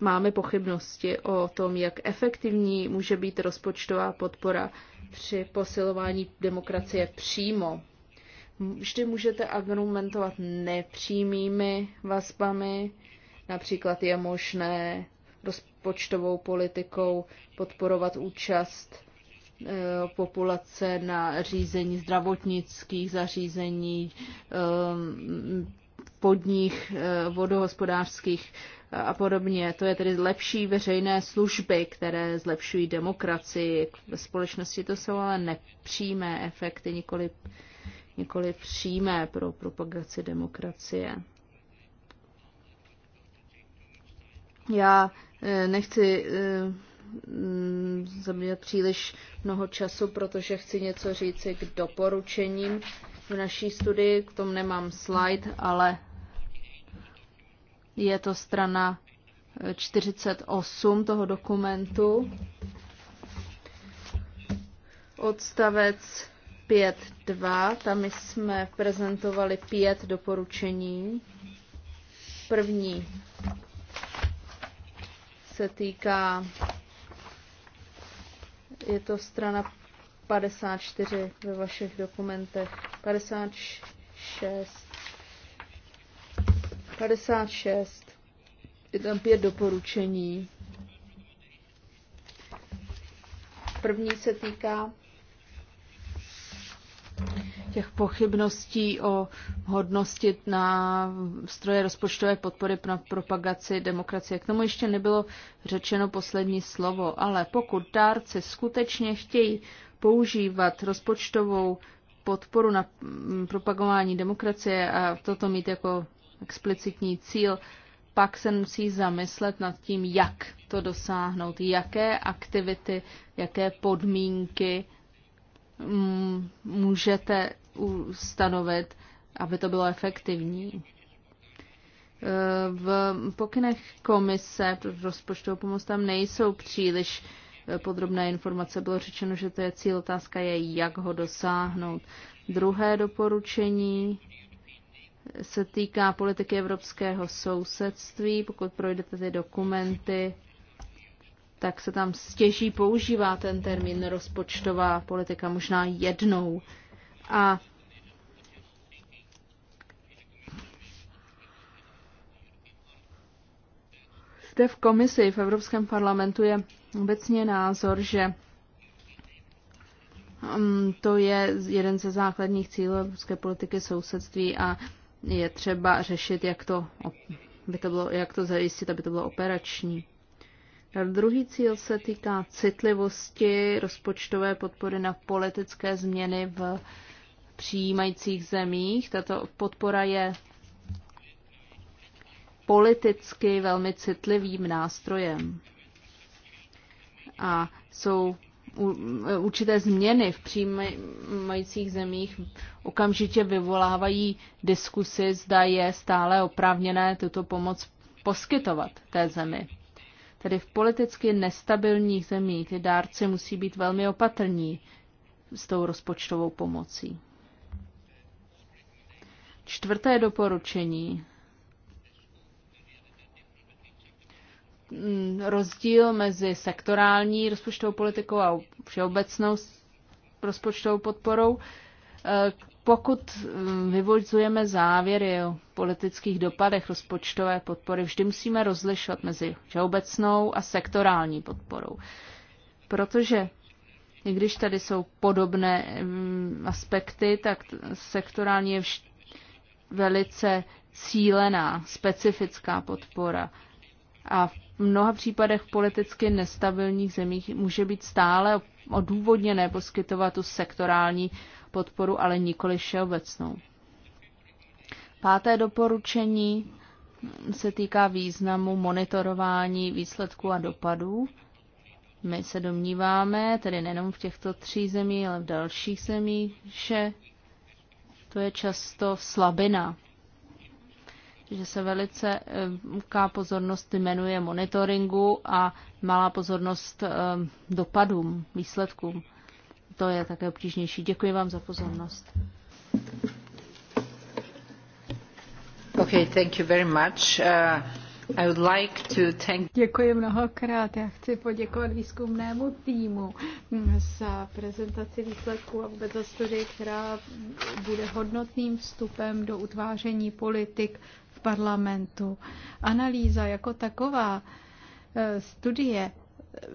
máme pochybnosti o tom, jak efektivní může být rozpočtová podpora při posilování demokracie přímo vždy můžete argumentovat nepřímými vazbami, například je možné rozpočtovou politikou podporovat účast eh, populace na řízení zdravotnických zařízení, eh, podních eh, vodohospodářských a podobně. To je tedy lepší veřejné služby, které zlepšují demokracii. Ve společnosti to jsou ale nepřímé efekty, nikoli nikoli přímé pro propagaci demokracie. Já eh, nechci eh, zabírat příliš mnoho času, protože chci něco říci k doporučením v naší studii. K tomu nemám slide, ale je to strana 48 toho dokumentu. Odstavec 5.2, tam jsme prezentovali pět doporučení. První se týká, je to strana 54 ve vašich dokumentech, 56, 56, je tam pět doporučení. První se týká těch pochybností o hodnosti na stroje rozpočtové podpory pro propagaci demokracie. K tomu ještě nebylo řečeno poslední slovo, ale pokud dárci skutečně chtějí používat rozpočtovou podporu na mm, propagování demokracie a toto mít jako explicitní cíl, pak se musí zamyslet nad tím, jak to dosáhnout, jaké aktivity, jaké podmínky mm, můžete stanovit, aby to bylo efektivní. E, v pokynech komise pro rozpočtovou pomoc tam nejsou příliš e, podrobné informace. Bylo řečeno, že to je cíl, otázka je, jak ho dosáhnout. Druhé doporučení se týká politiky evropského sousedství. Pokud projdete ty dokumenty, tak se tam stěží používá ten termín rozpočtová politika možná jednou a zde v komisi v Evropském parlamentu je obecně názor, že mm, to je jeden ze základních cílů evropské politiky sousedství a je třeba řešit, jak to, aby to bylo, jak to zajistit, aby to bylo operační. A druhý cíl se týká citlivosti rozpočtové podpory na politické změny v přijímajících zemích. Tato podpora je politicky velmi citlivým nástrojem. A jsou e, určité změny v přijímajících zemích okamžitě vyvolávají diskusy, zda je stále oprávněné tuto pomoc poskytovat té zemi. Tedy v politicky nestabilních zemích ty dárci musí být velmi opatrní s tou rozpočtovou pomocí. Čtvrté doporučení. Mm, rozdíl mezi sektorální rozpočtovou politikou a všeobecnou rozpočtovou podporou. Eh, pokud mm, vyvozujeme závěry o politických dopadech rozpočtové podpory, vždy musíme rozlišovat mezi všeobecnou a sektorální podporou. Protože i když tady jsou podobné mm, aspekty, tak sektorální je vždy velice cílená, specifická podpora. A v mnoha případech v politicky nestabilních zemích může být stále odůvodněné poskytovat tu sektorální podporu, ale nikoli všeobecnou. Páté doporučení se týká významu monitorování výsledků a dopadů. My se domníváme, tedy nejenom v těchto tří zemích, ale v dalších zemích, že to je často slabina. Že se velice eh, velká pozornost jmenuje monitoringu a malá pozornost eh, dopadům, výsledkům. To je také obtížnější. Děkuji vám za pozornost. Okay, thank you very much. Uh... I would like to thank... Děkuji mnohokrát. Já chci poděkovat výzkumnému týmu za prezentaci výsledků a vůbec za studii, která bude hodnotným vstupem do utváření politik v parlamentu. Analýza jako taková eh, studie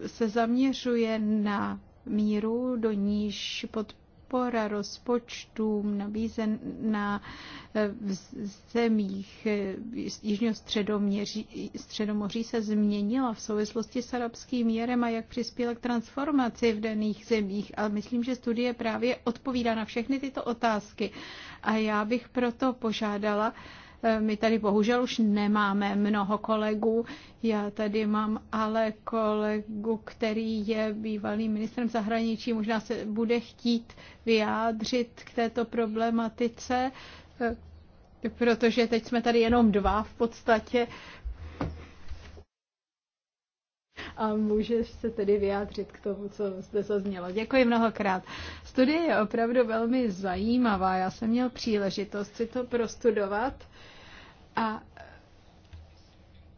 se zaměřuje na míru, do níž pod podpora rozpočtům nabízená eh, v zemích eh, Jižního středoměří, středomoří se změnila v souvislosti s arabským jerem a jak přispěla k transformaci v daných zemích. A myslím, že studie právě odpovídá na všechny tyto otázky. A já bych proto požádala, my tady bohužel už nemáme mnoho kolegů. Já tady mám ale kolegu, který je bývalým ministrem zahraničí, možná se bude chtít vyjádřit k této problematice, protože teď jsme tady jenom dva v podstatě. A můžeš se tedy vyjádřit k tomu, co zde zaznělo. Děkuji mnohokrát. Studie je opravdu velmi zajímavá. Já jsem měl příležitost si to prostudovat. A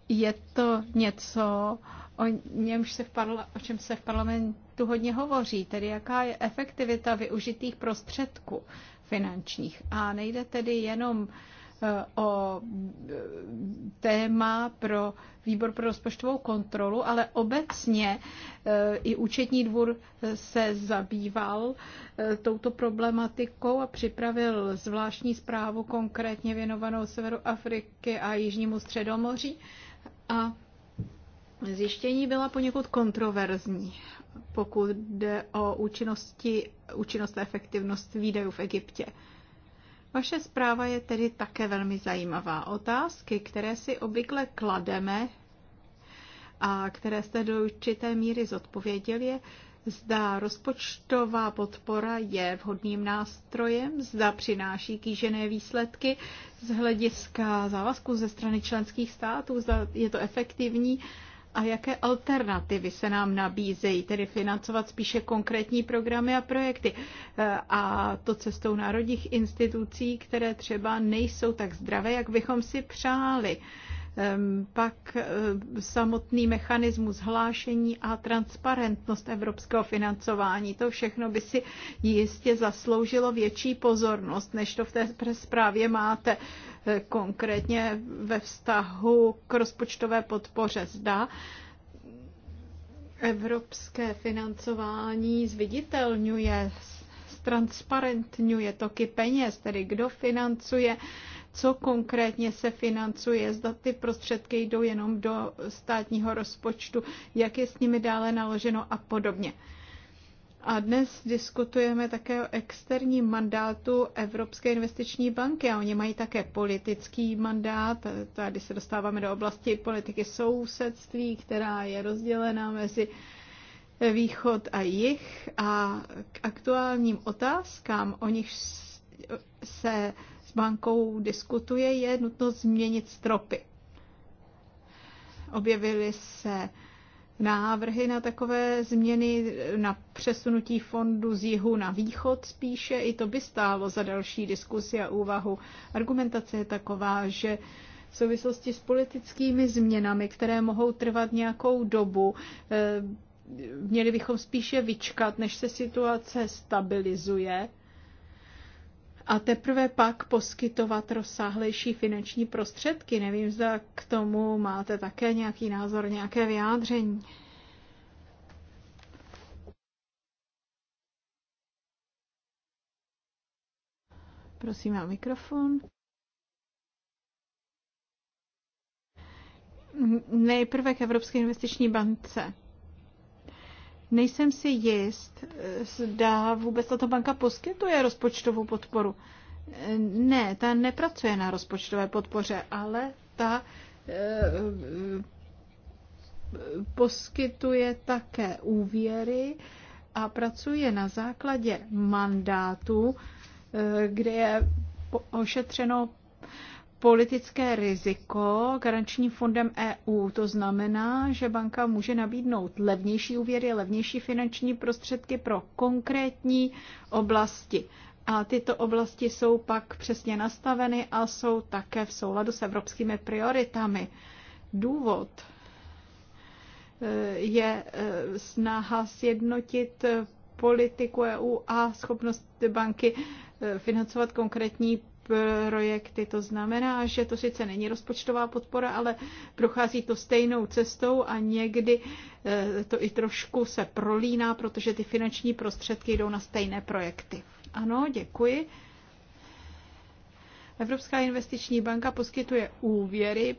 je to něco, o němž se v parla- o čem se v parlamentu hodně hovoří, tedy jaká je efektivita využitých prostředků finančních. A nejde tedy jenom uh, o e, téma pro výbor pro rozpočtovou kontrolu, ale obecně e, i účetní dvůr se zabýval e, touto problematikou a připravil zvláštní zprávu konkrétně věnovanou Severu Afriky a Jižnímu Středomoří. A zjištění byla poněkud kontroverzní, pokud jde o účinnosti, účinnost a efektivnost výdajů v Egyptě. Vaše zpráva je tedy také velmi zajímavá. Otázky, které si obvykle klademe a které jste do určité míry zodpověděli, je, zda rozpočtová podpora je vhodným nástrojem, zda přináší kýžené výsledky z hlediska závazků ze strany členských států, zda je to efektivní a jaké alternativy se nám nabízejí, tedy financovat spíše konkrétní programy a projekty. E, a to cestou národních institucí, které třeba nejsou tak zdravé, jak bychom si přáli pak e, samotný mechanismus hlášení a transparentnost evropského financování. To všechno by si jistě zasloužilo větší pozornost, než to v té zprávě máte. E, konkrétně ve vztahu k rozpočtové podpoře. Zda evropské financování zviditelňuje, transparentňuje toky peněz, tedy kdo financuje co konkrétně se financuje, zda ty prostředky jdou jenom do státního rozpočtu, jak je s nimi dále naloženo a podobně. A dnes diskutujeme také o externím mandátu Evropské investiční banky a oni mají také politický mandát. Tady se dostáváme do oblasti politiky sousedství, která je rozdělená mezi východ a jih a k aktuálním otázkám, o nich se s bankou diskutuje, je nutno změnit stropy. Objevily se návrhy na takové změny, na přesunutí fondu z jihu na východ spíše. I to by stálo za další diskusi a úvahu. Argumentace je taková, že v souvislosti s politickými změnami, které mohou trvat nějakou dobu, eh, měli bychom spíše vyčkat, než se situace stabilizuje a teprve pak poskytovat rozsáhlejší finanční prostředky. Nevím, zda k tomu máte také nějaký názor, nějaké vyjádření. Prosím, má mikrofon. Nejprve k Evropské investiční bance. Nejsem si jist, zda vůbec tato banka poskytuje rozpočtovou podporu. Ne, ta nepracuje na rozpočtové podpoře, ale ta eh, eh, poskytuje také úvěry a pracuje na základě mandátu, eh, kde je ošetřeno politické riziko garančním fondem EU. To znamená, že banka může nabídnout levnější úvěry, levnější finanční prostředky pro konkrétní oblasti. A tyto oblasti jsou pak přesně nastaveny a jsou také v souladu s evropskými prioritami. Důvod eh, je eh, snaha sjednotit politiku EU a schopnost banky eh, financovat konkrétní projekty. To znamená, že to sice není rozpočtová podpora, ale prochází to stejnou cestou a někdy eh, to i trošku se prolíná, protože ty finanční prostředky jdou na stejné projekty. Ano, děkuji. Evropská investiční banka poskytuje úvěry,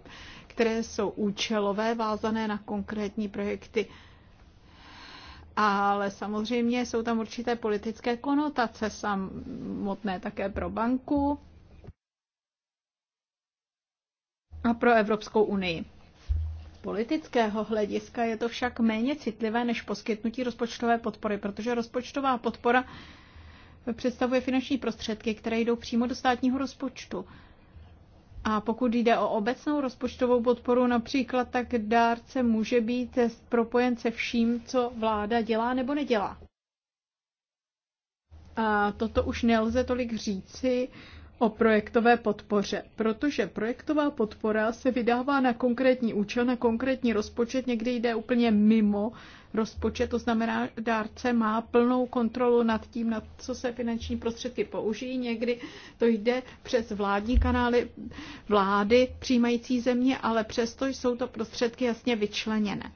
které jsou účelové, vázané na konkrétní projekty. Ale samozřejmě jsou tam určité politické konotace samotné také pro banku. a pro Evropskou unii. Z politického hlediska je to však méně citlivé než poskytnutí rozpočtové podpory, protože rozpočtová podpora představuje finanční prostředky, které jdou přímo do státního rozpočtu. A pokud jde o obecnou rozpočtovou podporu například, tak dárce může být propojen se vším, co vláda dělá nebo nedělá. A toto už nelze tolik říci o projektové podpoře, protože projektová podpora se vydává na konkrétní účel, na konkrétní rozpočet, někdy jde úplně mimo rozpočet, to znamená, dárce má plnou kontrolu nad tím, na co se finanční prostředky použijí. Někdy to jde přes vládní kanály vlády přijímající země, ale přesto jsou to prostředky jasně vyčleněné.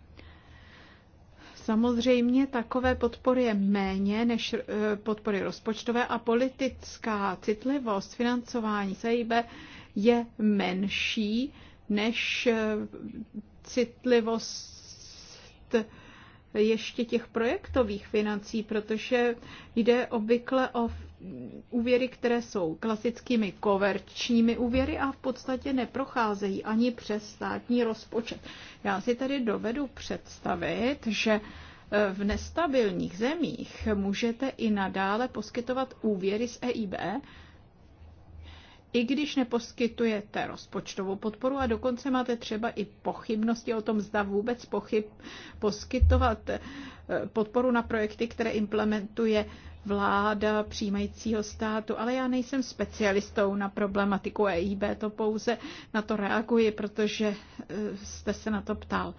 Samozřejmě takové podpory je méně než eh, podpory rozpočtové a politická citlivost financování SEIB je menší než eh, citlivost ještě těch projektových financí, protože jde obvykle o úvěry, které jsou klasickými koverčními úvěry a v podstatě neprocházejí ani přes státní rozpočet. Já si tady dovedu představit, že e, v nestabilních zemích můžete i nadále poskytovat úvěry z EIB, i když neposkytujete rozpočtovou podporu a dokonce máte třeba i pochybnosti o tom, zda vůbec pochyb poskytovat eh, podporu na projekty, které implementuje vláda přijímajícího státu, ale já nejsem specialistou na problematiku EIB, to pouze na to reaguji, protože eh, jste se na to ptal.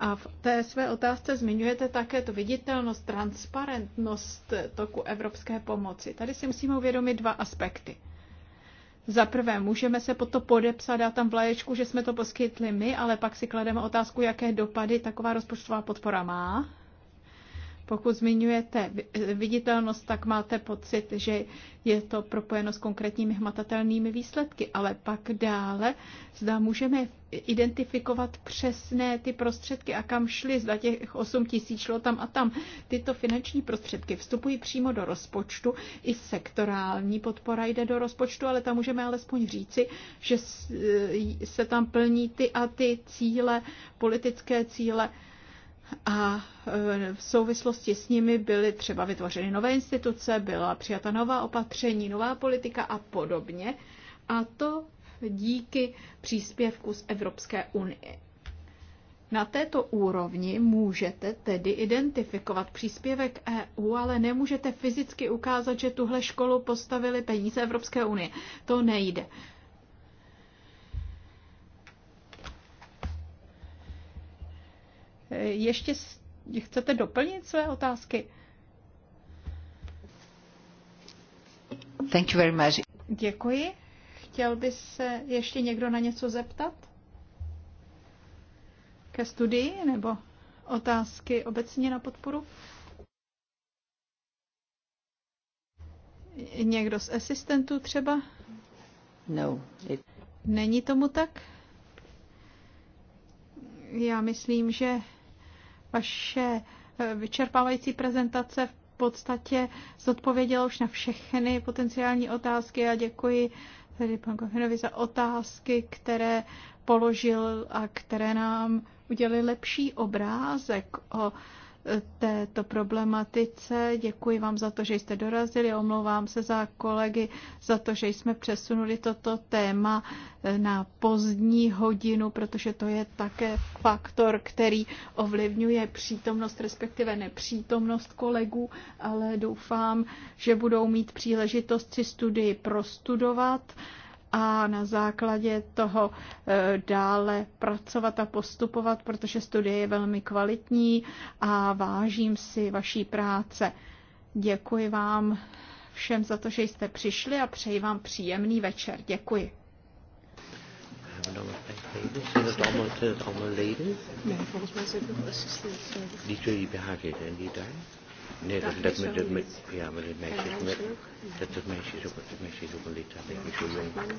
A v té své otázce zmiňujete také tu viditelnost, transparentnost toku evropské pomoci. Tady si musíme uvědomit dva aspekty. Za prvé, můžeme se pod to podepsat, dát tam vlaječku, že jsme to poskytli my, ale pak si klademe otázku, jaké dopady taková rozpočtová podpora má pokud zmiňujete eh, viditelnost, tak máte pocit, že je to propojeno s konkrétními hmatatelnými výsledky, ale pak dále, zda můžeme identifikovat přesné ty prostředky a kam šly, zda těch 8 tisíc šlo tam a tam. Tyto finanční prostředky vstupují přímo do rozpočtu, i sektorální podpora jde do rozpočtu, ale tam můžeme alespoň říci, že eh, se tam plní ty a ty cíle, politické cíle, a e, v souvislosti s nimi byly třeba vytvořeny nové instituce, byla přijata nová opatření, nová politika a podobně. A to díky příspěvku z Evropské unie. Na této úrovni můžete tedy identifikovat příspěvek EU, ale nemůžete fyzicky ukázat, že tuhle školu postavili peníze Evropské unie. To nejde. Ještě chcete doplnit své otázky? Thank you very much. Děkuji. Chtěl by se ještě někdo na něco zeptat? Ke studii nebo otázky obecně na podporu? Někdo z asistentů třeba? No. It... Není tomu tak? Já myslím, že vaše eh, vyčerpávající prezentace v podstatě zodpověděla už na všechny potenciální otázky a děkuji tedy panu Kofinovi za otázky, které položil a které nám udělali lepší obrázek o této problematice. Děkuji vám za to, že jste dorazili. Omlouvám se za kolegy za to, že jsme přesunuli toto téma na pozdní hodinu, protože to je také faktor, který ovlivňuje přítomnost, respektive nepřítomnost kolegů, ale doufám, že budou mít příležitost si studii prostudovat a na základě toho eh, dále pracovat a postupovat, protože studie je velmi kvalitní a vážím si vaší práce. Děkuji vám všem za to, že jste přišli a přeji vám příjemný večer. Děkuji. Nee, dat, dat, dat, dat, ja, maar dat meisje is ook een lid, dat meisje is ook een lid.